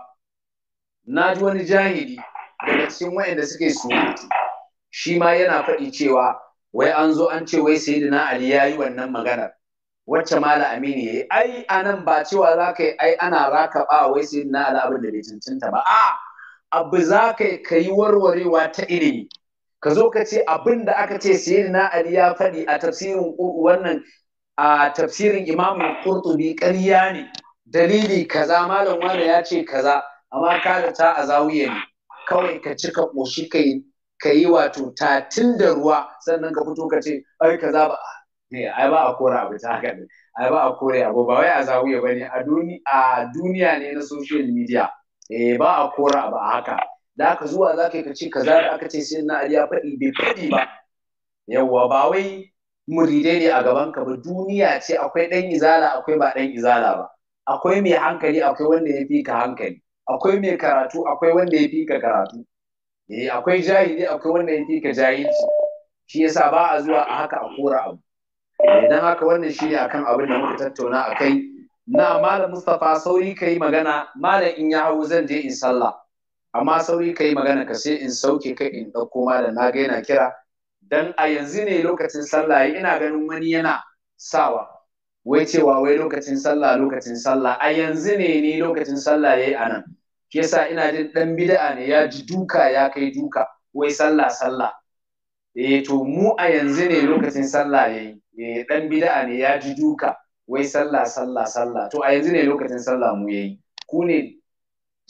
na ji wani jahili daga cikin wayanda suke su. shi ma yana faɗi cewa wai an zo an ce wai na ali ya yi wannan maganar wacce mala amini yi? ai a nan ba cewa za ka yi ai ana rakaɓa, wai na ali abin da bai cancanta ba a abu za ka yi warwarewa ta ilimi ka zo ka ce abin da aka ce na ali ya faɗi a tafsirin wannan a tafsirin imamu qurtubi ƙarya ne dalili kaza malam wani ya ce kaza amma ka ta a zawiya ne kawai ka cika ƙoshi ka yi wato tatil da ruwa sannan ka fito ka ce ai kaza ba ne ai ba a kora abu ta haka ne ai ba a kore abu ba wai a zawiya bane a duniya ne na social media eh ba a kora abu a haka da aka zuwa za ka yi ka ce kaza da aka ce sai na Ali ya faɗi bai faɗi ba yawwa ba wai muridai ne a gaban ka ba duniya ce akwai ɗan izala akwai ba ɗan izala ba akwai mai hankali akwai wanda ya fi ka hankali akwai mai karatu akwai wanda ya fi ka karatu eh akwai jahili akwai wanda ya fi ka jahilci shi yasa ba a zuwa a haka a kora abu idan eh, haka wannan shi ne akan abin da muka tattauna akai na malam Mustapha sauri kai magana malam in ya hau zan je in sallah amma sauri kai magana ka sai in sauke kai in ɗauko ma da na ga yana kira dan a yanzu ne lokacin sallah ina ganin wani yana sawa wai cewa wai lokacin sallah lokacin sallah a yanzu ne ni lokacin sallah yayi anan ke sa ina jin dan bid'a ne ya ji duka ya kai duka wai sallah sallah eh to mu a yanzu ne lokacin sallah yayi eh dan bid'a ne ya ji duka wai sallah sallah sallah to a yanzu ne lokacin sallah mu yayi ku ne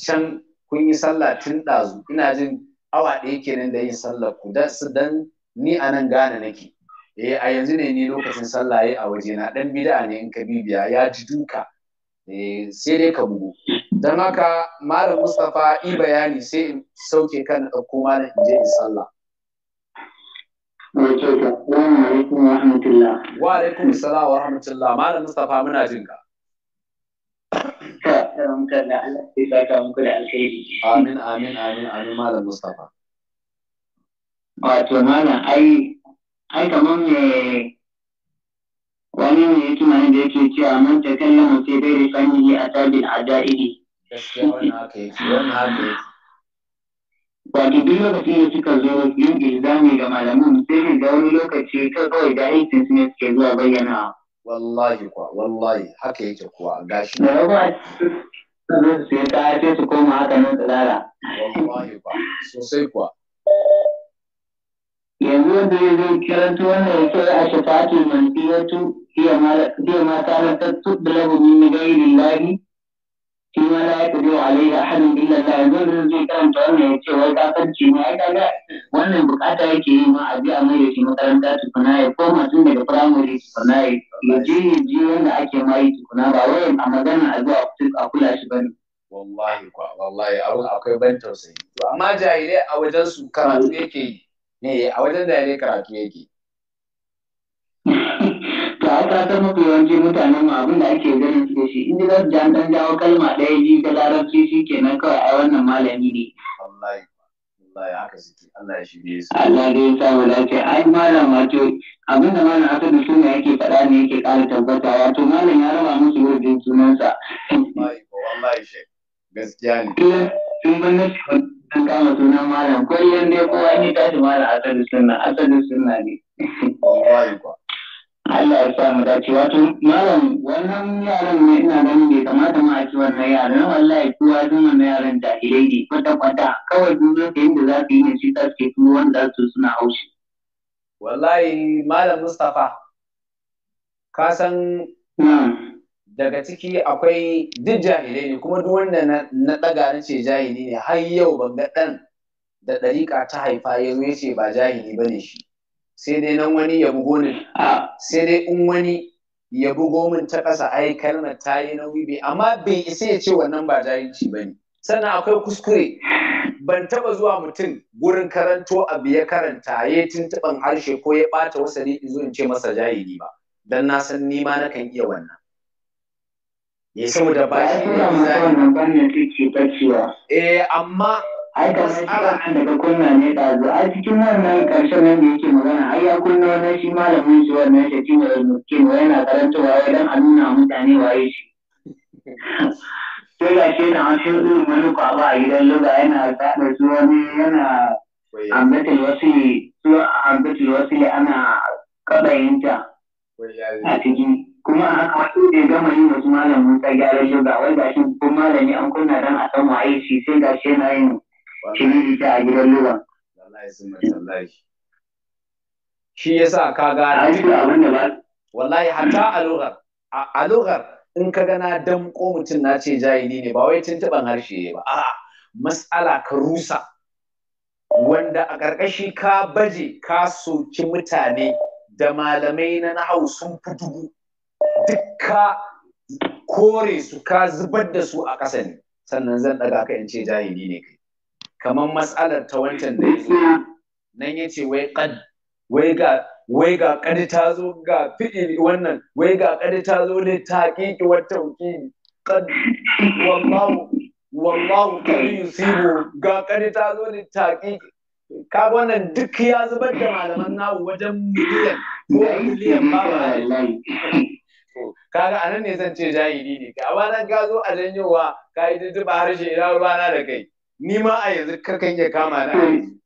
can kun yi sallah tun ɗazu ina jin awa ɗaya kenan da yin sallah ku da su dan ni a nan gane nake eh a yanzu ne ni lokacin sallah yi a waje na dan bid'a ne in ka bibiya ya ji duka eh sai dai ka bugu dan haka malam Mustafa i bayani sai in sauke kan ɗauko malam in je in sallah Wa alaikum salam wa rahmatullah malam Mustafa muna jin ka amin amin amin amin malam mustafa wato mana ai ai kamar me wani ne ya tunanin da yake cewa man ta kallama sai bai rifanihi a tabin ada'idi gaskiya wani haka yake wani haka yake wato duk lokacin da suka zo yin ilzami ga malaman sai da wani lokaci ta kawai da aikin su ne suke zuwa bayyana wallahi kuwa wallahi haka yake kuwa gashi da ba sai ka ce su koma haka nan tsara wallahi kuwa sosai kuwa yanzu wanda ya zo kiranta wannan ya kira a shafatu man tiyatu hiya ma ta lantar tublagu min gairi lahi shi ma la ya tabi alaihi ahadun illa Allah yanzu da zai karanta wannan ya ce wai kafirci ne ai kaga wannan bukata yake yi ma a bi a mai da shi makaranta tukuna ya koma tun daga firamare tukuna ya je ya je wanda ake mayi tukuna ba wai a magana a zuwa a kula shi bane wallahi kwa wallahi abun akwai ban tausayi to amma jahilai a wajen su karatu yake yi ne a wajen jahilai karatu yake ai ka mafi mutanen mu abin da ake ganin su shi inda za su jan dan jawo kalma ɗaya ji ta larabci shi kenan kawai ai wannan malami ne Allah ya ya sa lafiya ai malam wato abin da malam aka da suna yake faɗa ne yake ƙara tabbata wato malam ya raba musu wurin sunansa wallahi wallahi shi gaskiya ne sun ban nasu an kama sunan malam kwayoyin dai kowa ni tashi malam asalin sunna asalin sunna ne wallahi kuwa Allah ya samu dacewa tun. malam wannan yaran ne ina ganin bai kamata ma a ci wannan yaran wallahi kowa sun wannan yaran da ne kwata kwata kawai duk lokacin da za su yi ne shi ta suke tuwo wanda su suna haushi. Wallahi malam Mustapha ka san daga ciki akwai duk jahilai ne kuma duk wanda na ɗaga na ce jahili ne har yau ban ga ɗan da ɗariƙa ta haifa ya zo ya ce ba jahili ba ne shi. sai dai nan wani ya bugo ni sai dai in wani ya bugo min ta ƙasa ai kalmar ta yi nauyi bai amma bai isa ya ce wannan ba jahilci ba ne sannan akwai kuskure ban taɓa zuwa mutum gurin karanto abu ya karanta ya tuntuɓan harshe ko ya ɓata wasani in zo in ce masa jahili ba dan na san ni ma na kan iya wannan ya eh, saboda ba shi ne eh amma ai kamar kiran nan daga kunna ne zo a cikin wannan ƙarshen nan da yake magana ai ya kunna wannan shi malamin shi wannan shi kimo yana karantawa wai dan a nuna mutane waye shi sai ga shi na an shirin irin wani kwaba a gidan luga yana tsada su wani yana ambatar wasu su ambatar wasu ana kaɗayinta a cikin kuma a haka wasu da gama yin wasu malamin ta gyaran luga wai ga shi ko malami an kunna dan a san waye shi sai ga shi yana yin shi ta a gidan lura shi yasa ka gane wallahi hatta a lugar a lugar in ka gana damko mutum na ce jahili ne ba wai tuntuɓan harshe ba a matsala ka rusa wanda a ƙarƙashi ka baje ka soki mutane da malamai na nahau sun fi dubu dukka kore su ka zubar da su a ƙasa ne sannan zan ɗaga ka in ce jahili ne kai kamar matsalar ta wancan da ya nan ya ce wai kan wai ga wai ga kadi ta zo ga fi'ili wannan wai ga kadi ta zo ne ta kiki wata wuki kan wallahu wallahu kadi yusibu ga kadi ta zo ne ta kiki ka wannan duk ya zubar da malaman nawa wajen miliyan ko miliyan ba ba kaga anan ne zan ce jahili ne ka wannan nan ka a janyowa ka yi tuntuɓa harshe ina na da kai ni ma a yanzu karkan ya kama na hmm.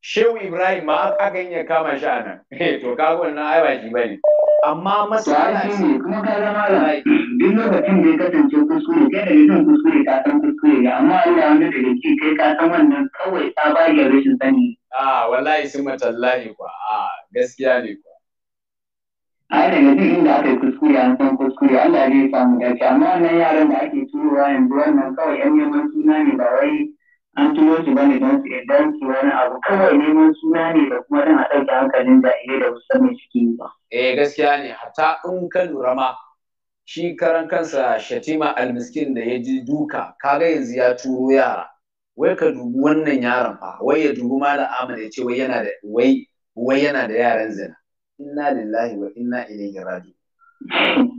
Shehu Ibrahim ma aka ya kama shi anan eh, To kaga na ai ba shi bane. Amma masala ce kuma ka ga malama duk lokacin da ya kasance kuskure kai da yin kuskure ka san kuskure ne amma Allah wanda daga ci kai ka san wannan kawai ta bage rashin sani. Ah wallahi sun matallahi kwa ah gaskiya ne kwa. ai da duk inda aka yi kuskure an san kuskure Allah ya samu dace amma wannan yaran da ake turowa yanzu wannan kawai yan neman suna ne ba wai an tuno shi bane don su idan su wani abu kawai neman suna ne da kuma dan a ɗauke hankalin da jahilai da wasu mai ciki. ba. Eh gaskiya ne hatta in ka lura ma shi karan kansa Shatima almiskin da ya ji duka kaga yanzu ya turo yara wai ka dubi wannan yaron fa wai ya dubi malam Ahmad ya ce wai yana da wai wai yana da yaran zina inna lillahi wa inna ilaihi raji'un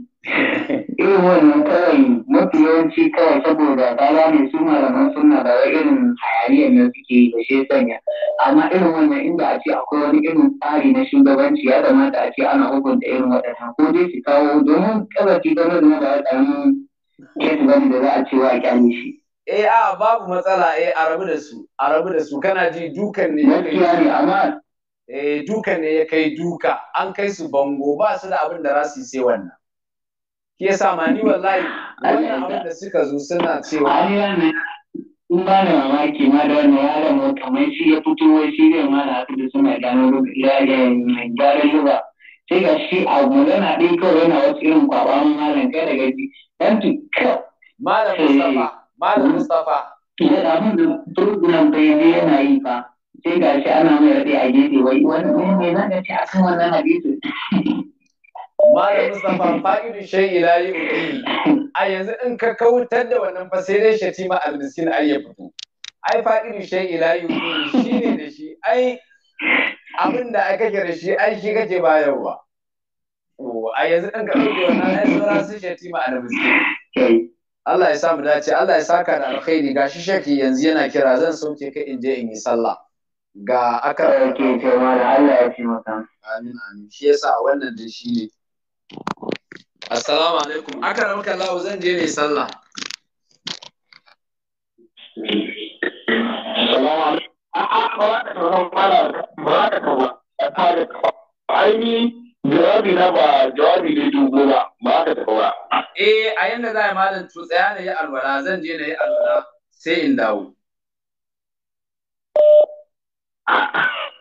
irin wannan kawai mafi yawanci kawai saboda kala ne su malaman suna da irin hayaniyar nan suke yi da shi sanya amma irin wannan inda a ce akwai wani irin tsari na shugabanci ya kamata a ce ana hukunta irin waɗannan ko dai su kawo domin kazafi zama da da ɗan kesu bane da za a ce wa kyale shi. eh a babu matsala eh a rabu da su a rabu da su kana ji dukan ne. gaskiya ne amma. eh dukan ne ya kai duka an kai su bango ba su da abin da za su yi sai wannan. Shi yasa ma ni wallahi wannan abin da suka zo suna cewa. in ba da mamaki ma da wannan yaron mota mai shi ya fito wai shi zai ma da haka da suna gano gyaran ruba sai ga shi a magana ɗin kawai yana wasu irin kwaba malam kai da gaji dan tu malam eh. mustafa malam mustafa ya da mun da program bai ne yana yi ba. sai ga shi ana mai raɗe a gefe wai wani ne na ga ce akan wannan hadisi Malam Mustapha fa'idu shay ila yuqil. A yanzu in ka kautar da wannan fa sai dai shatima almiskin ai ya fito. Ai fa'idu shay ila yuqil shine da shi ai abin da aka kira shi ai shi kake ba. a yanzu in ka da wannan ai sura sun shati ma almiski Allah ya sa mu dace Allah ya saka da alkhairi gashi shaki yanzu yana kira zan sauke ka in je in yi sallah ga aka yake ma da Allah ya fi maka amin amin shi yasa wannan da shi ne Assalamu alaikum. Akaram kallahu zan je ne sallah. Aini na ba ne dogo ba ba ka ba. Eh a yanda za a yi malam tsaya na yi alwala zan je na yi alwala sai in dawo.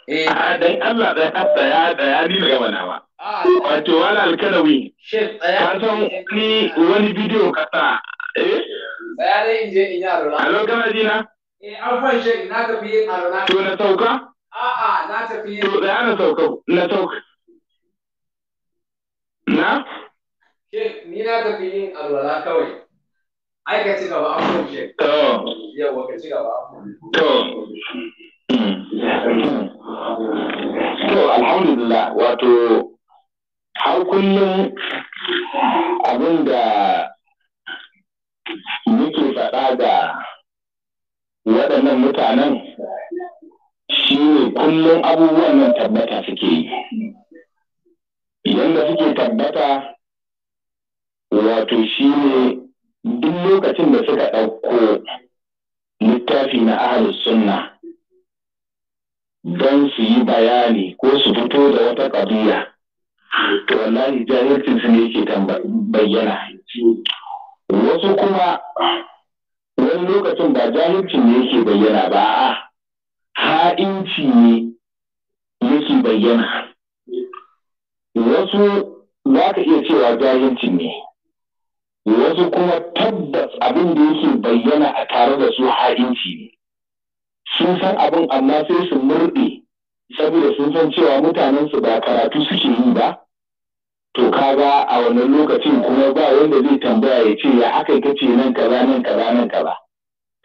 Eh, ah, dan Allah da ya tsaya da ya ni daga mana ba. Ah, Wato wani alkalawi. Ka san ni ah. wani bidiyo ka sa. Tsaya eh? dai in je in yi Alo na? Eh an fan shek na tafi yin To na sauka? A'a na tafi yin. To tsaya na sauka na sauka. Na? Shek ni na tafi yin kawai. Ai ka ci gaba an fan shek. To. Yawwa ka ci gaba an fan. To. to alhamdulillah wato har kullum abin da muke faɗa ga waɗannan mutanen shi ne kullum abubuwan nan tabbata suke yi yadda suke tabbata wato shi ne duk lokacin da suka ɗauko littafi na ahalus sunna don su yi bayani ko su fito da wata ƙabiya to wallahi jahilcin su ne ke bayyana wasu kuma wani lokacin ba jahilcin ne yake bayyana ba a ha'inci ne yake bayyana wasu za ka iya cewa jahilcin ne wasu kuma tabbas abin da yake bayyana a tare da su ha'inci ne sun san abin amma sai su murɗe saboda sun san cewa mutanen su ba karatu suke yi ba to ka ga a wannan lokacin kuma ba wanda zai tambaya ya ce ya aka yi kace nan kaza nan kaza nan kaza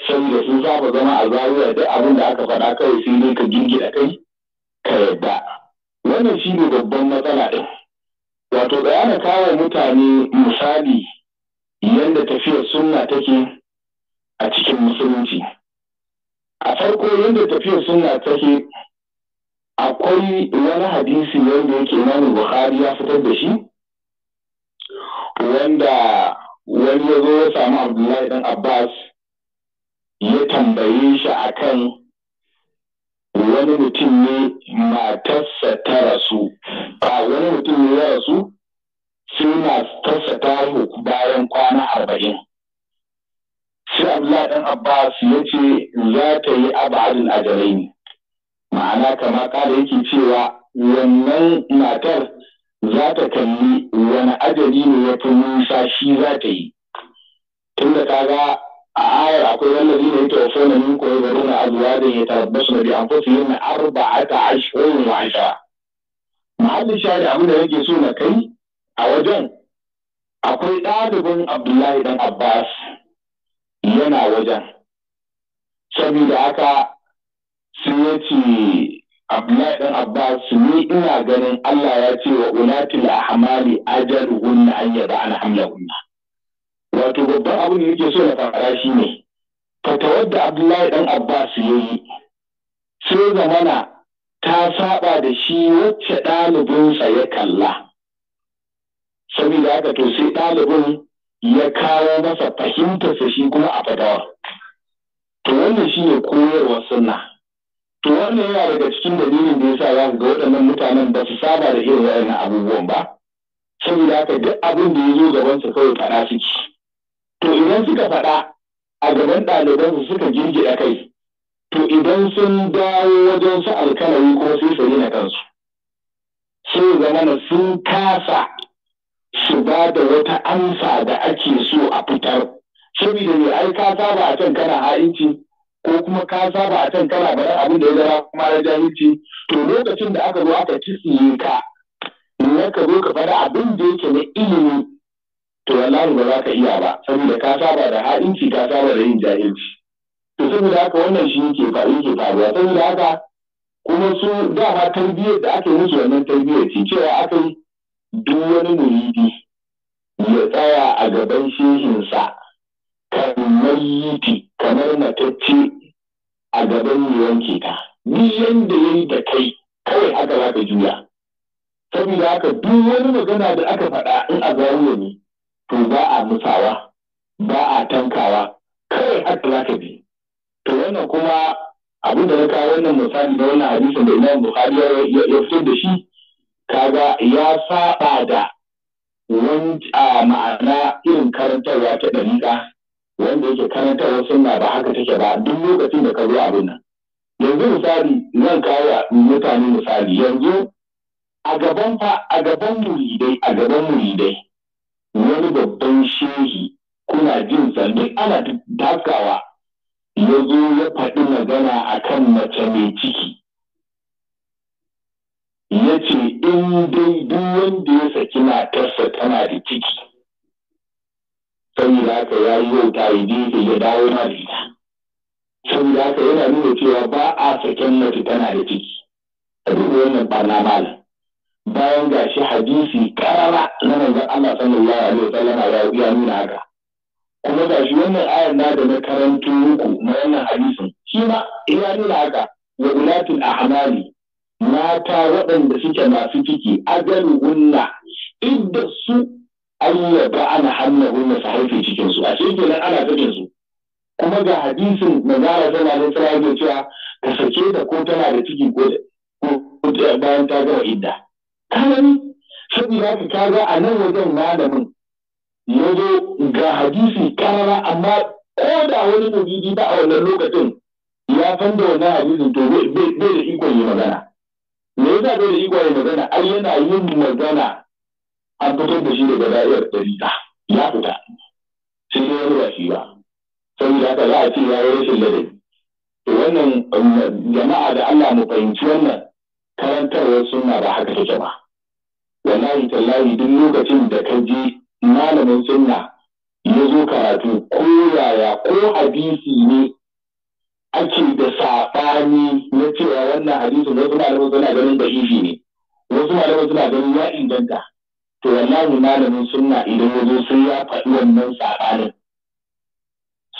saboda sun saba zama a zariya duk abin da aka faɗa kawai sai dai ka gingida kai ka yadda wannan shi ne babban matsala ɗin wato na kawo mutane misali yadda tafiyar sunna take a cikin musulunci a farko yadda tafiyar suna take akwai wani hadisi wanda yake nan bukhari ya fitar da shi wanda wani ya zo ya samu abdullahi dan abbas ya tambaye shi akan wani mutum ne matarsa ta rasu a wani mutum ne ya rasu sai matarsa ta bayan kwana arba'in sai Abdullahi dan Abbas ya ce za ta yi abadul ajalaini ma'ana kama kada yake cewa wannan matar za ta kalli wani ajali ne ya fi nisa shi za ta yi tunda kaga a ayar akwai wallazi ne ta wasu na minko ya bari azuwa da ya tarabbasu da bi an fasa yin ta ashirin wa ashara muhallin Shari'a abin da yake so na kai a wajen akwai ɗalibin abdullahi dan abbas yana wajen saboda haka sun ya ce Abdullahi dan Abbas ni ina ganin Allah ya ce wa ulatul ahmali ajaluhunna an an hamlahunna wato babban abin da yake so na fara shi ne fatawar da Abdullahi dan Abbas ya yi sai zamana ta saba da shi wacce ɗalibinsa ya kalla saboda haka to sai ɗalibin ya kawo masa fahimtarsa shi kuma a fadawa to wannan shi ne koyarwar sunna to wannan yana daga cikin dalilin da yasa za ga waɗannan mutanen ba su saba da irin waɗannan abubuwan ba saboda haka duk abin da ya zo gaban su kawai faɗa suke to idan suka faɗa a gaban ɗaliban su suka girgiɗa kai to idan sun dawo wajen su alkalami ko sai su na kansu sai zamana sun kasa su ba da wata amsa da ake so a fitar saboda ne ai ka saba a can kana ha'inci ko kuma ka saba a can kana bari abin da ya zama kuma na jahilci to lokacin da aka zo aka kisiye ka na ka zo ka faɗa abin da yake na ilimi to wallahi ba za ka iya ba saboda ka saba da ha'inci ka saba da yin jahilci to saboda haka wannan shi yake yake faruwa saboda haka kuma su ma tarbiyyar da ake musu wannan tarbiyyar ce cewa aka yi duk wani muridi ya tsaya a gaban shehinsa kamar yiti kamar matacce a gaban ya wanke ka duk yanda ya yi da kai kawai haka za ka juya saboda haka duk wani magana da aka faɗa in a zawo ne to ba a musawa ba a tankawa kawai haka za ka bi to wannan kuma abu da na kawo wannan misali da wannan hadisin da Imam Bukhari ya fitar da shi kaga ya saba da wanda ma'ana irin karantarwa ta ɗariƙa wanda yake karantarwa suna ba haka take ba duk lokacin da ka zo abin nan yanzu misali zan kawo mutane misali yanzu a gaban fa a gaban muridai a gaban muridai wani babban shehi kuna jin sa ana takawa ya zo ya faɗi magana akan mace mai ciki ya ce in dai duk wanda ya saki matarsa tana da ciki da haka ya yi ta ya dinka ya dawo na da ita da haka yana nuna cewa ba a saken mace tana da ciki a duk wannan barna malam bayan ga shi hadisi karara na manzon Allah sallallahu alaihi wasallam ya ya nuna haka kuma ga shi wannan ayar na da na karanto muku na wannan hadisin shi ma ya nuna haka wa ulatul ahmali mata waɗanda suke masu ciki ajalu wunna, idda su ayyaba ana hannu hunna su haife cikin su a cikin kenan ana cikin su kuma ga hadisin a zama da tsara da cewa ka sake ta ko tana da ciki ko da bayan ta gama idda kanani saboda ka kaga a nan wajen malamin ya zo ga hadisi karara amma ko da wani mujiji ba a wannan lokacin ya san da wannan hadisin to bai da ikon yi magana yana da da igwaye magana ai yana yin magana an fitar da shi daga ɗari ta, ya fita sai dai wani ba shi ba saboda haka za a ce ya yi rashin ladabi to wannan um, jama'a da Allah mu fahimci wannan karantarwar sunna ba haka take ba wallahi tallahi duk lokacin da ka je malamin sunna yazo karatu ko yaya ko hadisi ne ake da saɓani na cewa wannan hadisin wasu malaman suna ganin da shi ne wasu wasu suna ganin ya inganta to wallahi malamin suna idan ya zo sun ya faɗi wannan saɓanin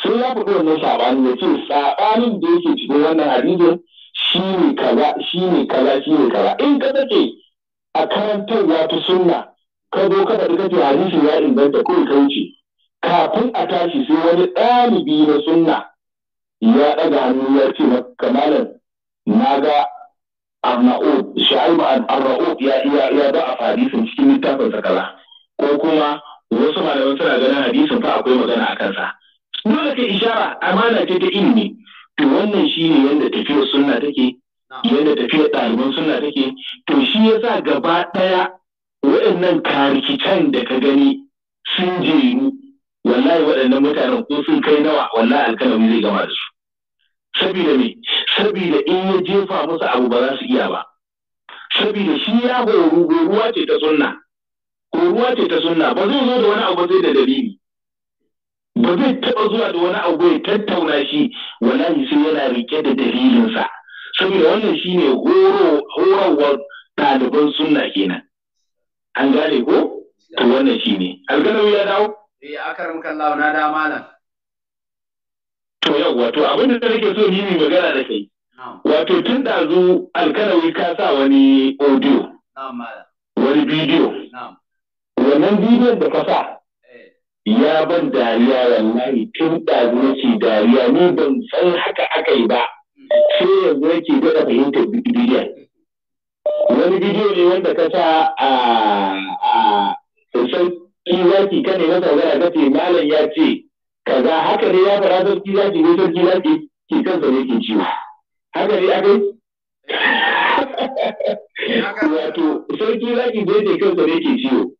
sun ya faɗi wannan saɓanin ya ce saɓanin da yake cikin wannan hadisin shi ne kaza shi ne kaza shi ne kaza in ka take a karantarwa ta sunna ka zo ka faɗi kace hadisi ya inganta kawai ka wuce kafin a tashi sai wani ɗalibi na sunna ya ɗaga hannu ya ce ma kamalan na ga Arnaud Shu'aib Arnaud ya iya iya ba a hadisin cikin littafin sakala ko kuma wasu malamai suna ganin hadisin fa akwai magana a kansa dole ke ishara amana ce ta ilimi to wannan shine yadda tafiyar sunna take yadda tafiyar ɗaliban sunna take to shi yasa gaba ɗaya waɗannan karikican da ka gani sun jeru wallahi waɗannan mutanen ko sun kai nawa wallahi alkalami zai gama da su sabida me sabida in ya jefa musu abu ba za su iya ba sabida shi ya goru goruwa ce ta sunna goruwa ce ta sunna ba zai zo da wani abu zai da dalili ba zai taɓa zuwa da wani abu ya tattauna shi wallahi sai yana rike da dalilinsa saboda wannan shi shine horowar ɗaliban sunna kenan an gane ko to wannan shi ne, alkalami ya dawo eh akaram kallahu na da malam to yau wato abin da nake so ni mai magana da kai wato tun da zo alkalawi ka sa wani audio wani bidiyo wannan bidiyon da ka sa eh. ya ban dariya wallahi tun da ce dariya ni ban san haka aka yi ba mm. sai yanzu yake daɗa fahimtar bidiyon wani bidiyo ne wanda ka sa a sosai in zaki ka ne masa zara ka ce malam ya ce kaza haka ne ya fara sarki ce ne sarki zaki ki kan ne ke ciwo haka ne akai wato sarki zaki ne ce kan ne ke ciwo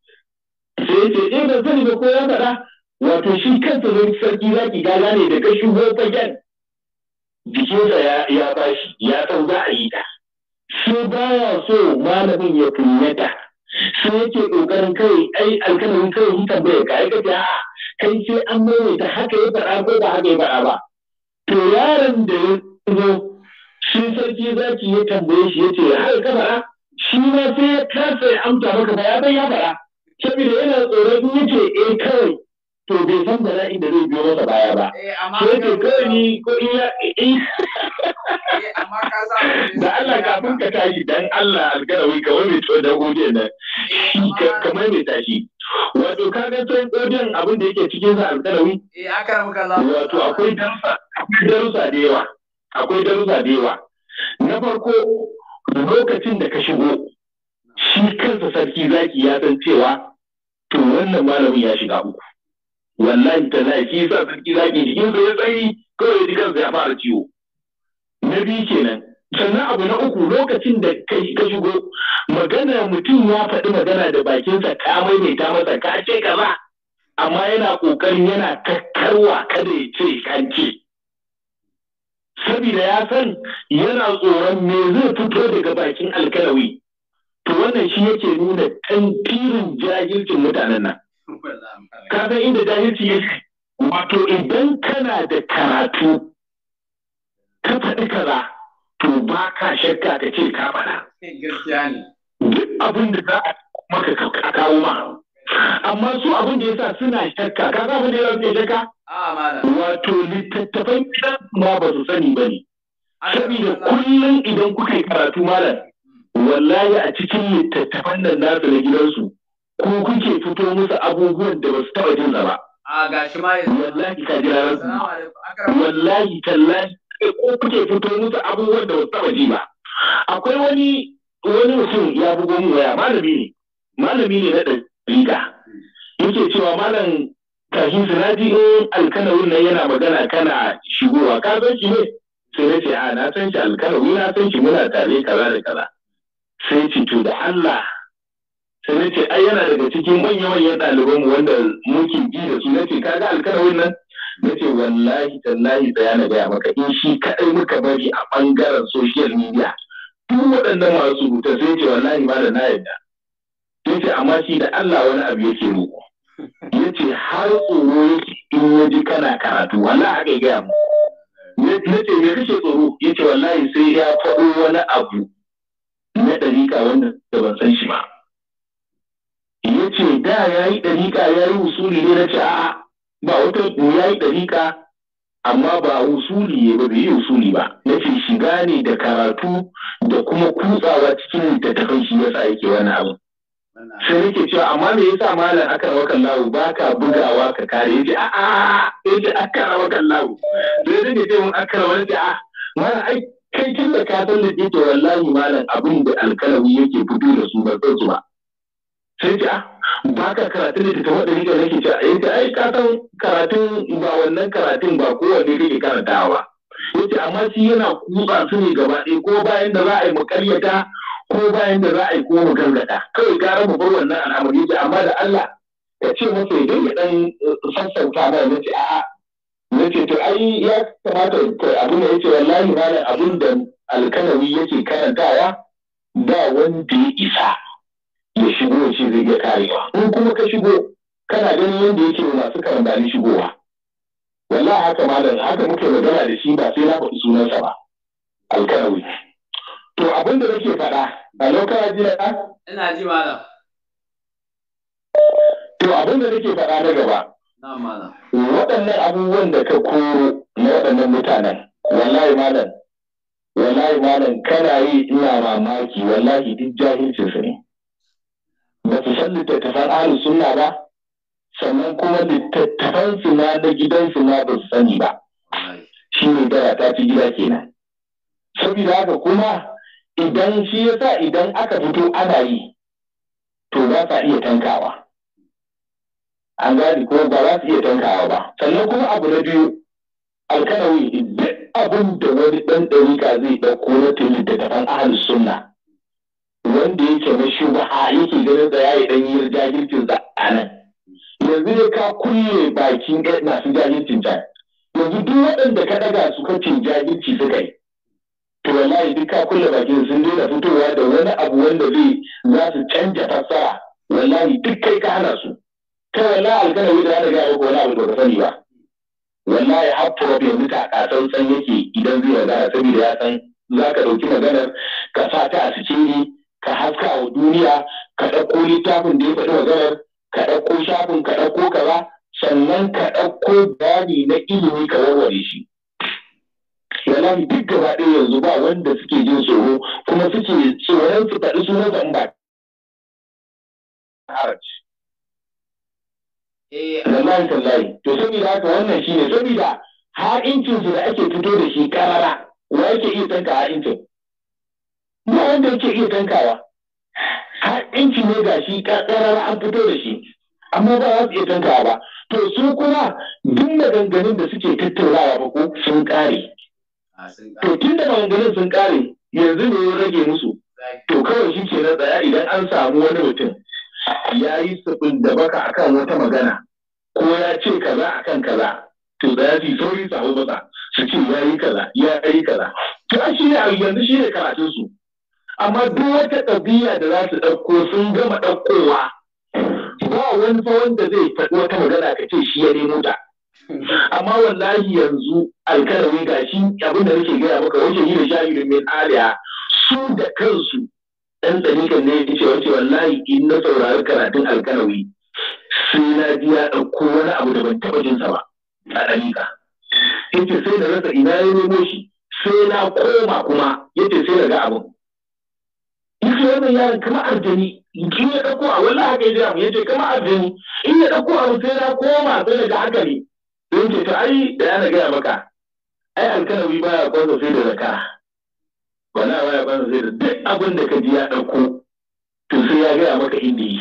sai ce in eh, ba zani ba ko ya fara? wato shi kansa ne sarki zaki gaza ne da ka shigo fagen jikinsa ya ya bashi ya san za a yi ta shi baya so malamin ya kunyata sai yake ƙoƙarin kai ai alkalamin kai mun tambaye ka ai kace a kai sai an maimaita haka ya fara ko ba haka ya fara ba to yaron da ya zo shi sarki zaki ya tambaye shi yace har ka shi ma sai ya kasa ya amsa maka ba ya bai ya fara saboda yana tsoron yace eh kawai to bai san bala'in da zai biyo masa baya ba. Eh, amma kawai ni ko in ya da Allah kafin ka tashi dan Allah algarawi kamar mai tsohon audio nan eh, shi kamar mai tashi wato ka ga tsohon audio abin da yake cikin sa algarawi eh, wato akwai darussa da yawa akwai darussa da yawa na farko lokacin da ka shigo shi kansa sarki zaki ya san cewa to wannan malamin ya shiga uku wallahi ta zaki sa sarki zaki jikin sa ya tsayi kawai jikin sa ya fara ciwo na biyu kenan sannan abu na uku lokacin da ka shigo magana mutum ya faɗi magana da bakinsa ka maimaita masa ka ce kaza amma yana ƙoƙarin yana kakkarwa kada ya ce kanki Sabida ya san yana tsoron me zai fito daga bakin alkalawi to wannan shi yake nuna tantirin jahilcin mutanen nan ka san inda jahilci yake wato idan kana da karatu ka faɗi kaza to ba ka shakka ka ce ka faɗa. Eh, Duk abin da za a maka ka kawo ma. Amma su abin da yasa suna shakka ka za mu da yawan shakka? Wato littattafan gidan ma ba su sani ba ne. Saboda kullum idan kuka yi karatu malam hmm. wallahi a cikin littattafan nan nasu na gidansu ko kuke fito musu abubuwan da ba su taɓa jin zaba? A gashi ma yanzu. Wallahi ka jira Wallahi tallahi ko kuke fito musu abubuwan da taba ji ba akwai wani wani mutum ya bugo mu waya malami ne malami ne na dalika yake cewa malam tashi sinadi ne alkanawi na yana magana kana shigowa ka san shi ne sai na ce a na san shi alkanawi na san shi muna tare kaza da kaza sai ce to da Allah sai na ce ai yana daga cikin manya-manyan ɗalibanmu wanda muke bi da su na ce kaga alkanawi nan nace wallahi tallahi da na gaya maka in shi kaɗai muka bari a ɓangaren social media duk waɗannan masu rubuta sai ce wallahi ba da na yadda sai ce amma shi da Allah wani abu yake roƙo ya ce har tsoro yake in ya ji kana karatu wallahi haka ya gaya muku na ce me kake tsoro ya ce wallahi sai ya faɗo wani abu na ɗarika wanda ban san shi ba ya ce da ya yi ɗarika, ya yi usuli ne na ce a'a ba wata ya yi ɗariƙa amma ba usuli ya ba bai yi usuli ba na ce shiga ne da karatu da kuma kutsawa cikin littattafan shi yasa yake wani abu sai nake cewa amma me yasa malam aka rawa lawo ba ka bugawa ka kare yace a a yace aka rawa lawo sai nake ce mun aka rawa yace a ah, malam ai kai tun da ka san da ke wallahi malam abin da alkalami yake fito da su ba san zuba. ba sai ce ah, ba ka karatun da ta waɗanda rika nake ce a yanzu eh, ai karatun ba wannan karatun ba kowanne kake karantawa ce amma shi yana kutsa su ne gaba ɗaya ko bayan da za a yi mu karyata ko bayan da za a yi ko mu gargada kawai gara mu bar wannan al'amari ce amma da Allah ka ce masa idan ya ɗan eh, sassauta ba ya ce a'a ya ce to ai ya kamata abin da yace wallahi malam abin da alkalami yake karantawa ba wanda ya isa ya shigo ya ce zai iya karewa in kuma ka shigo kana ganin yadda yake masu ni shigowa wallahi haka malam haka muke magana da shi ba sai na faɗi sunansa ba alkarawi to abin da nake faɗa a lokacin jiya ina ji malam to abin da nake faɗa na gaba waɗannan abubuwan da ka koro na waɗannan mutanen wallahi malam wallahi malam kana yi ina mamaki wallahi duk jahilcin su ne ba su san littattafan ahlus sunna ba sannan kuma littattafan su na da gidan su ba su sani ba shi ne gara ta fi gida kenan saboda haka kuma idan shi yasa idan aka fito ana yi to ba sa iya tankawa an gani ko ba za su iya tankawa ba sannan kuma abu na biyu alkanawi duk abin da wani ɗan ɗarika zai ɗauko na tuni da gaban ahalus sunna wanda yake na shubha yake ganin da yayi dan yi jahilcin a nan yanzu ne ka kulle bakin masu jahilcin ta yanzu duk waɗanda ka ɗaga su kacin jahilci suka yi to wallahi duk ka kulle bakin sun daina fitowa da wani abu wanda zai za su canja fassara wallahi duk kai ka hana su kai wallahi alkalawi da ya gaya wani abu da ba sani ba wallahi har turab yanzu ta kasan san yake idan zai magana saboda ya san za ka ɗauki maganar ka sa ta a cikin ka haska wa duniya ka ɗauko littafin da ya faɗi maganar ka ɗauko shafin ka ɗauko kaza sannan ka ɗauko bayani na ilimi ka warware shi wallahi duk gaba ɗaya yanzu ba wanda suke jin tsoro kuma suke tsoron su faɗi sunan zan ba eh, eh. wallahi tallahi to saboda haka wannan shine saboda ha'incin su da ake fito da shi karara wa yake iya tsanka ha'incin ma wanda yake iya tankawa har inci ne ga shi ƙarar an fito da shi amma ba za su iya tankawa ba to su kuma duk maganganun da suke tattaunawa ba ko sun ƙare to tun da maganganun sun ƙare yanzu ne ya rage musu to kawai shi ke na tsaya idan an samu wani mutum ya yi sabin da baka akan wata magana ko ya ce kaza akan kaza to da ya fi sauri masa su ce ya yi kaza ya yi kaza to shi ne yanzu shi ne karatun su amma duk wata ɗabi'a da za su ɗauko sun gama ɗaukowa ba wani fa wanda zai faɗi wata magana ka ce shi ya nemo ta amma wallahi yanzu alkalami ga shi abin da nake gaya maka wace yi da shahidu min aliya su da kansu ɗan tsanikan ne ya ce wace wallahi in na saurari karatun alkalami sai na ji ya ɗauko wani abu da ban taɓa jinsa ba a ɗanika yace sai na rasa ina ya nemo shi sai na koma kuma yace sai na ga abin yake wannan yaron kama aljani in ya ɗauko a wallahi haka ya mu yace kama aljani in ya ɗauko abu sai na koma sai daga haka ne don ce ta ai da yana gaya maka ai alkalawi baya kwanza sai da zaka wallahi baya kwanza sai da duk abin da ka ji ya ɗauko to sai ya gaya maka inda yi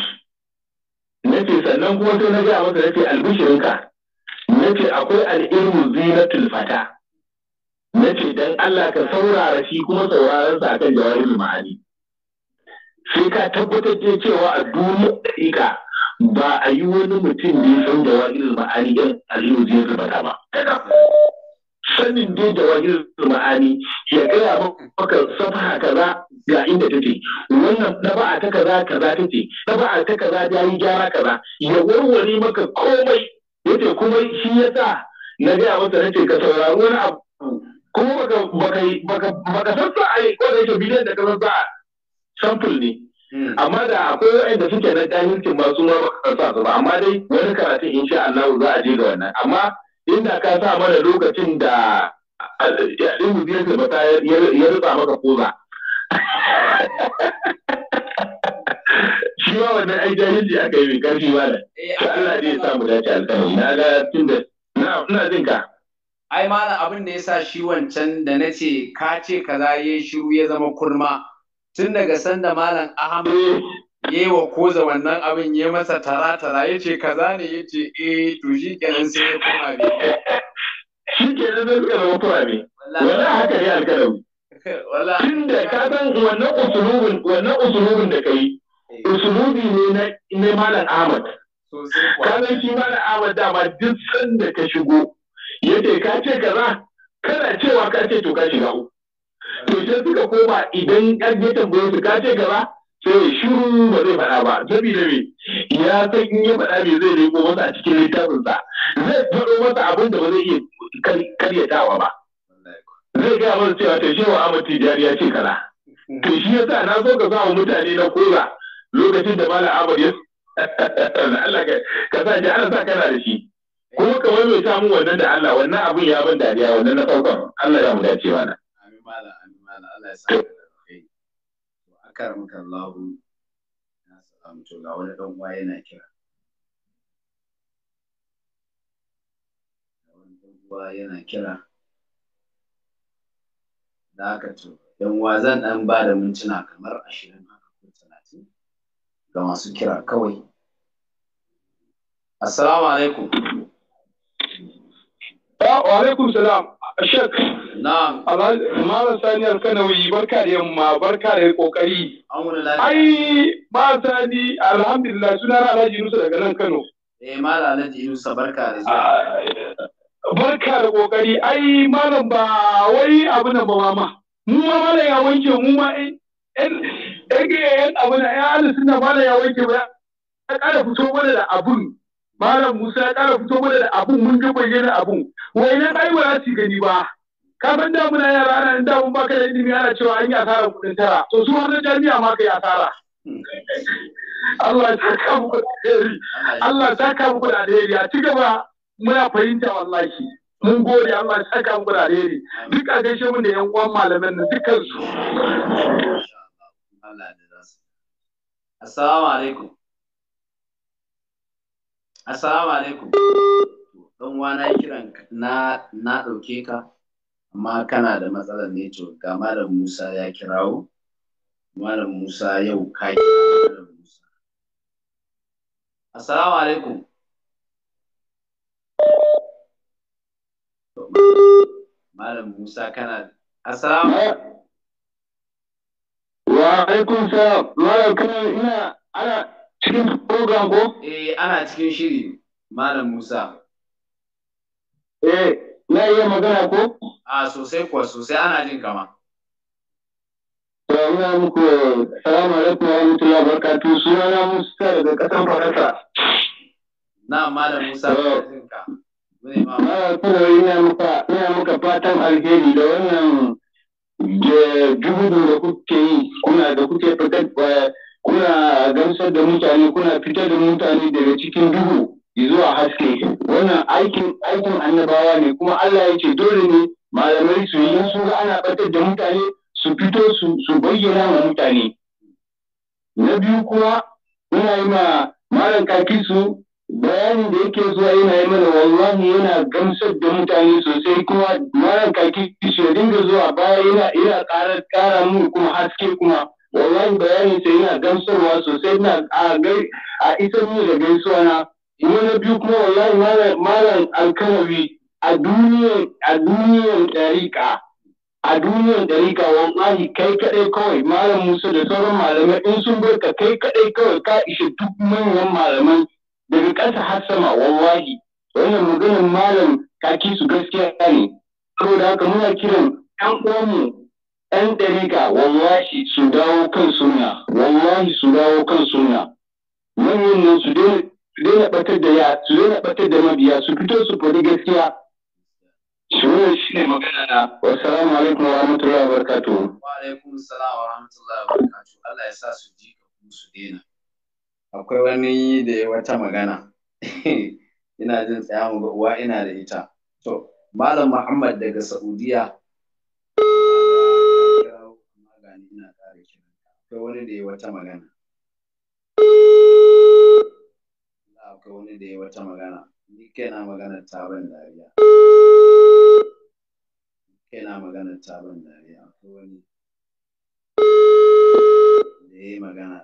na ce sannan kuma sai na gaya masa na ce albishirinka na ce akwai al'ilmu zinatul fata na ce don Allah ka saurara shi kuma sauraron sa akan jawahirul ma'ani sai ka tabbatar da cewa a duniyar ɗariƙa ba a yi wani mutum da ya san da wa'il ma'ani yan aliyu zai zubata ba. Sanin dai da wa'il ma'ani ya gaya maka safaha kaza ga inda take wannan ɗaba'a ta kaza kaza take ɗaba'a ta kaza ta yi gyara kaza ya warware maka komai yace kuma shi yasa na gaya masa nace ka saurari wani abu kuma baka baka baka san sa'a ko da yake da ka san sa'a sample ne hmm. amma da akwai wa'anda suke na jahilcin ba su ma ba sa su ba amma dai wani karatun sha Allah za a je ga wannan amma inda ka sa mana lokacin da ɗin biyar da bata ya rufa maka koza shi ma wannan ai jahilci aka yi mai ƙarfi ba da eh, Allah zai ya sa mu dace alƙawari na ga tun da ina jin ka ai malam abin da ya sa shi wancan da na ce ka ce kaza ya shiru ya zama kurma tun daga sanda malam ahmad ya yi wa koza wannan abin ya masa tara-tara ya ce kaza ne ya ce eh to shi kenan sai ya koma bi shi kenan sai suka zama kurame wannan haka ne alkalami tun da ka san wannan usulubin wannan usulubin da kai usulubi ne na ne malam ahmad ka san shi malam ahmad dama duk sanda ka shigo yace ka ce kaza kana cewa ka ce to ka shiga uku to sai suka koma idan karfe tambayar su kace ce gaba sai shiru ba zai faɗa ba saboda me ya san in ya faɗa me zai riko masa a cikin littafinsa zai faɗo masa abin da ba zai iya karyatawa ba zai gaya masa cewa ta shewa Ahmad Tijjani ya ce kana to shi yasa na so ka samu mutane na koza lokacin da Malam Ahmad ya Allah ka sa ji ana sa kana da shi kuma kamar mai samun wannan da Allah wannan abin ya ban dariya wannan na saukan Allah ya mu dace mana amin malam Allah ya sa na to wani dan uwa yana kira da to uwa zan dan ba da mintuna kamar 20 haka ko 30 ga masu kira kawai assalamu alaikum Wa alaikum salam. Shek. Na'am. Malam Sani Alkanawi barka da yamma barka da kokari. Ai ba Sani alhamdulillah suna na Alhaji Yunusa daga nan Kano. Eh Malam Alhaji Yunusa barka da zuwa. Ah, barka da kokari ai malam ba wai abu nan ba mama. Mu ma malam ya wanke mu ma en eh, ɗan eh, eh, abu na ya suna malam ya wanke ba ya ƙara fito mana da abun Malam Musa ya ƙara fito mana da abun mun ga bayyana abun. Wainan ai ba su gani ba. Ka san da muna yara ana da mun baka da ilimi ana cewa an yi asara kuɗin tara. To su wannan jami'a ma kai asara. Allah ya saka muku da alheri. Allah ya saka muku da alheri. A ci gaba muna fahimta wallahi. Mun gode Allah ya saka muku da alheri. Duk a gaishe mu da yan uwan malaman nan dukkan su. Assalamu alaikum. Assalamu alaikum. Ɗan wana kiran na na ɗauke ka amma kana da matsalar network ga Malam Musa ya kirawo. Malam Musa yau ka Malam Musa. Assalamu alaikum. Malam Musa kana Assalamu eh. alaikum. Wa alaikum salam. Malam kana ina ana Cikin program ko? Eh, ana cikin shiri, Malam Musa. Eh, na iya magana ko? A sosai kuwa sosai ana jin kama. Ina muku salamu alaikum wa rahmatullahi wa barakatuh. Sunana Musa daga ƙasar Faransa. Na Malam Musa ba jin ka. Malam Musa ina muka ina muka fatan alheri da wannan eh, juhudu da kuke yi kuna da kuke fitar eh, kuna gamsar da mutane kuna fitar da mutane daga cikin duhu zuwa haske wannan aikin aikin annabawa ne kuma Allah ya ce dole ne malamai su yi su ga ana batar da mutane su fito su su bayyana ma mutane na biyu kuma ina yi ma malam kaki su bayanin da yake zuwa yana yi mana wallahi yana gamsar da mutane sosai kuma malam kaki shi ya dinga zuwa baya yana yana ƙara ƙara mu kuma haske kuma wallahi bayanin ta yana gamsarwa sosai na a a isar mu da gaisuwa na na biyu kuma wallahi malam alkanawi a duniyan a duniyar dariƙa a duniyar dariƙa wallahi kai kadai kawai malam musa da sauran malamai in sun bar ka kai kadai kawai ka ishe duk manyan malaman daga ƙasa har sama wallahi wannan maganin malam kaki su gaskiya ne saboda haka muna kiran ɗan uwanmu ɗan ɗariƙa wallahi su dawo kan suna wallahi su dawo kan suna manyan nan su daina batar da ya su daina batar da mabiya su fito su faɗi gaskiya shi wannan shi ne magana na wassalamu alaikum wa rahmatullahi wa barakatuhu wa alaikum salam wa rahmatullahi wa Allah ya sa su ji ka su daina akwai wani da ya wata magana ina jin tsaya mu ga uwa ina da ita to malam Muhammad daga Saudiya akwai wani da ya wata magana wani da ya wata magana ni kena magana ta ban dariya kaina magana ta dariya wani da ya magana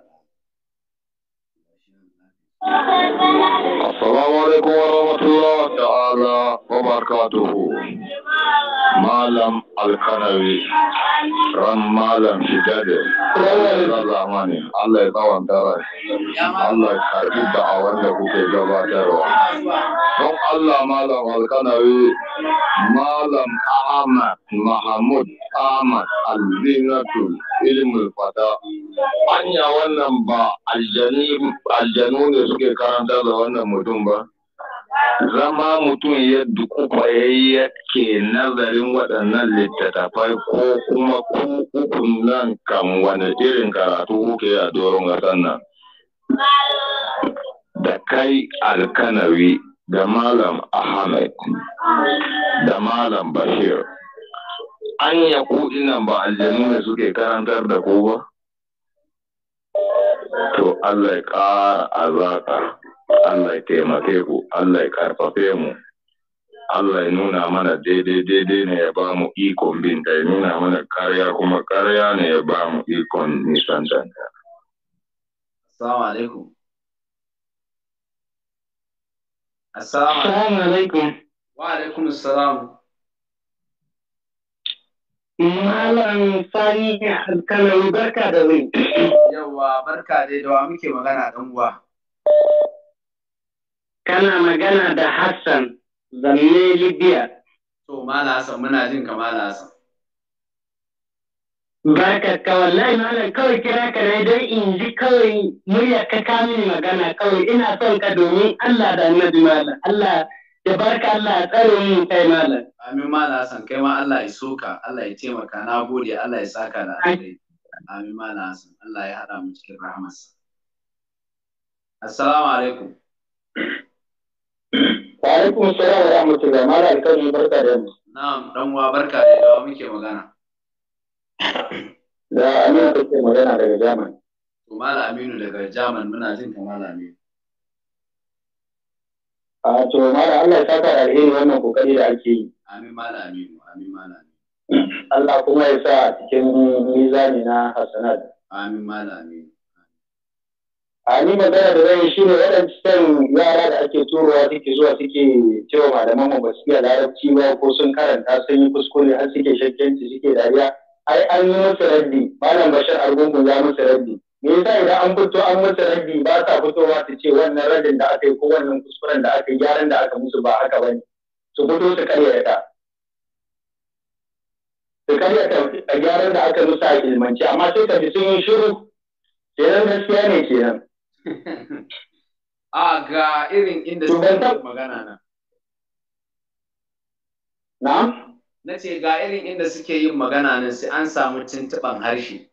Assalamu alaikum wa ta'ala wa barakatuhu. Malam Alkanawi ran Malam Shigade Rahmani Allah ya bawan dara Allah ya karbi da'awar da kuke gabatarwa don Allah Malam Alkanawi Malam Ahmad Mahmud Ahmad Alzinatu ilmul fada anya wannan ba aljanu ne suke karanta da wannan mutum ba zama mutum ya dukufa ya ke nazarin waɗannan littattafai ko kuma ku ukun nan kan wani irin karatu kuke a doron ƙasan nan. Da kai alkanawi da Malam Ahmed da Malam Bashir. Anya ku ina ba aljanu ne suke karantar da ku ba? To Allah ya ƙara azaƙa. Allah ya taimake ku, Allah ya karfafe mu, Allah ya nuna mana daidai daidai ne ya ba mu ikon binta, ya nuna mana karya kuma karya ne ya ba mu ikon nisan nisanta. Assalamu alaikum. Assalamu alaikum. Wa alaikum assalam. Malam Sani Alkalawi barka da zai. Yawwa barka dai da wa muke magana dan uwa. kana magana da Hassan zanne Libya. To Mala Hassan muna jin ka Mala Hassan. Barka ka wallahi malam kawai kira ka ne don in ji kawai murya ka kami magana kawai ina son ka domin Allah da annabi malam Allah ya barka Allah ya tsare mu kai malam. Amin Malam Hassan kai ma Allah ya soka Allah ya taimaka na gode Allah ya saka da alheri. Amin Malam Hassan Allah ya haɗa mu cikin rahamarsa. Assalamu alaikum. Wa alaikum salam wa rahmatullahi mala alkalmi barka da yamma. Na'am dan uwa barka da yawa muke magana. Da Aminu kake magana daga Germany. To mala Aminu daga Jaman muna jin ka mala Aminu. A to mala Allah ya saka alheri wannan kokari da ake yi. Amin mala Aminu, amin mala Aminu. Allah kuma ya sa cikin mizani na hasanat. Amin mala Aminu. a ni magana da zai shi ne waɗancan yara da ake turowa suke zuwa suke cewa malaman mu ba su iya larabci ba ko sun karanta sun yi kuskure har suke shakkenci suke dariya ai an yi musu raddi malam bashar argungu ya musu raddi me yasa idan an fito an musu raddi ba sa fitowa su ce wannan raddin da aka yi ko wannan kuskuren da aka yi gyaran da aka musu ba haka bane su fito su karyata su karyata gyaran da aka musu a ilmanci amma sai ka ji sun yi shiru kenan gaskiya ne kenan a ah, ga irin inda suke magana na. Na? Na ce ga irin inda suke yin magana nan sai an samu tuntuɓan harshe.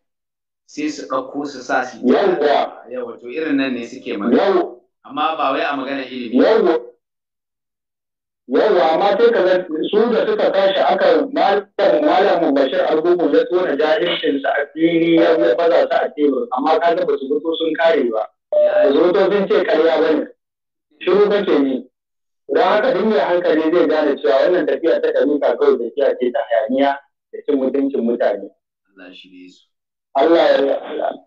Sai su ɗauko su sa su yi. Yawwa. Yawwa to irin nan ne suke magana. Amma ba wai a magana ilimi. Yawwa. Yawwa amma sai ka su da suka tashi aka malam malam Bashir Agogo ya tona jahilcin sa a fili ya baza su a tebur amma kaga ba su fito sun kare ba. sun ce karya ba ne shiru kake yi don haka duk mai hankali zai gane cewa wannan tafiya ta kamika kawai tafiya ce ta hayaniya da cin mutuncin mutane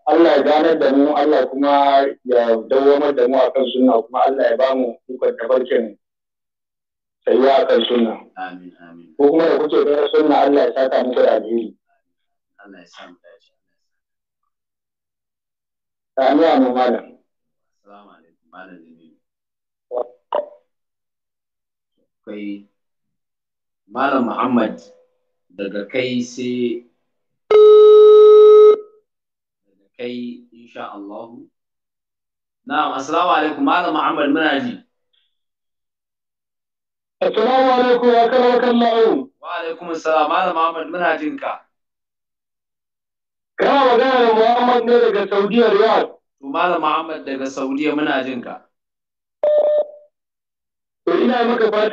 Allah ya ganar da mu Allah kuma ya dawamar da mu a kan suna kuma Allah ya bamu ikon tabarkin sayuwa a kan suna. Ko kuma da kuke gara suna Allah ya saka muku da alheri. Allah ya samu dace. Amin amin malam. Assalamu alaikum malam Jamilu. Kai malam Muhammad daga kai sai daga kai insha Allahu. Na'am assalamu alaikum malam Muhammad muna ji. Assalamu alaikum ya kai kawo kallahu. Wa alaikum assalam malam Muhammad muna jin ka. Kana magana da Muhammad ne daga Saudiya Riyadh. To Malam Ahmad daga Saudiya muna jin ka. ina maka fata